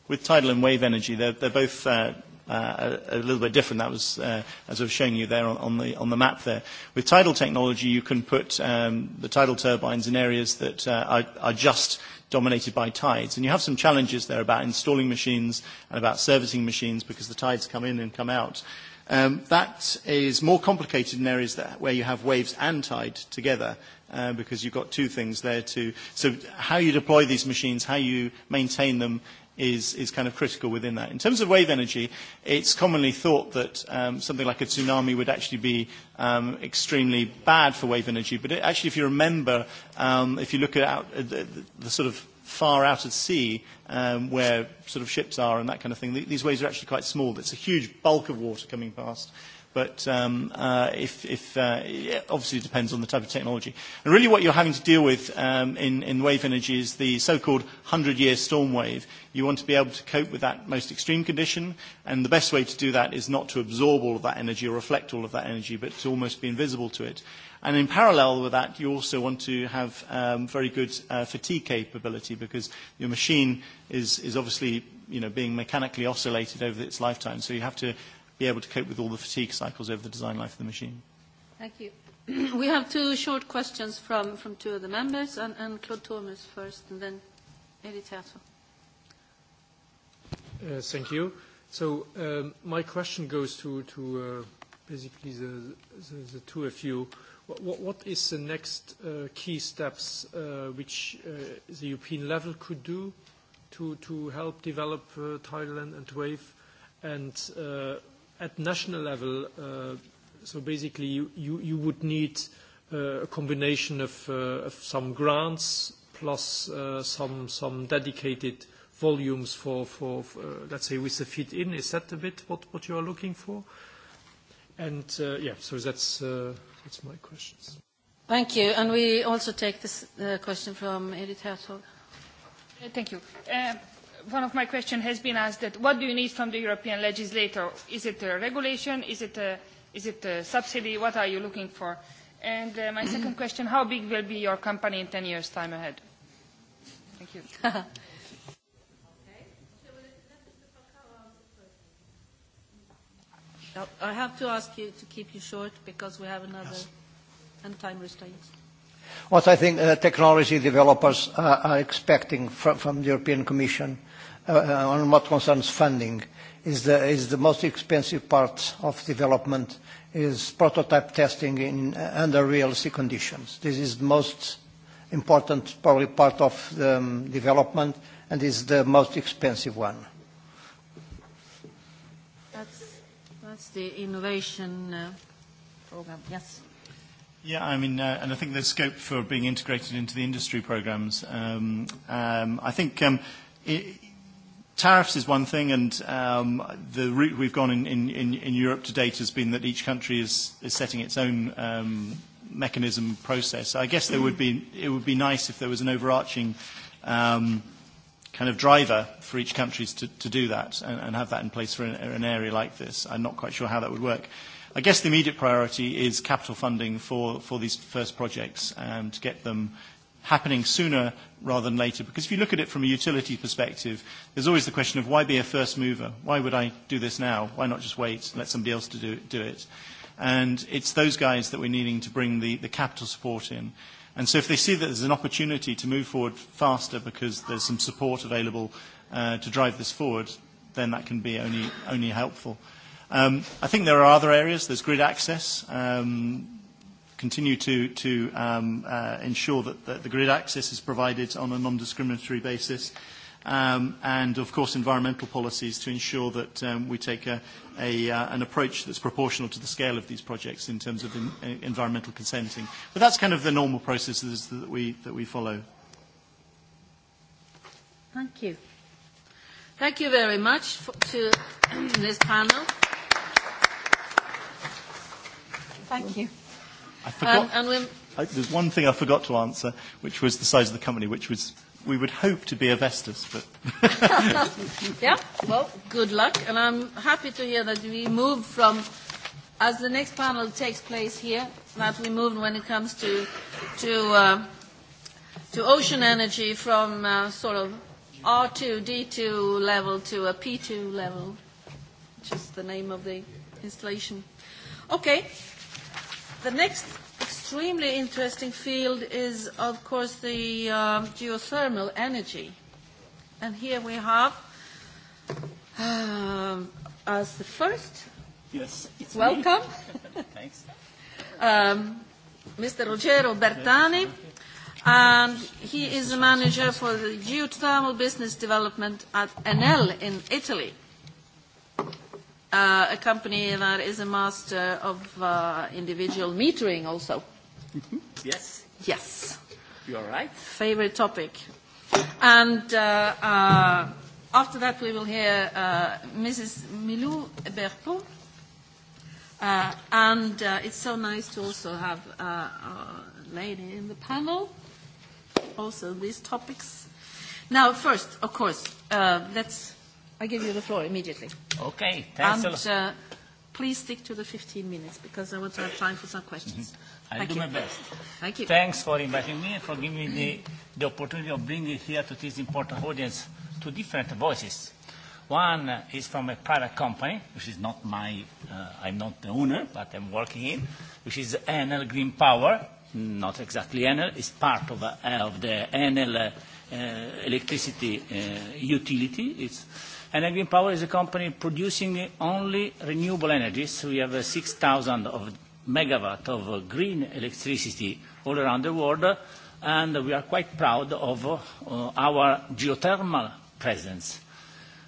With tidal and wave energy, they're, they're both uh, uh, a little bit different. That was, uh, as I was showing you there on, on, the, on the map there. With tidal technology, you can put um, the tidal turbines in areas that uh, are, are just uh, dominated by tides. And you have some challenges there about installing machines and about servicing machines because the tides come in and come out. Um, that is more complicated in areas that, where you have waves and tide together uh, because you've got two things there to... So how you deploy these machines, how you maintain them is, is kind of critical within that. In terms of wave energy, it's commonly thought that um, something like a tsunami would actually be um, extremely bad for wave energy. But it, actually, if you remember, um, if you look at out, uh, the, the sort of far out at sea um, where sort of ships are and that kind of thing, th- these waves are actually quite small. It's a huge bulk of water coming past but um, uh, if, if, uh, yeah, obviously it depends on the type of technology. And really what you're having to deal with um, in, in wave energy is the so-called 100-year storm wave. You want to be able to cope with that most extreme condition, and the best way to do that is not to absorb all of that energy or reflect all of that energy, but to almost be invisible to it. And in parallel with that, you also want to have um, very good uh, fatigue capability because your machine is, is obviously you know, being mechanically oscillated over its lifetime. So you have to be able to cope with all the fatigue cycles over the design life of the machine. Thank you. (clears throat) we have two short questions from, from two of the members, and, and Claude Thomas first, and then Edith uh, Thank you. So um, my question goes to, to uh, basically the, the, the two of you. What, what, what is the next uh, key steps uh, which uh, the European level could do to, to help develop uh, tidal and, and wave? And uh, at national level, uh, so basically you, you, you would need uh, a combination of, uh, of some grants plus uh, some, some dedicated volumes for, for uh, let's say, with the fit-in. Is that a bit what, what you are looking for? And, uh, yeah, so that's, uh, that's my questions. Thank you. And we also take this uh, question from Edith Hertog. Thank you. Uh, one of my questions has been asked that what do you need from the European legislator? Is it a regulation? Is it a, is it a subsidy? What are you looking for? And uh, my second (clears throat) question, how big will be your company in 10 years' time ahead? Thank you. (laughs) Oh, I have to ask you to keep you short because we have another yes. and time restraints. What I think uh, technology developers are, uh, are expecting fr from the European Commission uh, Uh, on what concerns funding, is the, is the most expensive part of development is prototype testing in uh, under reality conditions. This is the most important probably part of the um, development and is the most expensive one. That's the innovation uh, program, yes. Yeah, I mean, uh, and I think there's scope for being integrated into the industry programs. Um, um, I think um, tariffs is one thing, and um, the route we've gone in, in, in Europe to date has been that each country is, is setting its own um, mechanism process. I guess there would be, it would be nice if there was an overarching um, kind of driver for each country to, to do that and, and have that in place for an, an area like this. I'm not quite sure how that would work. I guess the immediate priority is capital funding for, for these first projects and to get them happening sooner rather than later. Because if you look at it from a utility perspective, there's always the question of why be a first mover? Why would I do this now? Why not just wait and let somebody else to do, do it? And it's those guys that we're needing to bring the, the capital support in. And so if they see that there's an opportunity to move forward faster because there's some support available uh, to drive this forward, then that can be only, only helpful. Um, I think there are other areas. There's grid access. Um, continue to, to um, uh, ensure that, that the grid access is provided on a non-discriminatory basis. Um, and of course, environmental policies to ensure that um, we take a, a, uh, an approach that's proportional to the scale of these projects in terms of in, uh, environmental consenting. But that's kind of the normal processes that we, that we follow. Thank you. Thank you very much for, to (clears throat) this panel. Thank you. I forgot, um, and we're... I, there's one thing I forgot to answer, which was the size of the company, which was we would hope to be a Vestas, but. (laughs) yeah, well, good luck. And I'm happy to hear that we move from, as the next panel takes place here, that we move when it comes to, to, uh, to ocean energy from uh, sort of R2, D2 level to a P2 level, which is the name of the installation. Okay. The next extremely interesting field is, of course, the uh, geothermal energy. And here we have uh, as the first. Yes, it's welcome. (laughs) Thanks. Um, Mr. Rogero Bertani, and he is the manager for the geothermal business development at Enel in Italy uh, a company that is a master of uh, individual metering also. Mm-hmm. Yes. Yes. You are right. Favorite topic. And uh, uh, after that, we will hear uh, Mrs. Milou Berpo. Uh, and uh, it's so nice to also have uh, a lady in the panel, also these topics. Now, first, of course, uh, let's. I give you the floor immediately. Okay, thanks and, a lot. Uh, please stick to the 15 minutes because I want to have time for some questions. Mm-hmm. I'll do you. my best. Thank you. Thanks for inviting me and for giving me the, the opportunity of bringing here to this important audience two different voices. One is from a private company, which is not my, uh, I'm not the owner, but I'm working in, which is Enel Green Power. Not exactly Enel, it's part of, uh, of the Enel uh, uh, electricity uh, utility. It's, Enel Power is a company producing only renewable energies. We have 6,000 uh, MW of uh, green electricity all around the world, uh, and we are quite proud of our geothermal presence,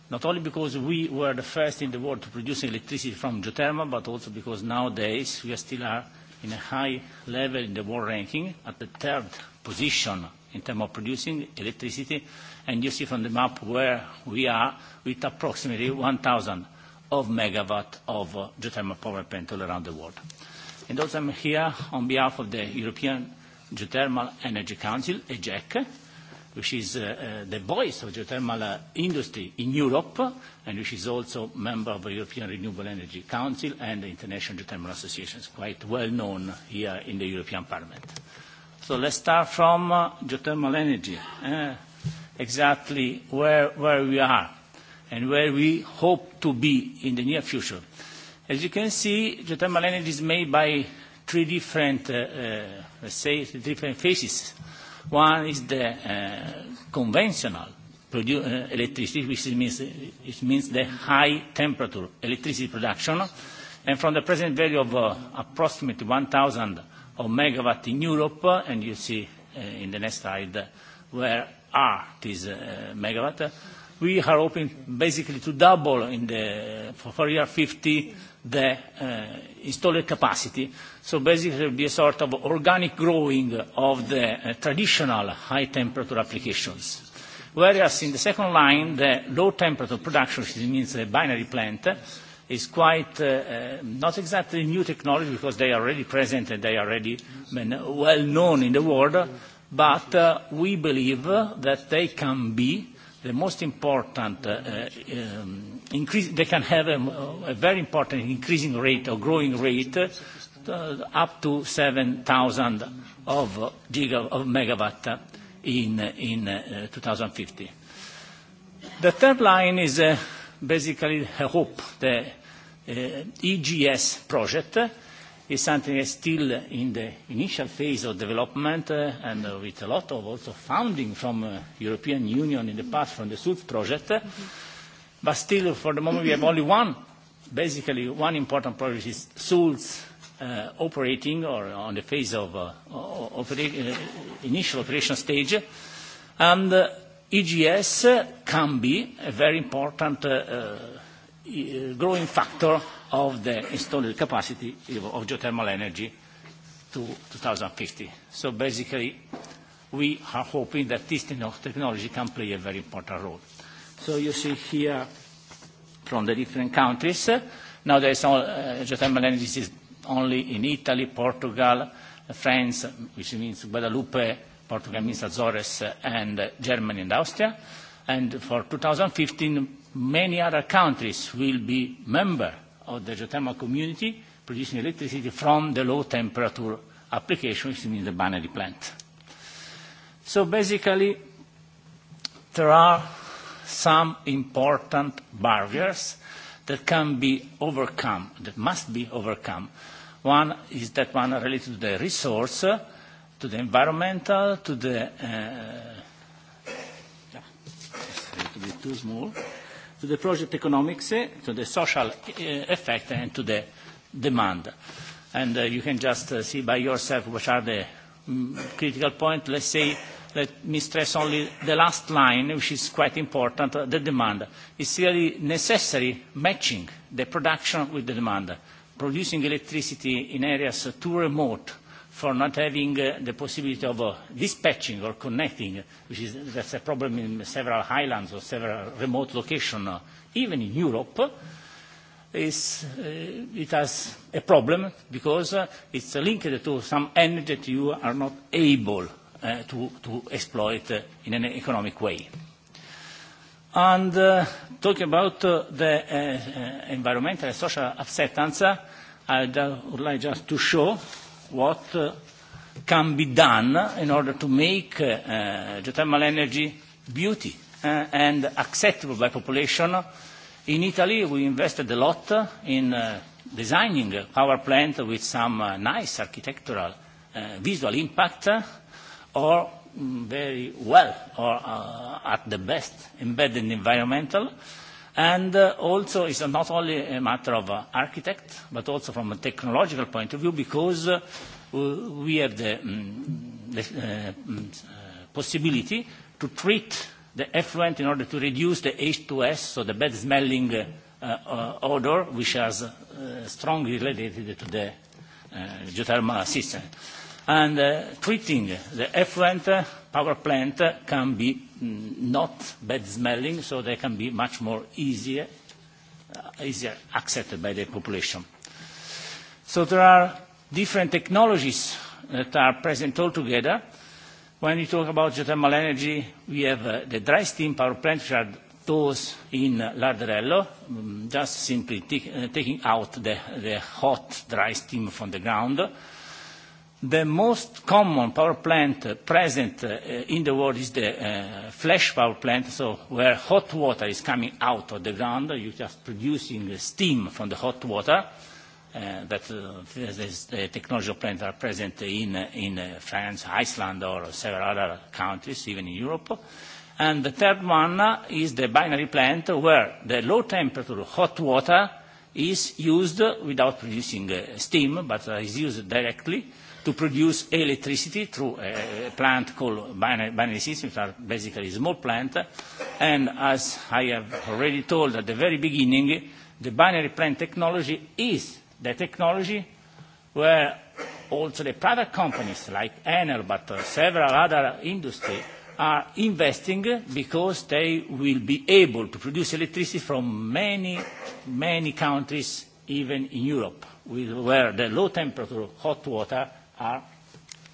not only because we were the first in the world to produce electricity from geothermal, but also because nowadays we still are in a high level in the world ranking at the third position in terms of producing electricity. And you see from the map where we are with approximately 1,000 of megawatt of uh, geothermal power plant all around the world. And also I'm here on behalf of the European Geothermal Energy Council, EGEC, which is uh, uh, the voice of geothermal uh, industry in Europe, and which is also member of the European Renewable Energy Council and the International Geothermal Association, quite well known here in the European Parliament. Let's start from uh, geothermal energy, eh? exactly where we are and where we hope to be in the near future. As you can see, geothermal energy is made by three different, uh, uh, let's say, three different phases. One is the conventional electricity, which means the high temperature electricity production. From the present value of approximately 1,000 of megawatt in Europe, and you see uh, in the next slide where are these uh, eh, megawatt. We are hoping basically to double in the for, for year 50 the uh, installed capacity. So basically it will be a sort of organic growing of the uh, traditional high temperature applications. Whereas in the second line, the low temperature production, which means a binary plant, uh, is quite uh, uh, not exactly new technology because they are already present and they are already been well known in the world, but uh, we believe that they can be the most important, uh, um, increase, they can have a, a very important increasing rate or growing rate uh, up to 7,000 of, of megawatt in, in uh, 2050. The third line is uh, basically hope the uh, EGS project is something that's still in the initial phase of development uh, and uh, with a lot of also funding from uh, European Union in the past from the SULF project. Mm -hmm. But still, for the moment, we have only one, basically one important project is SULF uh, operating or on the phase of uh, operating, uh, initial operation stage. And uh, EGS can be a very important uh, uh, uh, growing factor of the installed capacity of geothermal energy to 2050. So basically, we are hoping that this technology can play a very important role. So you see here from the different countries, uh, now there's all, uh, geothermal energy is only in Italy, Portugal, France, which means Guadalupe, Portugal means Azores and Germany and Austria. And for 2015, many other countries will be member of the geothermal community producing electricity from the low temperature application in the binary plant. So basically, there are some important barriers that can be overcome, that must be overcome. One is that one related to the resource uh, tudi environmental, tudi, eh, ja, tudi too small, tudi project economics, eh, tudi social eh, effect and tudi demand. And uh, you can just uh, see by yourself what are the mm, critical points. Let's say, let me stress only the last line, which is quite important, uh, the demand. It's really necessary matching the production with the demand. Producing electricity in areas uh, too remote for not having uh, the possibility of uh, dispatching or connecting, which is that's a problem in several highlands or several remote locations, uh, even in Europe, is, uh, it has a problem because uh, it's linked to some energy that you are not able uh, to, to exploit uh, in an economic way. And uh, talking about uh, the uh, uh, environmental and social acceptance, uh, I would like just to show what uh, can be done in order to make uh, geothermal energy beauty uh, and acceptable by population. In Italy, we invested a lot in uh, designing a power plant with some uh, nice architectural uh, visual impact uh, or mm, very well or uh, at the best embedded environmental. And uh, also, it's not only a matter of uh, architect, but also from a technological point of view, because uh, we have the, mm, the mm, uh, possibility to treat the effluent in order to reduce the H2S, so the bad-smelling uh, odor, which is uh, strongly related to the uh, geothermal system and uh, treating the effluent uh, power plant uh, can be mm, not bad smelling, so they can be much more easier accepted by the population. So there are different technologies that are present altogether. When you talk about geothermal energy, we have the dry steam power plant, which are those in Larderello, mm, just simply taking out the hot, dry steam from the ground. The most common power plant present uh, in the world is the uh, flash power plant, so where hot water is coming out of the ground, you're just producing steam from the hot water. Uh, that uh, the uh, technology plants are present in, uh, in uh, France, Iceland, or several other countries, even in Europe. And the third one uh, is the binary plant, where the low temperature hot water is used without producing uh, steam, but uh, is used directly uh, to produce electricity through a plant called binary systems, which are basically a small plant. And as I have already told at the very beginning, the binary plant technology is the technology where also the product companies like Enel, but uh, several other industries are investing because they will be able to produce electricity from many, many countries, even in Europe, where the low temperature of hot water are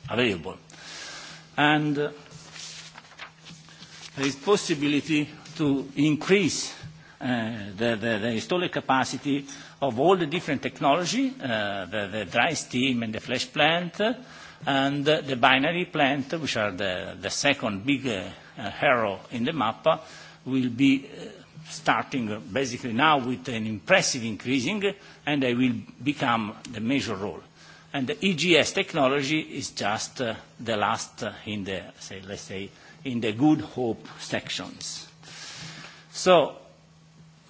available. And uh, there is possibility to increase uh, the, the, the installed capacity of all the different technology, uh, the, the dry steam and the flash plant, uh, and uh, the binary plant, which are the, the second big uh, uh arrow in the map, uh, will be uh, starting uh, basically now with an impressive increasing, and they will become the major role and the EGS technology is just uh, the last uh, in the, say, let's say, in the good hope sections. So,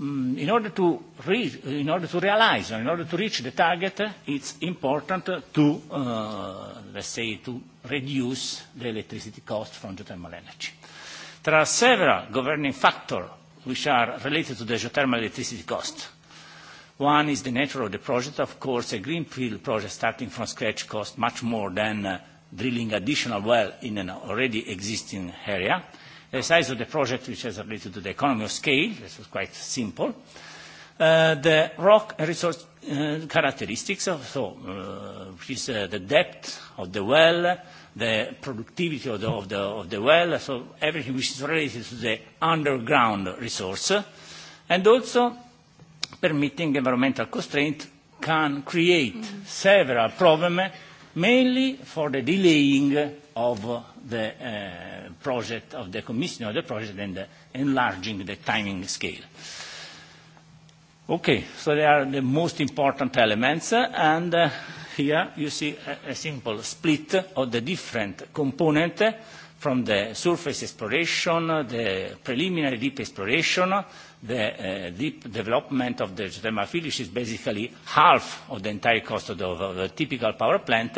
um, in, order to re in order to realize, or in order to reach the target, uh, it's important to, uh, let's say, to reduce the electricity cost from geothermal energy. There are several governing factors which are related to the geothermal electricity cost. One is the nature of the project. Of course, a greenfield project starting from scratch costs much more than uh, drilling additional well in an already existing area. The size of the project, which is related to the economy of scale, this is quite simple. Uh, the rock resource uh, characteristics, of, so, uh, which is uh, the depth of the well, the productivity of the, of, the, of the well, so everything which is related to the underground resource. And also, permitting environmental constraints can create mm. several problems, mainly for the delaying of the uh, project, of the commissioning of the project and the enlarging the timing scale. Okay, so they are the most important elements, and uh, here you see a, a simple split of the different components from the surface exploration, the preliminary deep exploration, the uh, deep development of the geothermal field, which is basically half of the entire cost of the typical power plant,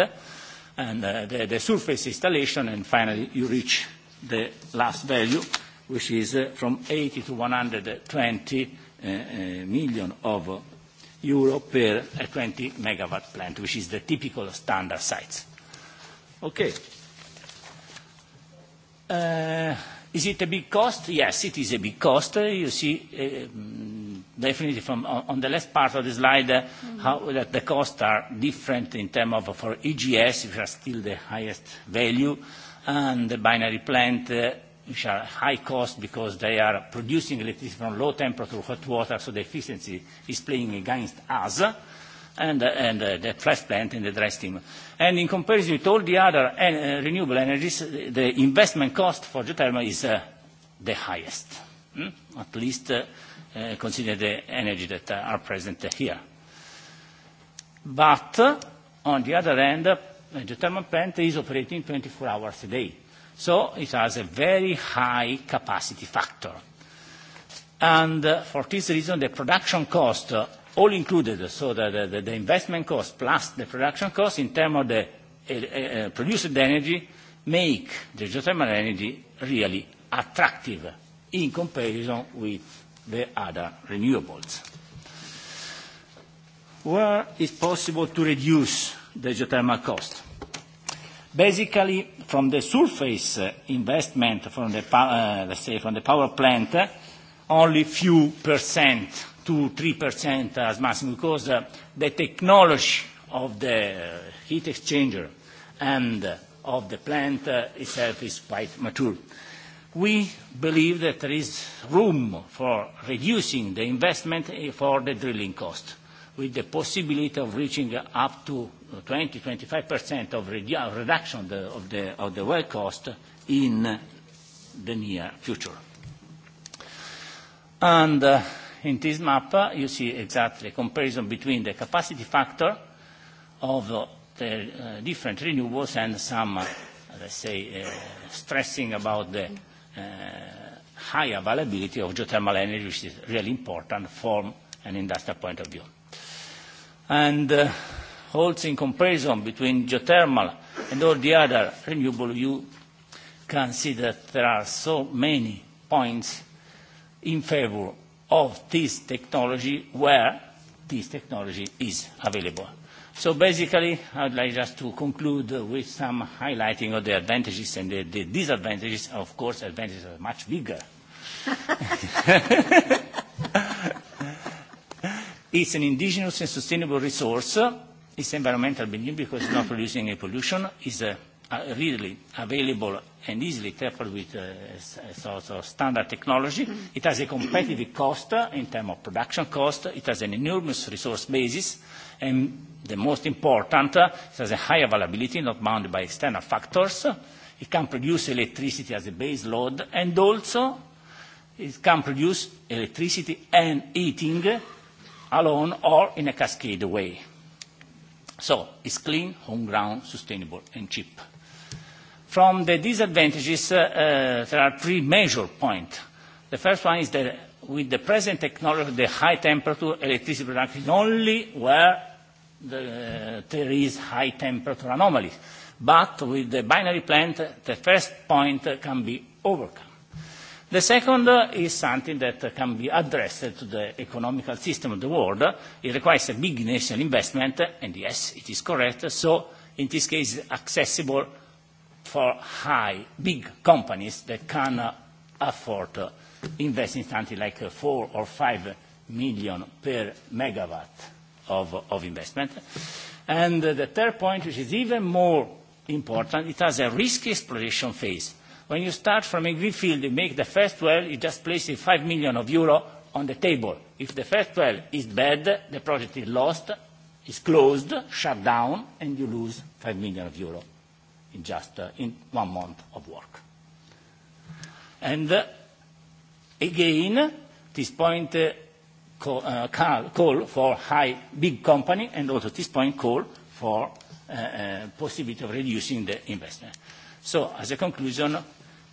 and uh, the surface installation, and finally, you reach the last value, which is uh, from 80 to 120 million euro per 20 MW plant, which is the typical standard sites. Okay. Is it a big cost? Yes, it is a big cost. Uh, you see, uh, mm, definitely from on, on the left part of the slide, uh, mm-hmm. how uh, that the costs are different in terms of for EGS, which are still the highest value, and the binary plant, uh, which are high cost because they are producing electricity from low temperature to hot water, so the efficiency is playing against us. Uh, and uh, the Flash plant and the dry steam. In comparison with all the other uh, renewable energies, the investment cost for geothermal is uh, the highest, hmm? at least consider the energy that are present here. But on the other hand, a geothermal plant is operating 24 hours a day, so it has a very high capacity factor. For this reason, the production cost all included, so the investment cost plus the production cost in term of the eh, eh, eh, produced energy, make the geothermal energy really attractive in comparison with the other renewables. Where is possible to reduce the geothermal cost? Basically, from the surface investment from the power plant, only few percent 2%-3% as maximum, because uh, the technology of the uh, heat exchanger and uh, of the plant itself is quite mature. We believe that there is room for reducing the investment eh, for the drilling cost, with the possibility of reaching up to 20%-25% of reduction of the well cost in the near future. In this map, you see exactly a comparison between the capacity factor of the uh, different renewables and some, uh, let's say, uh, stressing about the uh, high availability of geothermal energy, which is really important from an industrial point of view. And uh, also in comparison between geothermal and all the other renewable, you can see that there are so many points in favor of this technology where this technology is available. So basically, I would like just to conclude with some highlighting of the advantages and the, the disadvantages. Of course, advantages are much bigger. (laughs) it's an indigenous and sustainable resource. It's environmental because it's not producing any pollution. It's a, uh, a uh, readily available and easily coupled with uh, uh sort of standard technology. Mm-hmm. It has a competitive cost in terms of production cost. It has an enormous resource basis. And the most important, uh, it has a high availability, not bounded by external factors. It can produce electricity as a base load. And also, it can produce electricity and heating alone or in a cascade way. So it's clean, homegrown, sustainable, and cheap. From the disadvantages, uh, uh, there are three major points. The first one is that with the present technology, the high temperature electricity production is only where the, uh, there is high temperature anomalies. But with the binary plant, the first point can be overcome. The second is something that can be addressed to the economical system of the world. It requires a big national investment, and yes, it is correct. So in this case, accessible for high, big companies that can uh, afford uh, investing something like uh, 4 or 5 million per megawatt of, of investment. And uh, the third point, which is even more important, it has a risky exploration phase. When you start from a green field, you make the first well, you just place 5 million of euro on the table. If the first well is bad, the project is lost, is closed, shut down, and you lose 5 million of euro in just uh, in one month of work. And uh, again, this point uh, call, uh, call for high big company and also this point call for uh, uh, possibility of reducing the investment. So as a conclusion,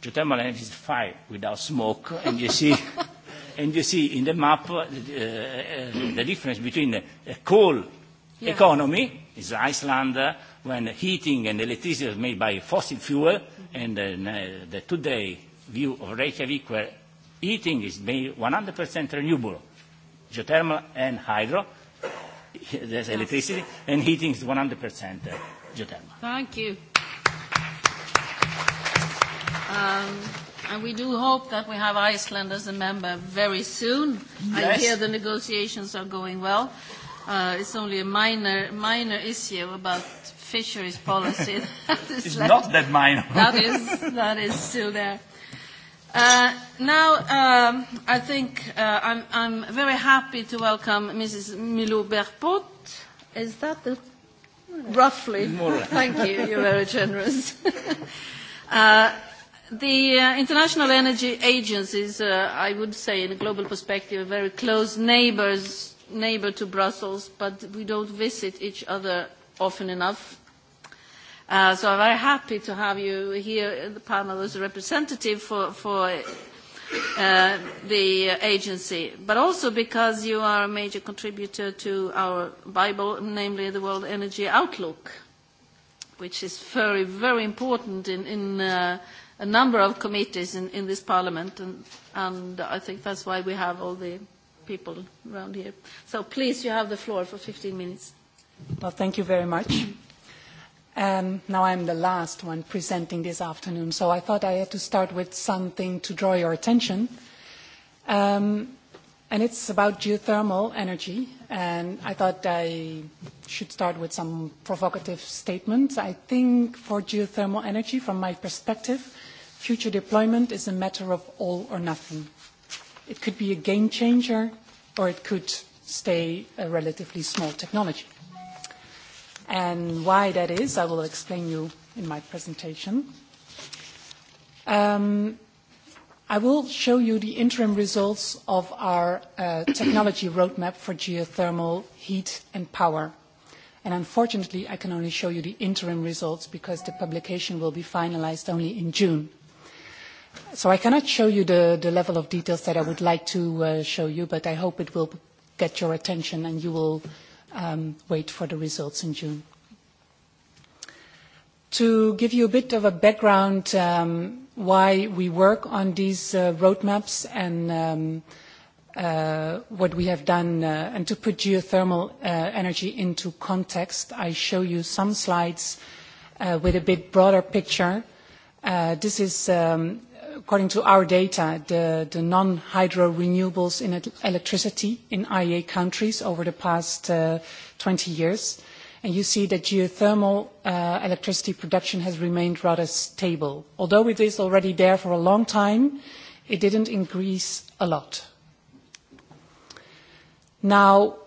geothermal energy is fire without smoke and you see (laughs) And you see in the map uh, uh, uh the difference between a coal yeah. economy, is Iceland, uh, when heating and electricity was made by fossil fuel, mm -hmm. and then, uh, the today view of Reykjavik, where heating is made 100% renewable, geothermal and hydro, (laughs) there's yes. electricity, and heating is 100% uh, geothermal. Thank you. Um, and we do hope that we have Iceland as a member very soon. Yes. I hear the negotiations are going well. Uh, it's only a minor, minor issue about fisheries policy. (laughs) that is it's left. not that minor. that, is, that is still there. Uh, now, um, I think uh, I'm, I'm very happy to welcome Mrs. Milou Berpot. Is that the. More roughly. More Thank you. You're very generous. (laughs) uh, the uh, International Energy Agency is, uh, I would say, in a global perspective, a very close neighbors, neighbor to Brussels, but we don't visit each other often enough, Uh, so I'm very happy to have you here in the panel as a representative for, for uh, the agency, but also because you are a major contributor to our Bible, namely the World Energy Outlook, which is very, very important in, in uh, a number of committees in, in this parliament, and, and I think that's why we have all the people around here. So please, you have the floor for 15 minutes. Well, thank you very much. And now I'm the last one presenting this afternoon, so I thought I had to start with something to draw your attention. Um, and it's about geothermal energy. And I thought I should start with some provocative statements. I think for geothermal energy, from my perspective, future deployment is a matter of all or nothing. It could be a game changer, or it could stay a relatively small technology and why that is, I will explain you in my presentation. Um, I will show you the interim results of our uh, technology roadmap for geothermal heat and power. Unfortunately, I can only show you the interim results because the publication will be finalized only in June. I cannot show you the level of details that I would like to uh, show you, but I hope it will get your attention and you will Um, wait for the results in June. To give you a bit of a background um, why we work on these uh, roadmaps and um, uh, what we have done, uh, and to put geothermal uh, energy into context, I show you some slides uh, with a bit broader picture. Uh, this is um, according to our data, the, the non-hydro renewables in electricity in IEA countries over the past uh, 20 years. And you see that geothermal uh, electricity production has remained rather stable. Although it is already there for a long time, it didn't increase a lot. Now,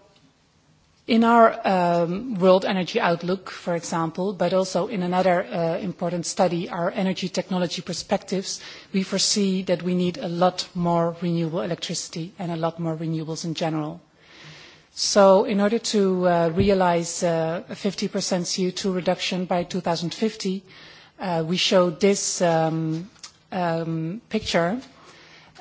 In our um, world energy outlook, for example, but also in another uh, important study, our energy technology perspectives, we foresee that we need a lot more renewable electricity and a lot more renewables in general. So in order to uh, realize uh, a 50% CO2 reduction by 2050, uh, we show this um, um, picture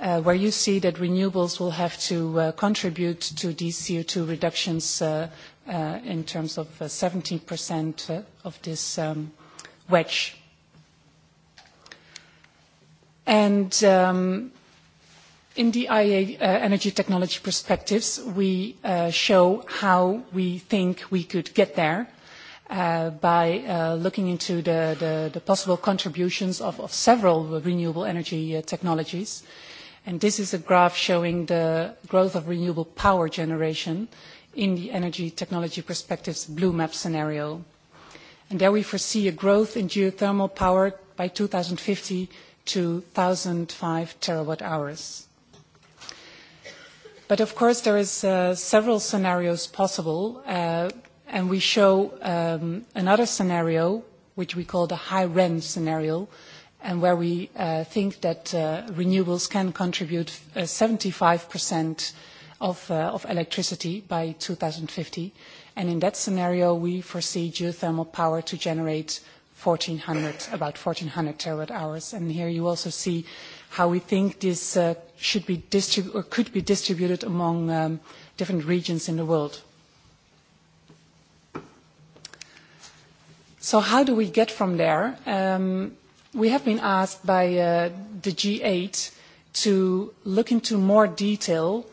Uh, where you see that renewables will have to uh, contribute to these CO2 reductions uh, uh, in terms of 17% uh, uh, of this um, wedge. And um, in the IA uh, energy technology perspectives, we uh, show how we think we could get there uh, by uh, looking into the, the, the possible contributions of, of several renewable energy uh, technologies. Uh, This is a graph showing the growth of renewable power generation in the Energy Technology Perspectives blue map scenario. There we foresee a growth in geothermal power by 2050 to 1,005 TWh. Of course, there is uh, several scenarios possible. Uh, we show um, another scenario, which we call the high REN scenario, and where we uh, think that uh, renewables can contribute 75% uh, of electricity by 2050. In that scenario, we foresee geothermal power to generate about 1,400 TWh. Here you also see how we think this should be or could be distributed among um, different regions in the world. How do we get from there? Um, We have been asked by uh, the G8 to look into more detail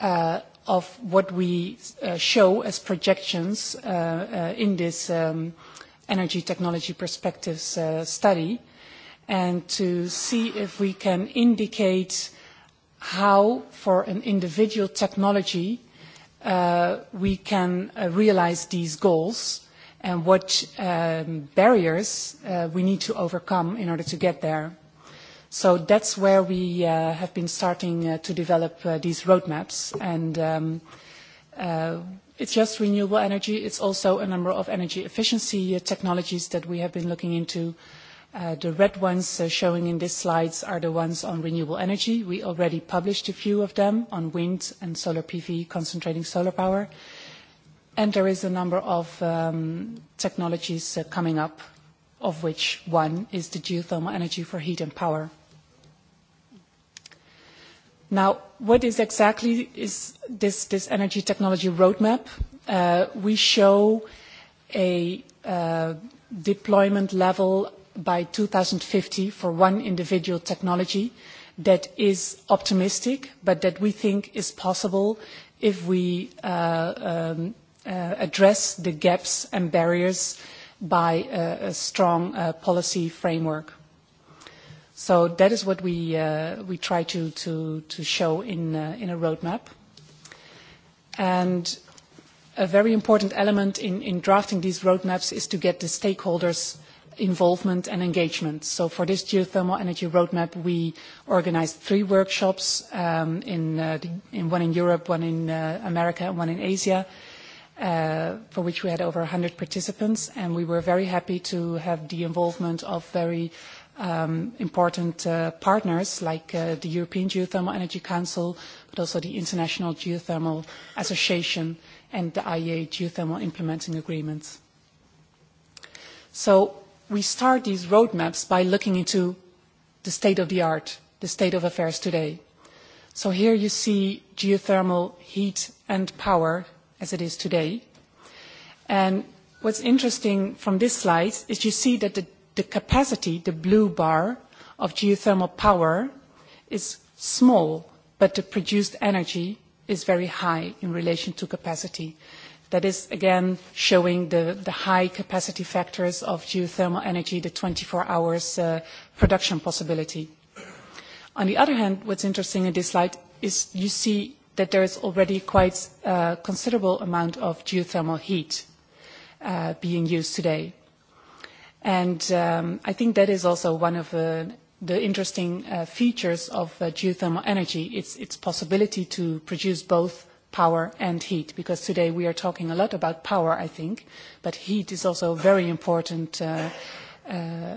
uh, of what we uh, show as projections uh, uh, in this um, energy technology perspectives uh, study and to see if we can indicate how for an individual technology uh, we can uh, realize these goals and what um, barriers uh, we need to overcome in order to get there. So that's where we uh, have been starting uh, to develop uh, these roadmaps. And um, uh, it's just renewable energy. It's also a number of energy efficiency uh, technologies that we have been looking into. Uh, the red ones uh, showing in these slides are the ones on renewable energy. We already published a few of them on wind and solar PV, concentrating solar power. Uh, There is a number of um, technologies uh, coming up, of which one is the geothermal energy for heat and power. Now, what is exactly this energy technology roadmap? Uh, we show a uh, deployment level by 2050 for one individual technology that is optimistic, but that we think is possible if we um, uh, address the gaps and barriers by a, uh, a strong uh, policy framework. So that is what we, uh, we try to, to, to show in, uh, in a roadmap. And a very important element in, in drafting these roadmaps is to get the stakeholders' involvement and engagement. So for this geothermal energy roadmap, we organized three workshops, um, in, uh, the, in one in Europe, one in uh, America, and one in Asia. Uh, for which we had over 100 participants, and we were very happy to have the involvement of very um, important uh, partners like uh, the European Geothermal Energy Council, but also the International Geothermal Association and the IEA Geothermal Implementing Agreement. So we start these roadmaps by looking into the state of the art, the state of affairs today. So here you see geothermal heat and power as it is today. And what's interesting from this slide is you see that the, the capacity, the blue bar, of geothermal power is small, but the produced energy is very high in relation to capacity. That is, again, showing the, the high capacity factors of geothermal energy, the 24 hours uh, production possibility. On the other hand, what's interesting in this slide is you see that there is already quite a considerable amount of geothermal heat uh, being used today. And um, I think that is also one of uh, the interesting uh, features of uh, geothermal energy, its, its possibility to produce both power and heat, because today we are talking a lot about power, I think, but heat is also very important uh, uh,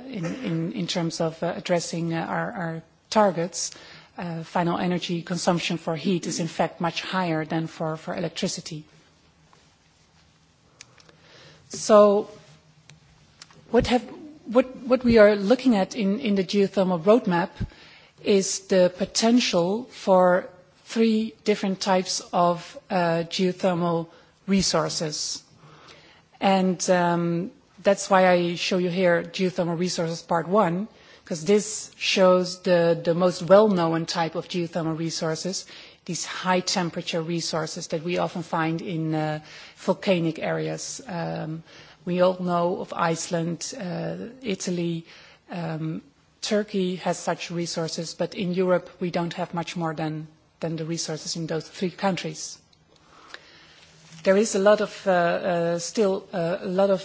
in, in, in terms of uh, addressing uh, our, our targets. Uh, Uh, final energy consumption for heat is in fact much higher than for electricity. What we are looking at in the geothermal roadmap is the potential for three different types of uh, geothermal resources. Um, that's why I show you here geothermal resources part one because this shows the, the most well-known type of geothermal resources, these high-temperature resources that we often find in uh, volcanic areas. Um, we all know of Iceland, uh, Italy, um, Turkey has such resources, but in Europe we don't have much more than, than the resources in those three countries there is a lot of uh, uh, still uh, a lot of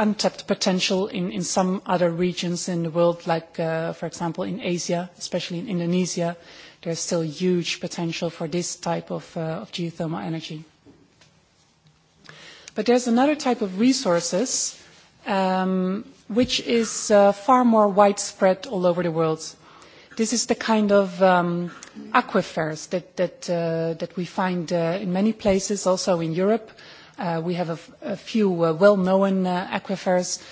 untapped potential in some other regions in the world, like for example, in Asia, especially in Indonesia. There's still huge potential for this type of geothermal energy. But there's another type of resources um, which is far more widespread all over the world this is the kind of um, aquifers that, that, uh, that we find uh, in many places, also in Europe. Uh, we have a, f- a few uh, well-known uh, aquifers,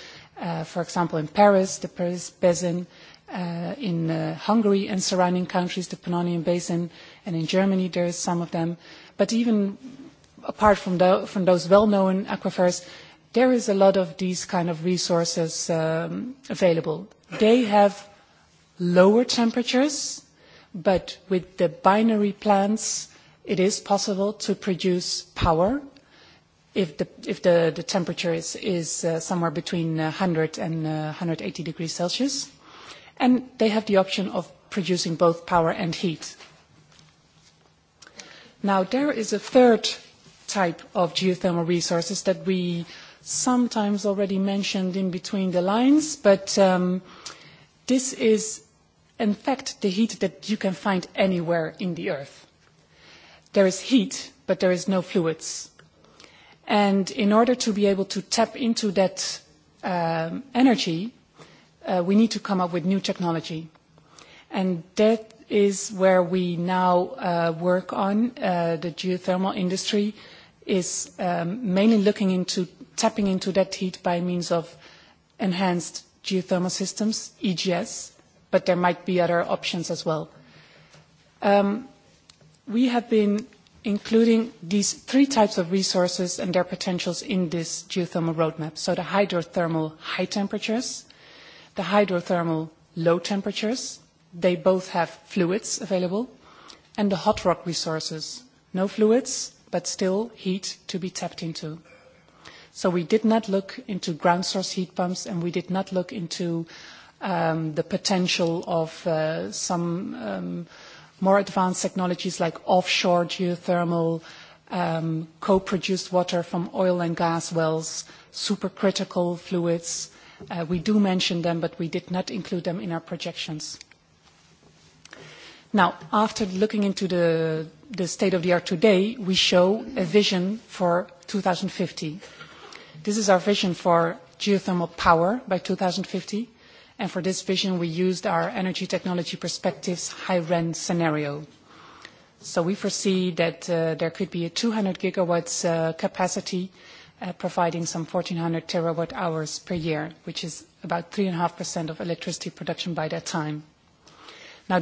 uh, for example, in Paris, the Paris Basin, uh, in uh, Hungary and surrounding countries, the Pannonian Basin, and in Germany there is some of them. But even apart from, the, from those well-known aquifers, there is a lot of these kind of resources um, available. They have lower temperatures, but with the binary plants, it is possible to produce power if the temperature is uh, somewhere between 100 uh, and 180 uh, degrees Celsius. They have the option of producing both power and heat. Now, there is a third type of geothermal resources that we sometimes already mentioned in between the lines, but um, this is infect the heat that you can find anywhere in the earth. There is heat, but there is no fluids. And in order to be able to tap into that um, energy, uh, we need to come up with new technology. And that is where we now uh, work on. Uh, the geothermal industry is um, mainly looking into tapping into that heat by means of enhanced geothermal systems, EGS, but there might be other options as well. Um, we have been including these three types of resources and their potentials in this geothermal roadmap, so the hydrothermal high temperatures, the hydrothermal low temperatures, they both have fluids available, and the hot rock resources, no fluids, but still heat to be tapped into. So we did not look into ground source heat pumps, and we did not look into um, the potential of uh, some um, more advanced technologies like offshore geothermal, um, co-produced water from oil and gas wells, supercritical fluids. Uh, we do mention them, but we did not include them in our projections. Now, after looking into the, the state of the art today, we show a vision for 2050. This is our vision for geothermal power by 2050. For this vision, we used our energy technology perspective's high-rent scenario. We foresee that uh, there could be a 200 GW uh, capacity uh, providing some 1,400 TWh per year, which is about 3.5% of electricity production by that time.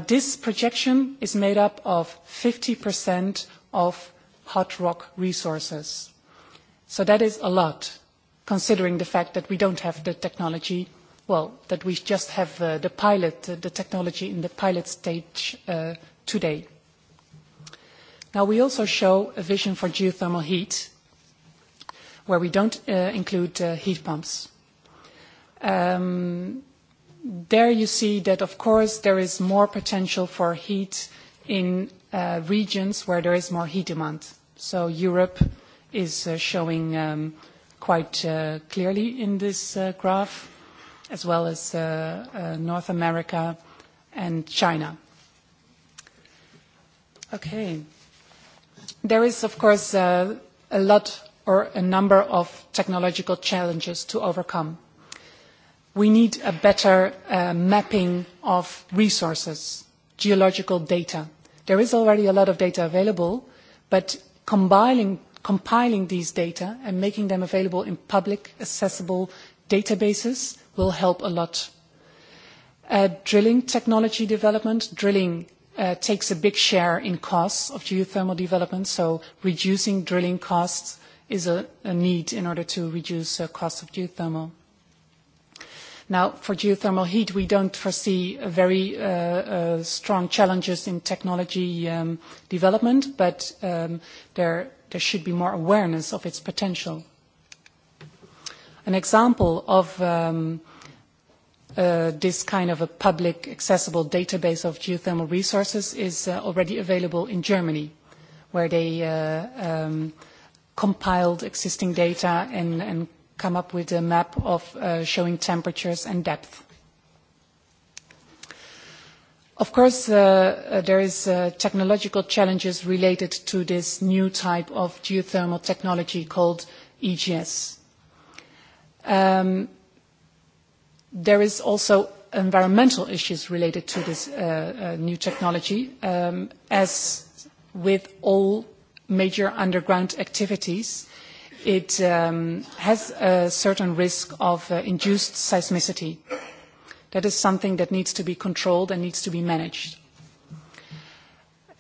This projection is made up of 50% of hard rock resources. That is a lot, considering the fact that we don't have the technology well, that we just have uh, the pilot, uh, the technology in the pilot stage uh, today. Now, we also show a vision for geothermal heat, where we don't uh, include uh, heat pumps. Um, there you see that, of course, there is more potential for heat in uh, regions where there is more heat demand. So Europe is uh, showing um, quite uh, clearly in this uh, graph as well as uh, uh, North America and China. Okay. There is, of course, uh, a lot or a number of technological challenges to overcome. We need a better mapping of resources, geological data. There is already a lot of data available, but compiling these data and making them available in public accessible databases will help a lot. Uh, drilling technology development, drilling uh, takes a big share in costs of geothermal development, so reducing drilling costs is a, a need in order to reduce the uh, cost of geothermal. Now, for geothermal heat, we don't foresee a very uh, uh, strong challenges in technology um, development, but um, there, there should be more awareness of its potential an example of um, uh, this kind of a public accessible database of geothermal resources is uh, already available in Germany, where they uh, um, compiled existing data and, and come up with a map of uh, showing temperatures and depth. Of course, uh, uh there is uh, technological challenges related to this new type of geothermal technology called EGS. Um, there is also environmental issues related to this uh, uh, new technology. Um, as with all major underground activities, it um, has a certain risk of uh, induced seismicity. That is something that needs to be controlled and needs to be managed.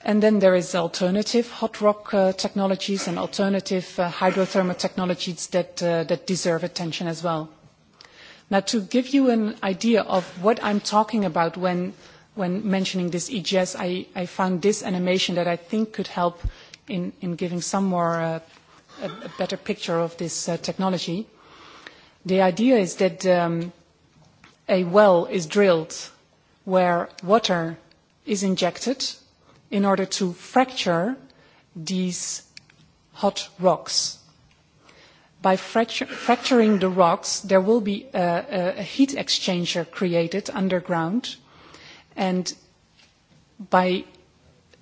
And then there is alternative hot rock uh, technologies and alternative uh, hydrothermal technologies that, uh, that deserve attention as well. Now, to give you an idea of what I'm talking about when, when mentioning this EGS, I, I found this animation that I think could help in, in giving some more uh, a, a better picture of this uh, technology. The idea is that um, a well is drilled where water is injected in order to fracture these hot rocks. By fracture, fracturing the rocks, there will be a, a, a heat exchanger created underground. And by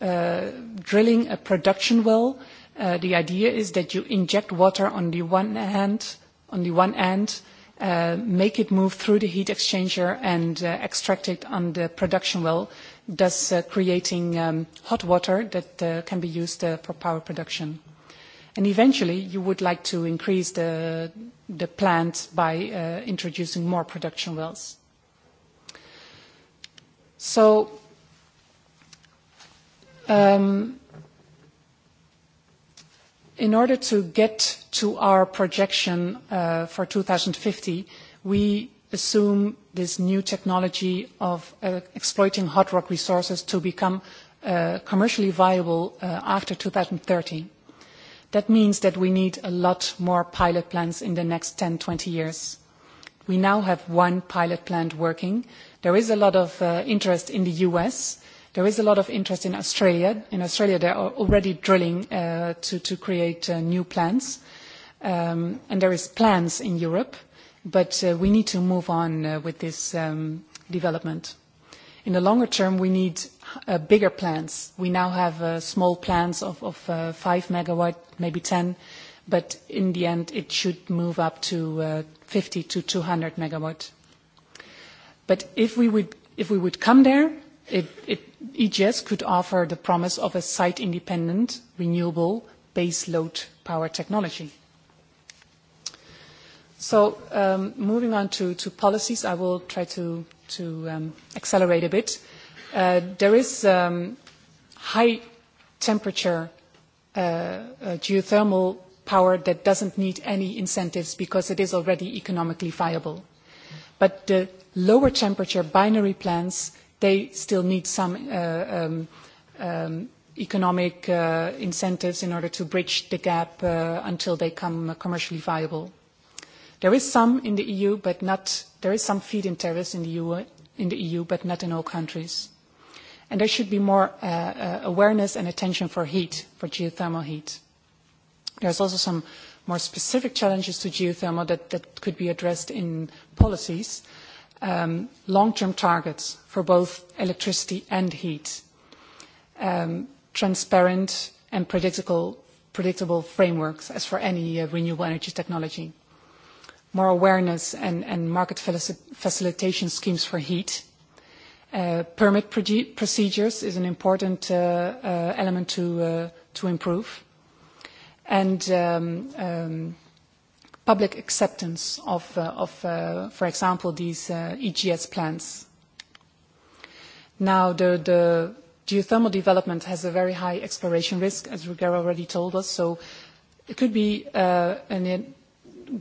uh, drilling a production well, uh, the idea is that you inject water on the one hand, on the one end, uh, make it move through the heat exchanger and uh, extract it on the production well, uh, thus uh, creating um, hot water that uh, can be used uh, for power production. And eventually, you would like to increase the, the plant by uh, introducing more production wells. So, um, in order to get to our projection uh, for 2050, we assume this new technology of uh, exploiting hot rock resources to become uh, commercially viable uh, after 2030. That means that we need a lot more pilot plants in the next 10, 20 years. We now have one pilot plant working. There is a lot of uh, interest in the US. There is a lot of interest in Australia. In Australia, they are already drilling uh, to, to create uh, new plants. Um, and there is plans in Europe but uh, we need to move on uh, with this um, development. In the longer term, we need uh, bigger plants. We now have uh, small plants of, of uh, 5 megawatt, maybe 10, but in the end it should move up to uh, 50 to 200 megawatt. But if we would, if we would come there, it, it, EGS could offer the promise of a site-independent, renewable, base-load power technology. So um, moving on to policies, I will try to um, accelerate a bit. Uh, there is um, high temperature uh, uh, geothermal power that doesn't need any incentives because it is already economically viable. But the lower temperature binary plants, they still need some economic incentives in order to bridge the gap until they come commercially viable. There is some in the EU, but not, there is some feed in tariffs in the EU, in the EU but not in all countries. And there should be more uh, uh, awareness and attention for heat, for geothermal heat. There's also some more specific challenges to geothermal that, that could be addressed in policies. Um, long-term targets for both electricity and heat. Um, transparent and predictable, predictable frameworks as for any uh, renewable energy technology more awareness and, and market facilitation schemes for heat. Uh, permit procedures is an important uh, uh, element to, uh, to improve. And um, um, public acceptance of, uh, of uh, for example, these uh, EGS plants. Now, the, the geothermal development has a very high exploration risk, as Ruger already told us, so it could be uh, an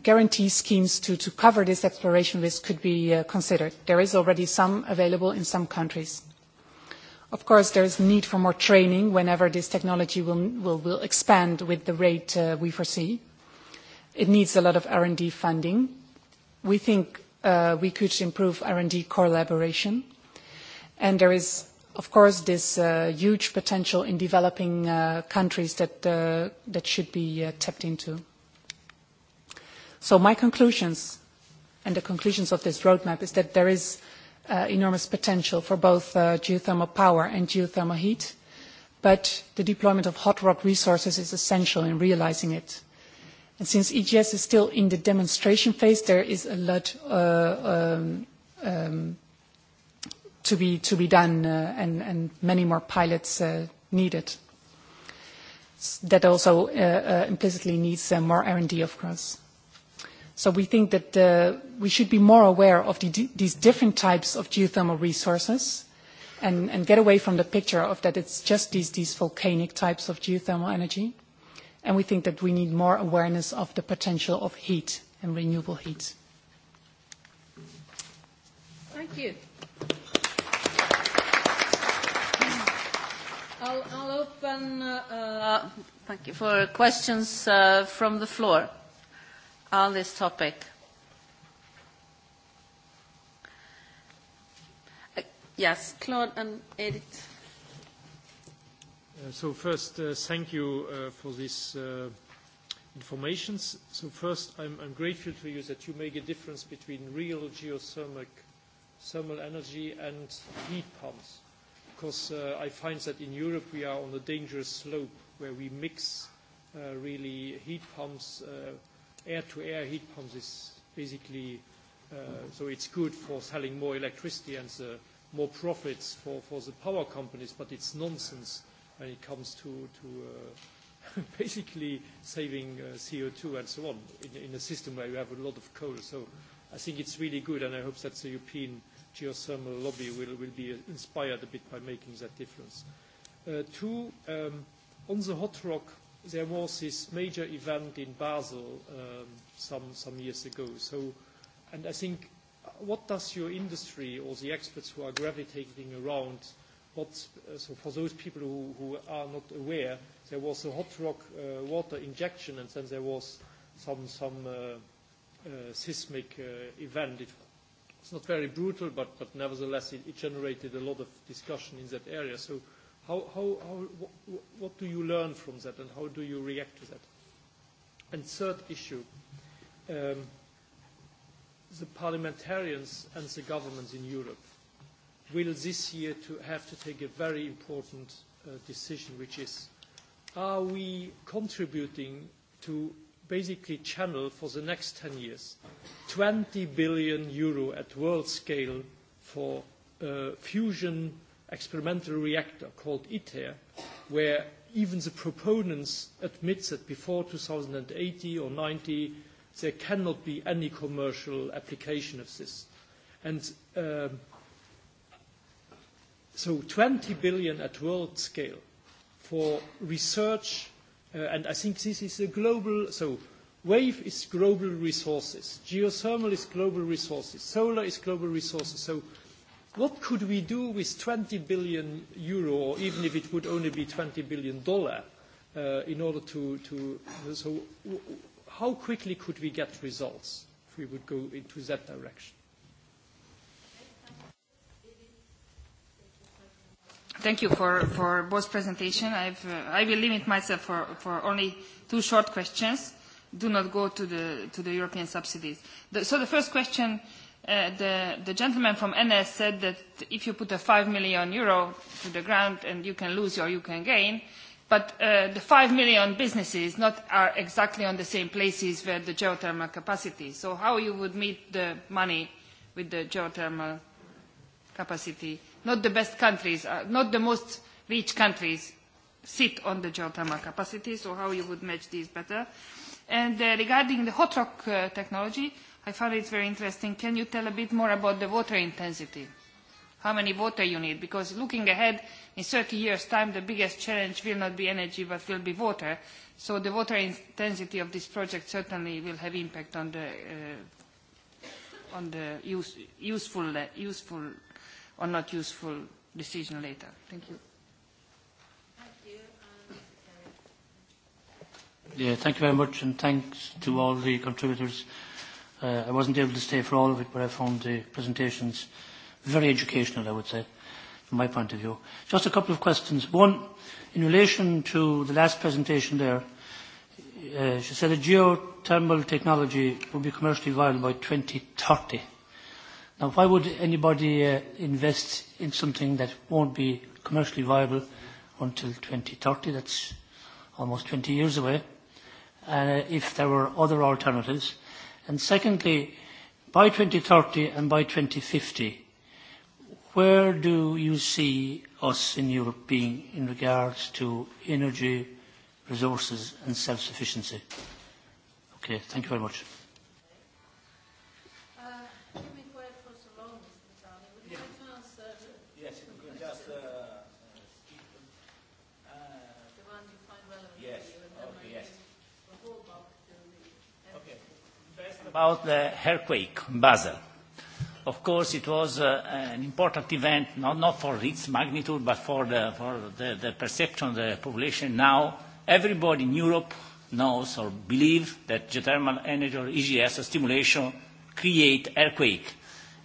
guarantee schemes to, to cover this exploration risk could be uh, considered. There is already some available in some countries. Of course, there is need for more training whenever this technology will, will, will expand with the rate uh, we foresee. It needs a lot of R&D funding. We think uh, we could improve R&D collaboration. And there is, of course, this uh, huge potential in developing uh, countries that, uh, that should be uh, tapped into. So my conclusions and the conclusions of this roadmap is that there is uh, enormous potential for both uh, geothermal power and geothermal heat, but the deployment of hot rock resources is essential in realizing it. And since EGS is still in the demonstration phase, there is a lot uh, um, um, to be done and many more pilots needed. That also implicitly needs more R&D, of course. So we think that uh, we should be more aware of the d- these different types of geothermal resources and, and get away from the picture of that it's just these, these volcanic types of geothermal energy. And we think that we need more awareness of the potential of heat and renewable heat. Thank you. I'll, I'll open. Uh, uh, thank you for questions uh, from the floor on this topic. Uh, yes, Claude and Edith. Uh, so first, uh, thank you uh, for this uh, information. So first, I'm, I'm grateful to you that you make a difference between real geothermal thermal energy and heat pumps. Because uh, I find that in Europe we are on a dangerous slope where we mix uh, really heat pumps uh, air-to-air heat pumps is basically uh, so it's good for selling more electricity and uh, more profits for, for the power companies, but it's nonsense when it comes to, to uh, (laughs) basically saving uh, CO2 and so on in, in a system where you have a lot of coal. So I think it's really good, and I hope that the European geothermal lobby will, will be uh, inspired a bit by making that difference. Uh, two, um, on the hot rock, uh, there was this major event in Basel um, some some years ago. So, and I think, uh, what does your industry or the experts who are gravitating around? What uh, so for those people who, who are not aware, there was a hot rock uh, water injection, and then there was some some uh, uh, seismic uh, event. It, it's not very brutal, but, but nevertheless, it, it generated a lot of discussion in that area. So. How, how, how, wh- what do you learn from that and how do you react to that? And third issue um, the parliamentarians and the governments in Europe will this year to have to take a very important uh, decision, which is are we contributing to basically channel for the next 10 years 20 billion euro at world scale for uh, fusion experimental reactor called ITER, where even the proponents admit that before 2080 or 90, there cannot be any commercial application of this. And um, so 20 billion at world scale for research, uh, and I think this is a global, so wave is global resources, geothermal is global resources, solar is global resources. So what could we do with 20 billion euro, or even if it would only be 20 billion dollar, uh, in order to, to so w- how quickly could we get results if we would go into that direction? Thank you for, for both presentation. I've, uh, I will limit myself for, for only two short questions. Do not go to the, to the European subsidies. The, so the first question, uh, Uh, the, the gentleman from NS said that if you put a 5 million euro to the ground and you can lose or you can gain, but uh, the 5 million businesses not are exactly on the same places where the geothermal capacity. So how you would meet the money with the geothermal capacity? Not the best countries, uh, not the most rich countries sit on the geothermal capacity, so how you would match these better? Uh, Uh, regarding the hot rock uh, technology, I found it very interesting. Can you tell a bit more about the water intensity? How many water you need? Because looking ahead, in 30 years' time, the biggest challenge will not be energy, but will be water. The water intensity of this project certainly will have impact on the uh, useful or not useful decision later. Thank you. Yeah, thank you very much, and thanks to all the contributors. Uh, I wasn't able to stay for all of it, but I found the presentations very educational, I would say, from my point of view. Just a couple of questions. One, in relation to the last presentation there, uh, she said that geothermal technology will be commercially viable by 2030. Now, why would anybody uh, invest in something that won't be commercially viable until 2030? That's almost 20 years away. Uh, if there were other alternatives. And secondly, by 2030 and by 2050, where do you see us in Europe being in regards to energy, resources and self-sufficiency? Okay, thank you very much. about the earthquake in Basel. Of course, it was uh, an important event, not, not for its magnitude, but for, the, for the, the perception of the population. Now, everybody in Europe knows or believes that geothermal energy or EGS or stimulation create earthquake.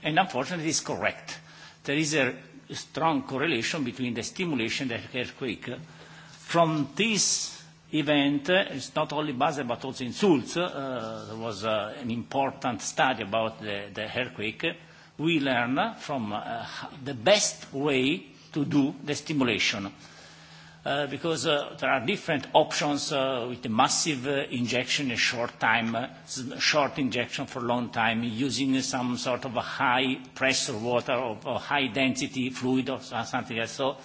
And unfortunately, it's correct. There is a strong correlation between the stimulation and the earthquake. From this event is not only Basel but also in Sulz. Uh, there was uh, an important study about the, the earthquake. We learn from uh, the best way to do the stimulation. Uh, because uh, there are different options uh, with the massive uh, injection in short time, uh, short injection for a long time, using uh, some sort of a high pressure water or, or high density fluid or something else. So, uh,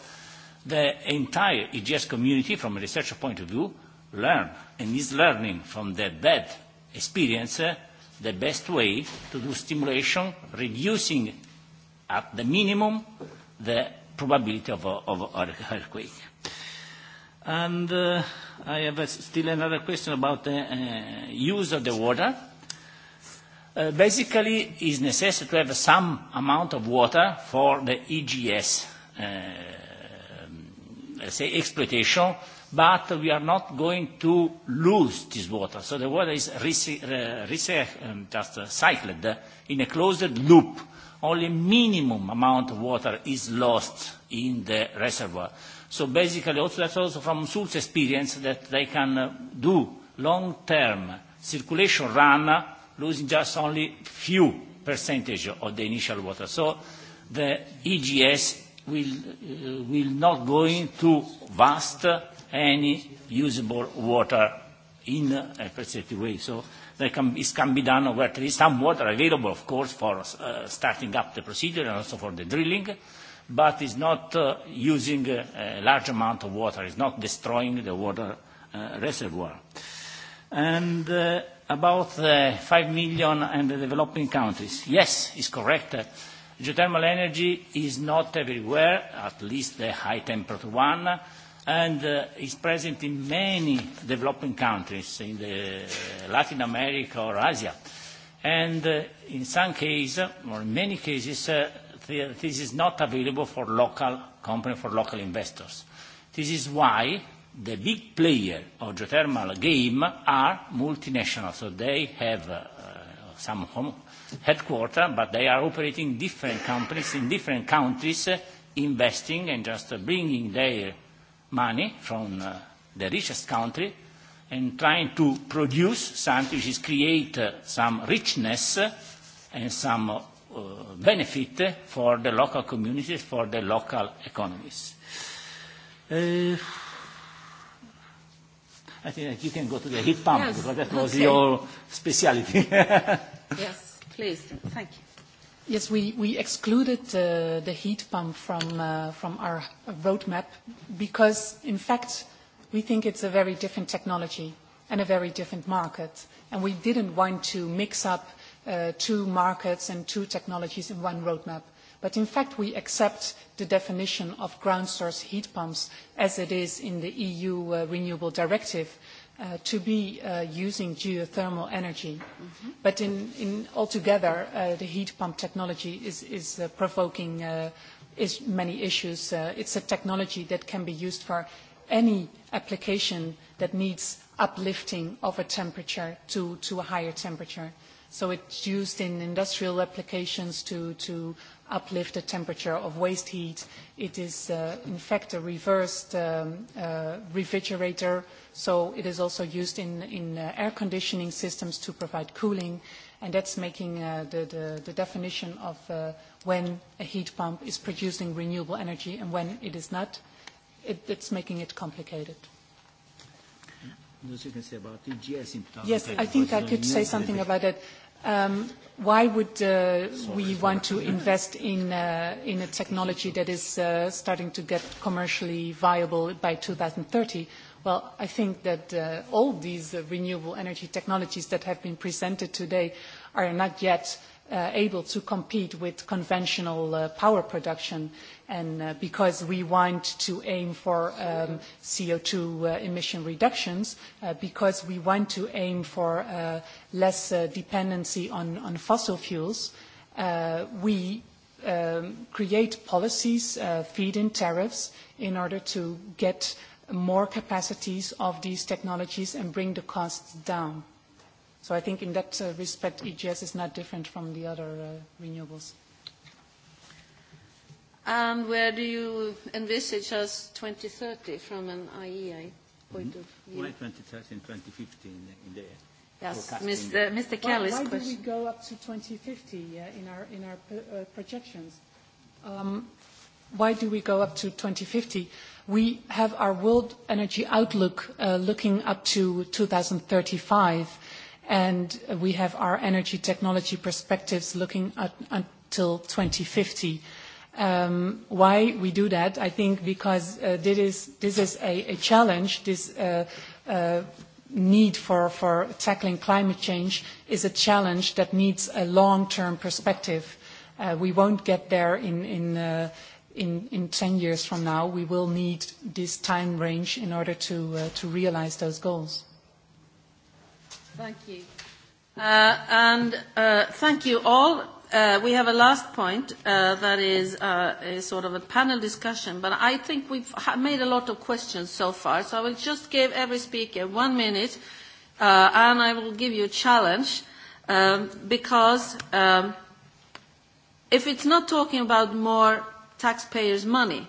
the entire EGS community, from a research point of view, learn and is learning from the bad experience uh, the best way to do stimulation, reducing at the minimum the probability of, of, of earthquake. And uh, I have a, still another question about the uh, use of the water. Uh, basically, it is necessary to have some amount of water for the EGS uh, let's uh, say, exploitation, but we are not going to lose this water. So the water is recy- uh, recy- um, just uh, cycled in a closed loop. Only a minimum amount of water is lost in the reservoir. So basically, also that's also from Sul's experience that they can uh, do long-term circulation run uh, losing just only few percentage of the initial water. So the EGS will, uh, will not go into vast any usable water in a perceptive way. So there can, this can be done where there is some water available, of course, for uh, starting up the procedure and also for the drilling, but it's not uh, using a, a large amount of water. It's not destroying the water uh, reservoir. And uh, about uh, 5 million and the developing countries. Yes, it's correct. Uh, geothermal energy is not everywhere, at least the high temperature one, and uh, is present in many developing countries in uh, Latin America or Asia. Uh, in some cases, or in many cases, this is not available for local company, for local investors. This is why the big player of geothermal game are multinational. They have some home headquarters, but they are operating different companies in different countries, uh, investing and just uh, bringing their money from uh, the richest country and trying to produce something which is create uh, some richness uh, and some uh, benefit for the local communities, for the local economies. Uh, I think you can go to the heat pump yes. because that was okay. your speciality. (laughs) yes. Please. Thank you. Yes, we excluded uh, the heat pump uh, from our roadmap because, in fact, we think it's a very different technology and a very different market, and we didn't want to mix up uh, two markets and two technologies in one roadmap. In fact, we accept the definition of ground source heat pumps as it is in the EU Renewable Energy Directive, uh, to be uh, using geothermal energy. Mm-hmm. But in, in altogether, uh, the heat pump technology is, is uh, provoking uh, is many issues. Uh, it's a technology that can be used for any application that needs uplifting of a temperature to, to a higher temperature. So it's used in industrial applications to, to uplift the temperature of waste heat. It is, uh, in fact, a reversed um, uh, refrigerator, so it is also used in, in uh, air conditioning systems to provide cooling, and that's making uh, the, the, the definition of uh, when a heat pump is producing renewable energy and when it is not. It, it's making it complicated. You can say about the GS in yes, I think I could say something about it. Um, why would uh, we want to (laughs) invest uh, in a technology that is uh, starting to get commercially viable by 2030? Well, I think that all these renewable energy technologies that have been presented today are not yet Uh, able to compete with conventional uh, power production and uh, because we want to aim for um, CO2 uh, emission reductions, uh, because we want to aim for uh, less uh, dependency on, on fossil fuels, uh, we um, create policies, uh, feed-in tariffs, in order to get more capacities of these technologies and bring the costs down. I think in that uh, respect, EGS is not different from the other uh, renewables. Where do you envisage us 2030 from an IEA point hmm? of view? Why 2030 and 2050 in the forecasting? Yes. Mr. Kelly's question. Uh, um, why do we go up to 2050 in our projections? Why do we go up to 2050? We have our World Energy Outlook looking up to 2035 and we have our energy technology perspectives looking until 2050. Um, why we do that? I think because uh, this is a challenge. This uh, uh, need for tackling climate change is a challenge that needs a long-term perspective. We won't get there in 10 years from now. We will need this time range in order to realize those goals. Thank you. Uh, and uh, thank you all. Uh, we have a last point uh, that is uh, a sort of a panel discussion, but I think we've made a lot of questions so far, so I will just give every speaker one minute, uh, and I will give you a challenge, um, because um, if it's not talking about more taxpayers' money,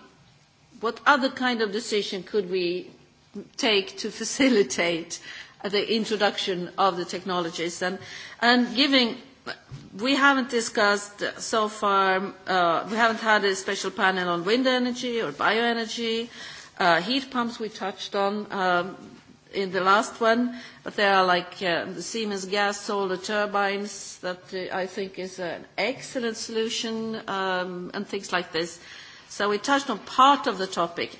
what other kind of decision could we take to (laughs) facilitate uh, the introduction of the technologies. Given we haven't discussed so far, uh, we haven't had a special panel on wind energy or bioenergy. Uh, heat pumps we touched on um, in the last one, but there are like uh, the Siemens gas solar turbines that I think is an excellent solution, um, and things like this. We touched on part of the topic,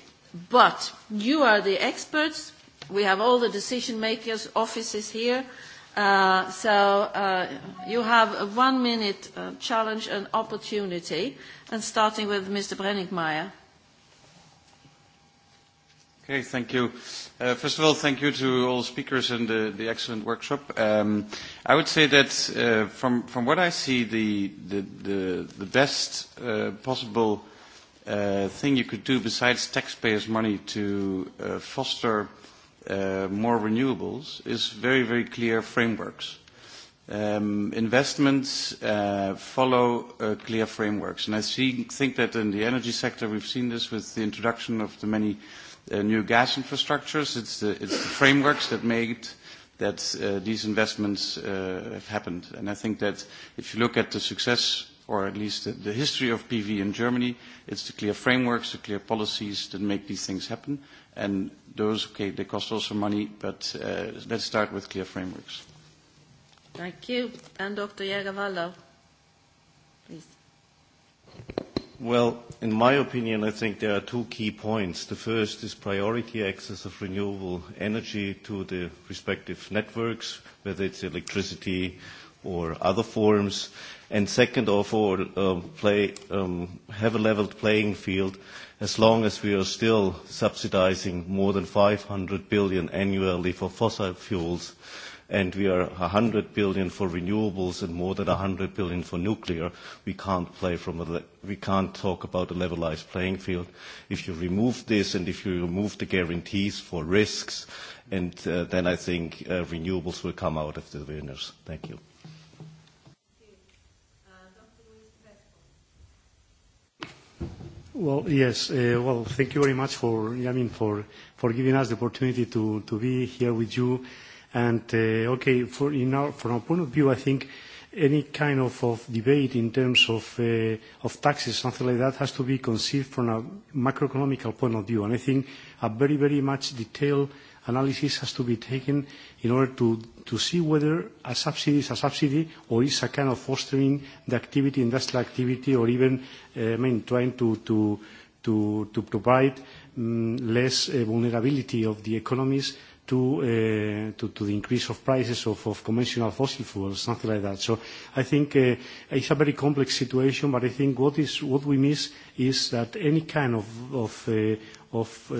but you are the experts we have all the decision makers offices here uh, so uh, you have a one minute uh, challenge and opportunity and starting with mr. Brenningmeyer okay thank you uh, first of all thank you to all speakers and the, the excellent workshop um, I would say that uh, from from what I see the the, the, the best uh, possible uh, thing you could do besides taxpayers money to uh, foster uh, uh, more renewables is very, very clear frameworks. Um, investments uh, follow uh, clear frameworks. And I see, think that in the energy sector, we've seen this with the introduction of the many uh, new gas infrastructures. It's the, it's the frameworks that made that uh, these investments uh, have happened. And I think that if you look at the success or at least the, the history of PV in Germany, it's the clear frameworks, the clear policies that make these things happen. And those, okay, they cost also money, but uh, let's start with clear frameworks. Thank you. And Dr. Jagavallo, please. Well, in my opinion, I think there are two key points. The first is priority access of renewable energy to the respective networks, whether it's electricity or other forms. And second of all, um, play, um, have a leveled playing field uh, as long as we are still subsidizing more than 500 billion annually for fossil fuels, and we are 100 billion for renewables and more than 100 billion for nuclear, we can't talk about a levelized playing field. If you remove this, and if you remove the guarantees for risks, and uh, then I think uh, renewables will come out as the winners. Thank you. Well, yes. Uh, well, thank you very much for, I mean, for, for giving us the opportunity to, to be here with you. And, uh, okay, for, in our, from our point of view, I think any kind of, of debate in terms of, uh, of taxes, something like that, has to be conceived from a macroeconomical point of view. And I think a very, very much detailed analysis has to be taken in order to, to see whether a subsidy is a subsidy or is a kind of fostering the activity, industrial activity, or even uh, I mean, trying to, to, to, to provide um, less uh, vulnerability of the economies to, uh, to, to the increase of prices of, of conventional fossil fuels, something like that. So I think uh, it's a very complex situation, but I think what, is, what we miss is that any kind of, of uh, of, uh,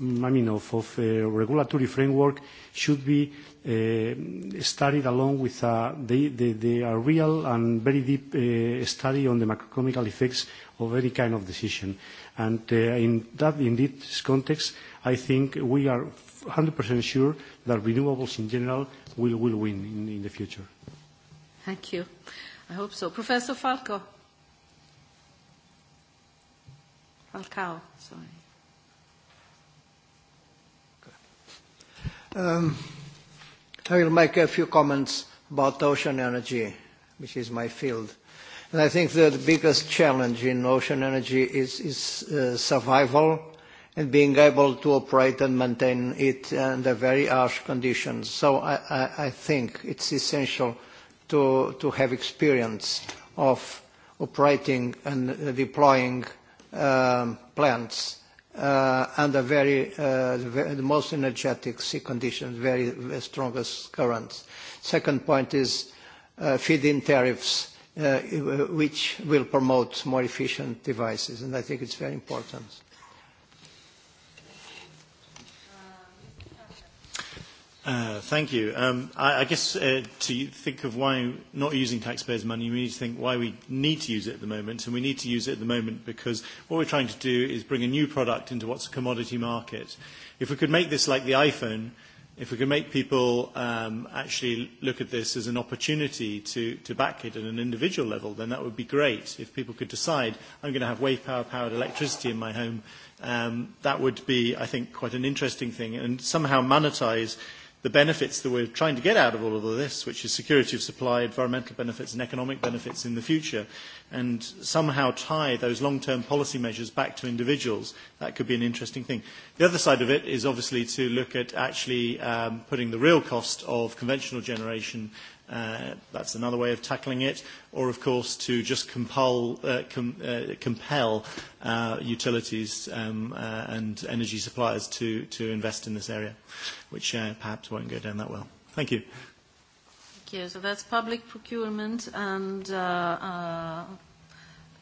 I mean, of, of a uh, regulatory framework should be uh, studied along with a, uh, the, the, the, a real and very deep uh, study on the macroeconomical effects of any kind of decision. And uh, in, that, in this context, I think we are 100% sure that renewables in general will, will win in, in the future. Thank you. I hope so. Professor Falco. Falcao, sorry. Um, I will make a few comments about ocean energy, which is my field. And I think that the biggest challenge in ocean energy is, is uh, survival and being able to operate and maintain it under very harsh conditions. So I, I, I think it's essential to, to have experience of operating and deploying um, plants uh, uh, under very, uh, very the most energetic sea conditions, very, very strongest currents. Second point is uh, feed-in tariffs, uh, which will promote more efficient devices, and I think it's very important. Uh, thank you. Um, I, I guess uh, to think of why not using taxpayers' money, we need to think why we need to use it at the moment. And we need to use it at the moment because what we're trying to do is bring a new product into what's a commodity market. If we could make this like the iPhone, if we could make people um, actually look at this as an opportunity to, to back it at an individual level, then that would be great. If people could decide, I'm going to have wave power powered electricity in my home, um, that would be, I think, quite an interesting thing. And somehow monetize the benefits that we're trying to get out of all of this, which is security of supply, environmental benefits and economic benefits in the future, and somehow tie those long-term policy measures back to individuals, that could be an interesting thing. The other side of it is obviously to look at actually um, putting the real cost of conventional generation Uh, that's another way of tackling it, or of course to just compel, uh, com, uh, compel uh, utilities um, uh, and energy suppliers to, to invest in this area, which uh, perhaps won't go down that well. Thank you. Thank you. So that's public procurement and uh, uh,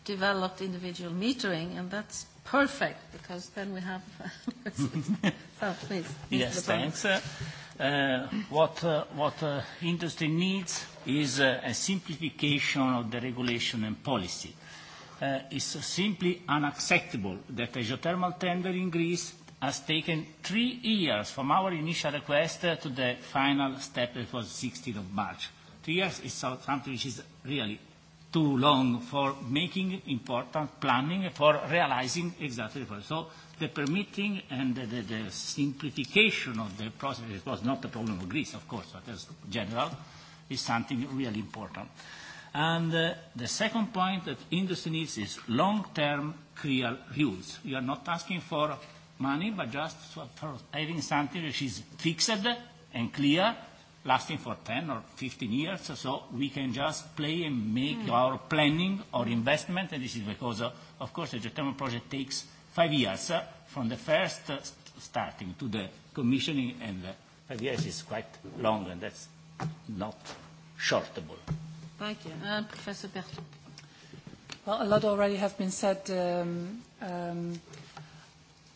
developed individual metering, and that's perfect because then we have. (laughs) so please. (laughs) Yes, thanks. Uh, uh, what uh, what uh, industry needs is uh, a simplification of the regulation and policy. Uh, it's simply unacceptable that a geothermal tender in Greece has taken three years from our initial request to the final step that was 16th of March. Three years is something which is really too long for making important planning for realizing exactly the problem. So the permitting and the, the, the simplification of the process it was not a problem of Greece, of course, but as general, is something really important. And uh, the second point that industry needs is long-term clear rules. You are not asking for money, but just for having something which is fixed and clear lasting for 10 or 15 years, so we can just play and make mm. our planning or investment, and this is because, uh, of course, the geothermal project takes five years uh, from the first uh, starting to the commissioning, and uh, five years is quite long, and that's not shortable. Thank you. Uh, Professor Bertrand. Well, a lot already have been said. Um, um,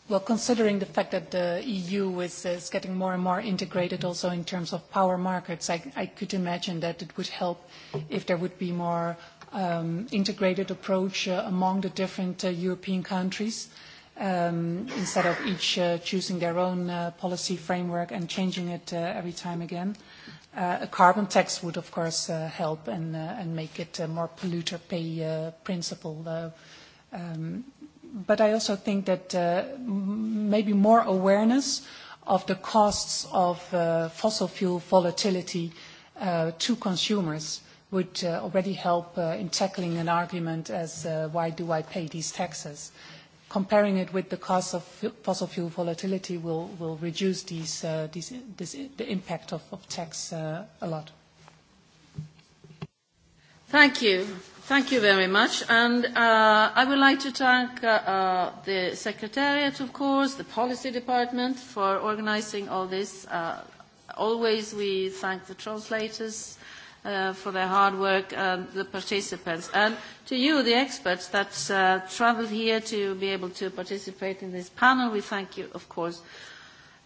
Well, considering the fact that the EU is getting more and more integrated also in terms of power markets, I could imagine that it would help if there would be more um, integrated approach uh, among the different uh, European countries, um, instead of each uh, choosing their own policy framework and changing it every time again. A carbon tax would, of course, help and make it a more polluter pay principle but I also think that uh, maybe more awareness of the costs of uh, fossil fuel volatility uh, to consumers would uh, already help uh, in tackling an argument as uh, why do I pay these taxes. Comparing it with the cost of fossil fuel volatility will, will reduce these, uh, these, this, the impact of, of tax uh, a lot. Thank you. Thank you very much. And uh, I would like to thank uh, uh, the Secretariat, of course, the Policy Department for organizing all this. Uh, always we thank the translators uh, for their hard work and the participants. And to you, the experts that uh, traveled here to be able to participate in this panel, we thank you, of course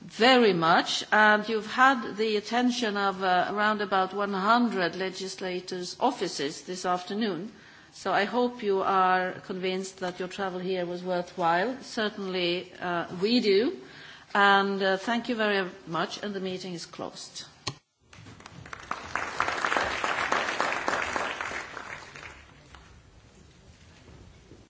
very much, and you've had the attention of uh, around about 100 legislators' offices this afternoon. So I hope you are convinced that your travel here was worthwhile. Certainly uh, we do. And uh, thank you very much, and the meeting is closed.